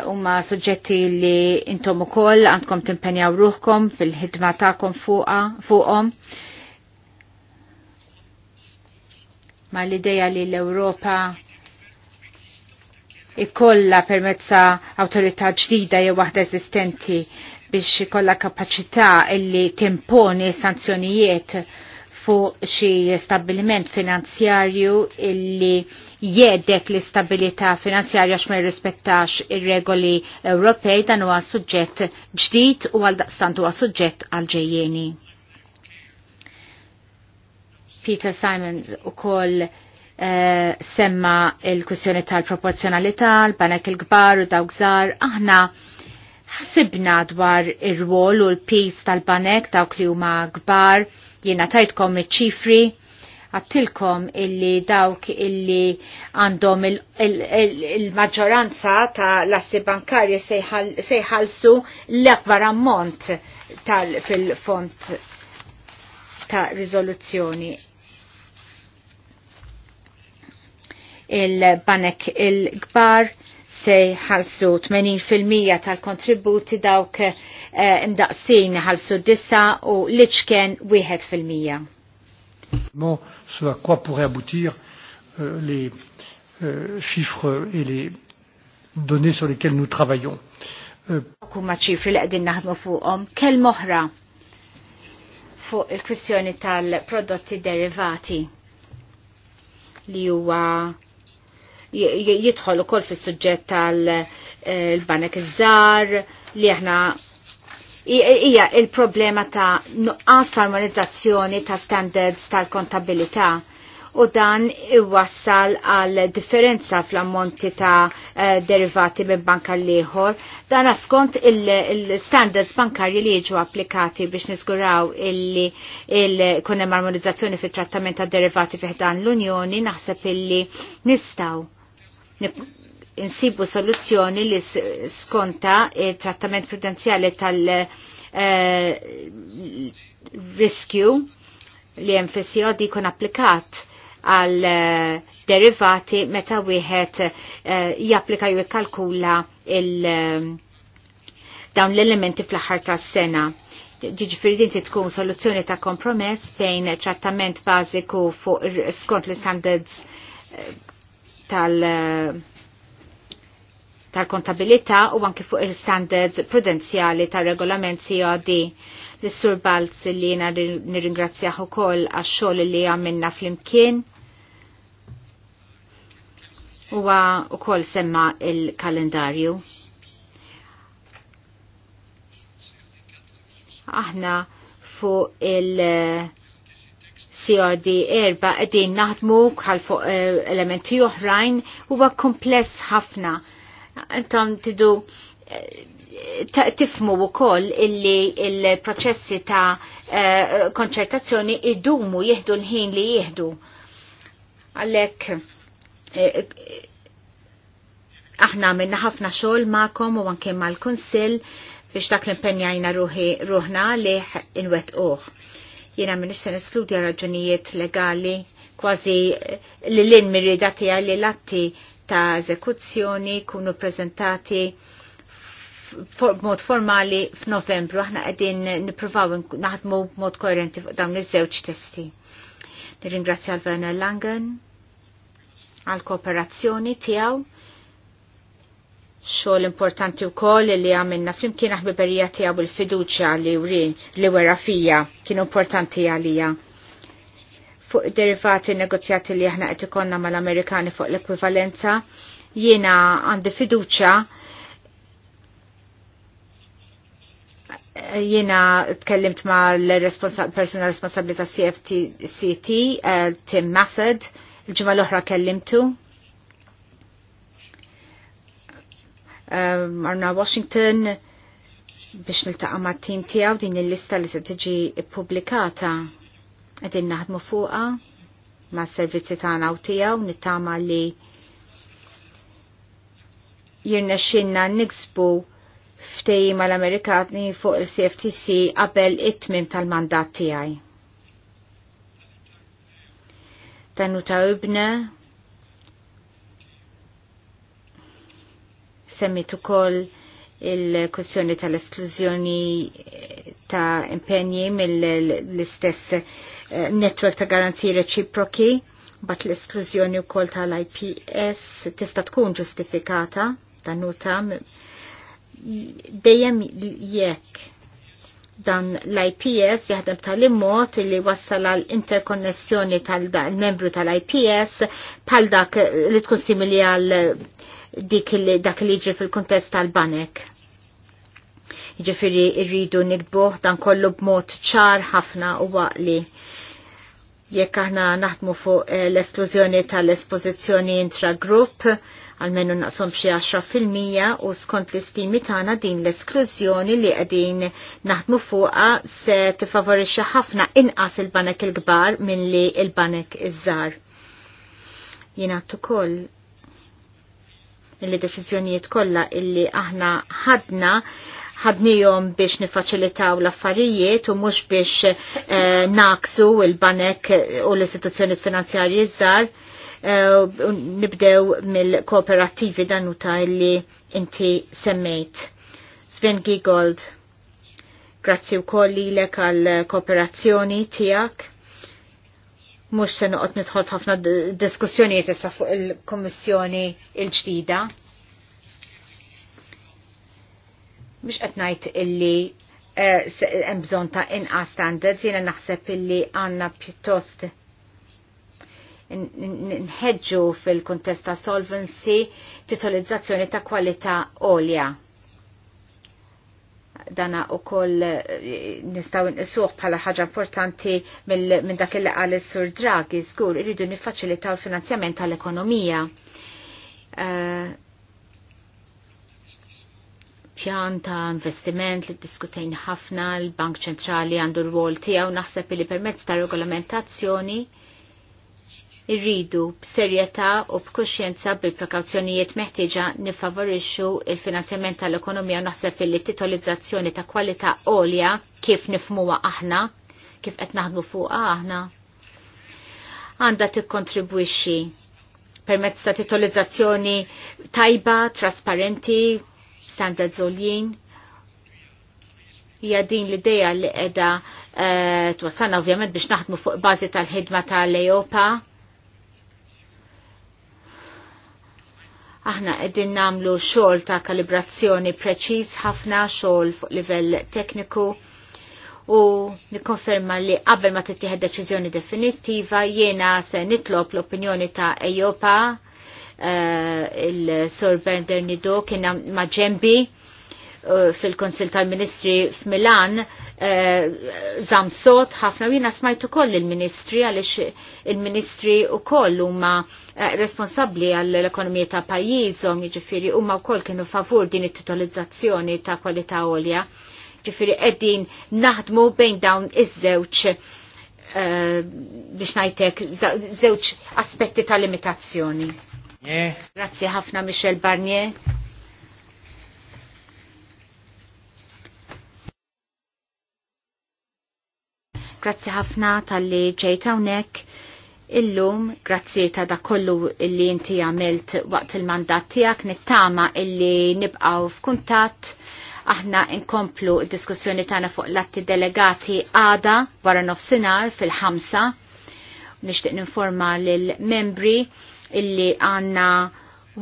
huma eh, suġġetti li intom ukoll għandkom timpenjaw ruħkom fil-ħidma tagħkom fuqhom. Ma l-ideja li l-Ewropa ikolla permezza awtorità ġdida jew waħda eżistenti biex ikolla kapaċità illi timponi sanzjonijiet fuq xi stabbiliment finanzjarju illi jedek l-istabilità finanzjarja xmer jirrispettax ir-regoli Ewropej dan huwa suġġett ġdid u għal daqstant huwa suġġett għal ġejjeni. Peter Simons ukoll Uh, semma il-kwissjoni tal-proporzjonalità, l-banek il-gbar u dawk żgħar, aħna ħsibna dwar ir-rwol u l-pis tal-banek dawk li huma gbar Jiena tajtkom iċ-ċifri għattilkom illi dawk illi għandhom il-maġġoranza il, il, il ta' lassi sejħalsu l-akbar ammont fil-font ta' rizoluzzjoni. Il-banek il-gbar il se ħalsu 80% tal-kontributi dawk e, imdaqsin ħalsu dissa u liċken 1%.
Bon, ce à quoi pourraient aboutir euh, les euh, chiffres et les données sur lesquelles nous travaillons. Euh,
Kumma ċifri li għedin naħdmu fuqom, kell moħra fuq il-kwistjoni tal-prodotti derivati li huwa jidħol ukoll fis-suġġett tal-banek iż-żar li aħna hija il-problema ta' nuqqas armonizzazzjoni ta' standards tal-kontabilità u dan iwassal għal differenza fl-ammonti ta' eh, derivati minn banka liħor Dan skont il-standards bankarji li jiġu applikati biex niżguraw illi il-kunem armonizzazzjoni fit trattament ta' derivati fiħdan l-Unjoni naħseb illi nistaw insibu soluzzjoni li skonta il-trattament prudenzjali tal-riskju eh, li enfisio di kun applikat għal eh, derivati meta wieħed eh, japplika jew ikkalkula dawn l-elementi fl-aħħar tas-sena ġiġifiri din tkun soluzzjoni ta' kompromess bejn trattament bażiku fuq skont l standards tal- tal-kontabilità u anki fuq il-standards prudenzjali tal-regolament COD l sur Balz li jena nirringrazzjaħ u koll għaxxol li għamilna fl-imkien u u koll semma il-kalendarju. Aħna fuq il- CRD erba qegħdin naħdmu bħal fuq eh, elementi oħrajn huwa kompless ħafna. Intom tidu eh, tifmu u koll illi il-proċessi ta' eh, konċertazzjoni idumu jihdu l-ħin li jihdu. Għallek, aħna minna ħafna xogħol ma'kom u anke mal-Kunsill biex dak l-impenjajna ruħna li inwet uħ. Jena minn issa neskludja raġunijiet legali kważi li l-in mirrida tija l-atti ta' eżekuzzjoni kunu prezentati mod formali f'Novembru. Aħna qegħdin nippruvaw naħdmu b'mod koerenti fuq dawn iż-żewġ testi. Nirringrazzja l verner Langen għal kooperazzjoni tiegħu xogħol importanti wkoll li għamilna flimkien aħbiberija tiegħu il-fiduċja li wrin li wera fija kienu importanti għalija. Fuq derivati negozjati li aħna qed ikonna mal-Amerikani fuq l-ekwivalenza, jiena għandi fiduċja Jiena tkellimt ma l persuna responsabli ta' CFTCT, eh, Tim Massad, il-ġimma l-oħra kellimtu, marna um, Washington biex niltaqa' ma' tim tiegħu din il-lista li se tiġi publikata qegħdin naħdmu fuqha ma' servizzi għana u tiegħu nittama li jirnexxinna niksbu ftejji mal-Amerikani fuq il-CFTC qabel it-tmim tal-mandat tiegħi. Tanu ta' ibne, Semmit ukoll il-kwestjoni tal-esklużjoni ta' impenji mill-istess eh, netwerk ta' garanziji reċiproki, bat l-esklużjoni wkoll tal-IPS tista' tkun ġustifikata danuta dejjem jekk dan l-IPS jaħdem tal-immot li wassal għal interkonnessjoni tal-membru tal-IPS pal dak li tkun simili għal dik dak li jiġri fil-kontest tal-banek. Jiġifieri rridu nikbuh dan kollu b'mod ċar ħafna u waqli jekk aħna naħdmu fuq eh, l-esklużjoni tal-espożizzjoni intra-grupp, għalmenu naqsom xi 10% u skont l-istimi tagħna din l-esklużjoni li qegħdin naħdmu fuqha se tifavorixxi ħafna inqas il-banek il-kbar milli il-banek iż-żar. Jien ukoll il-li deċiżjonijiet kollha illi aħna ħadna ħadnijom biex nifaċilitaw l-affarijiet u mhux biex eh, naqsu il-banek u l-istituzzjoni finanzjarji żgħar eh, nibdew mill-kooperattivi danuta illi inti semmejt. Sven Gigold, grazzi u koll lilek għal kooperazzjoni tijak Mux se noqot nidħol ħafna diskussjonijiet issa fuq il-Kommissjoni il-ġdida. Mux qed ngħid illi eh, hemm bżonn ta' inqas standards, jiena naħseb illi għandna pjuttost nħedġu fil-kontesta solvency titolizzazzjoni ta' kwalità olja dana u koll eh, nistaw nisuħ bħala ħaġa importanti minn dak il għal sur Draghi zgur irridu nifaċilitaw l finanzjament tal-ekonomija. Eh, pjan ta' investiment li diskutejn ħafna l-Bank Ċentrali għandu l-wol tijaw naħseb li permezz ta' regolamentazzjoni irridu b'serjetà u b'kuxjenza bil-prekawzjonijiet meħtieġa nifavorixxu il-finanzjament tal-ekonomija u naħseb li titolizzazzjoni ta' kwalità għolja kif nifmuha aħna, kif qed naħdmu fuqha aħna, għandha tikkontribwixxi permezz ta' titolizzazzjoni tajba, trasparenti, standards għoljin hija din l idea li qiegħda uh, twassalna ovvjament biex naħdmu fuq bażi tal-ħidma tal-Ejopa Aħna qegħdin namlu xogħol ta' kalibrazzjoni preċiż ħafna xogħol fuq livell tekniku u nikkonferma li qabel ma tittieħed deċiżjoni definittiva jiena se nitlob l-opinjoni ta' Ejopa Uh, eh, il-Sor Bernard Nido kien ma' ġembi Eh, fil-Konsil tal-Ministri f'Milan zam eh, sot ħafna jina smajtu koll il-Ministri għalix il-Ministri u koll huma eh, responsabli għall-ekonomija ta' pajjiżhom jiġifieri huma wkoll kienu favur din it-titolizzazzjoni ta' kwalità għolja. ġifiri qegħdin naħdmu bejn dawn iż-żewġ biex najtek żewġ aspetti ta' limitazzjoni. Grazzi ħafna Michel Barnier. Grazzi ħafna tal-li ġejta hawnhekk illum grazzi ta' da kollu illi inti għamilt waqt il-mandat tiegħek nittama illi nibqgħu f'kuntatt aħna inkomplu diskussjoni tagħna fuq l-atti delegati għada wara nofsinhar fil-ħamsa nixtieq ninforma lill-membri illi għandna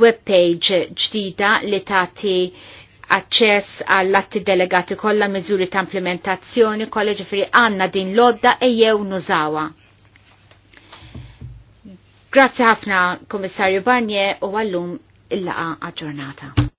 webpage ġdida li tagħti aċċess għall-atti delegati kollha miżuri ta' implementazzjoni kollha ġifri għandna din lodda ejjew nużawha. Grazzi ħafna Komissarju Barnier u għallum il-laqa għal-ġurnata.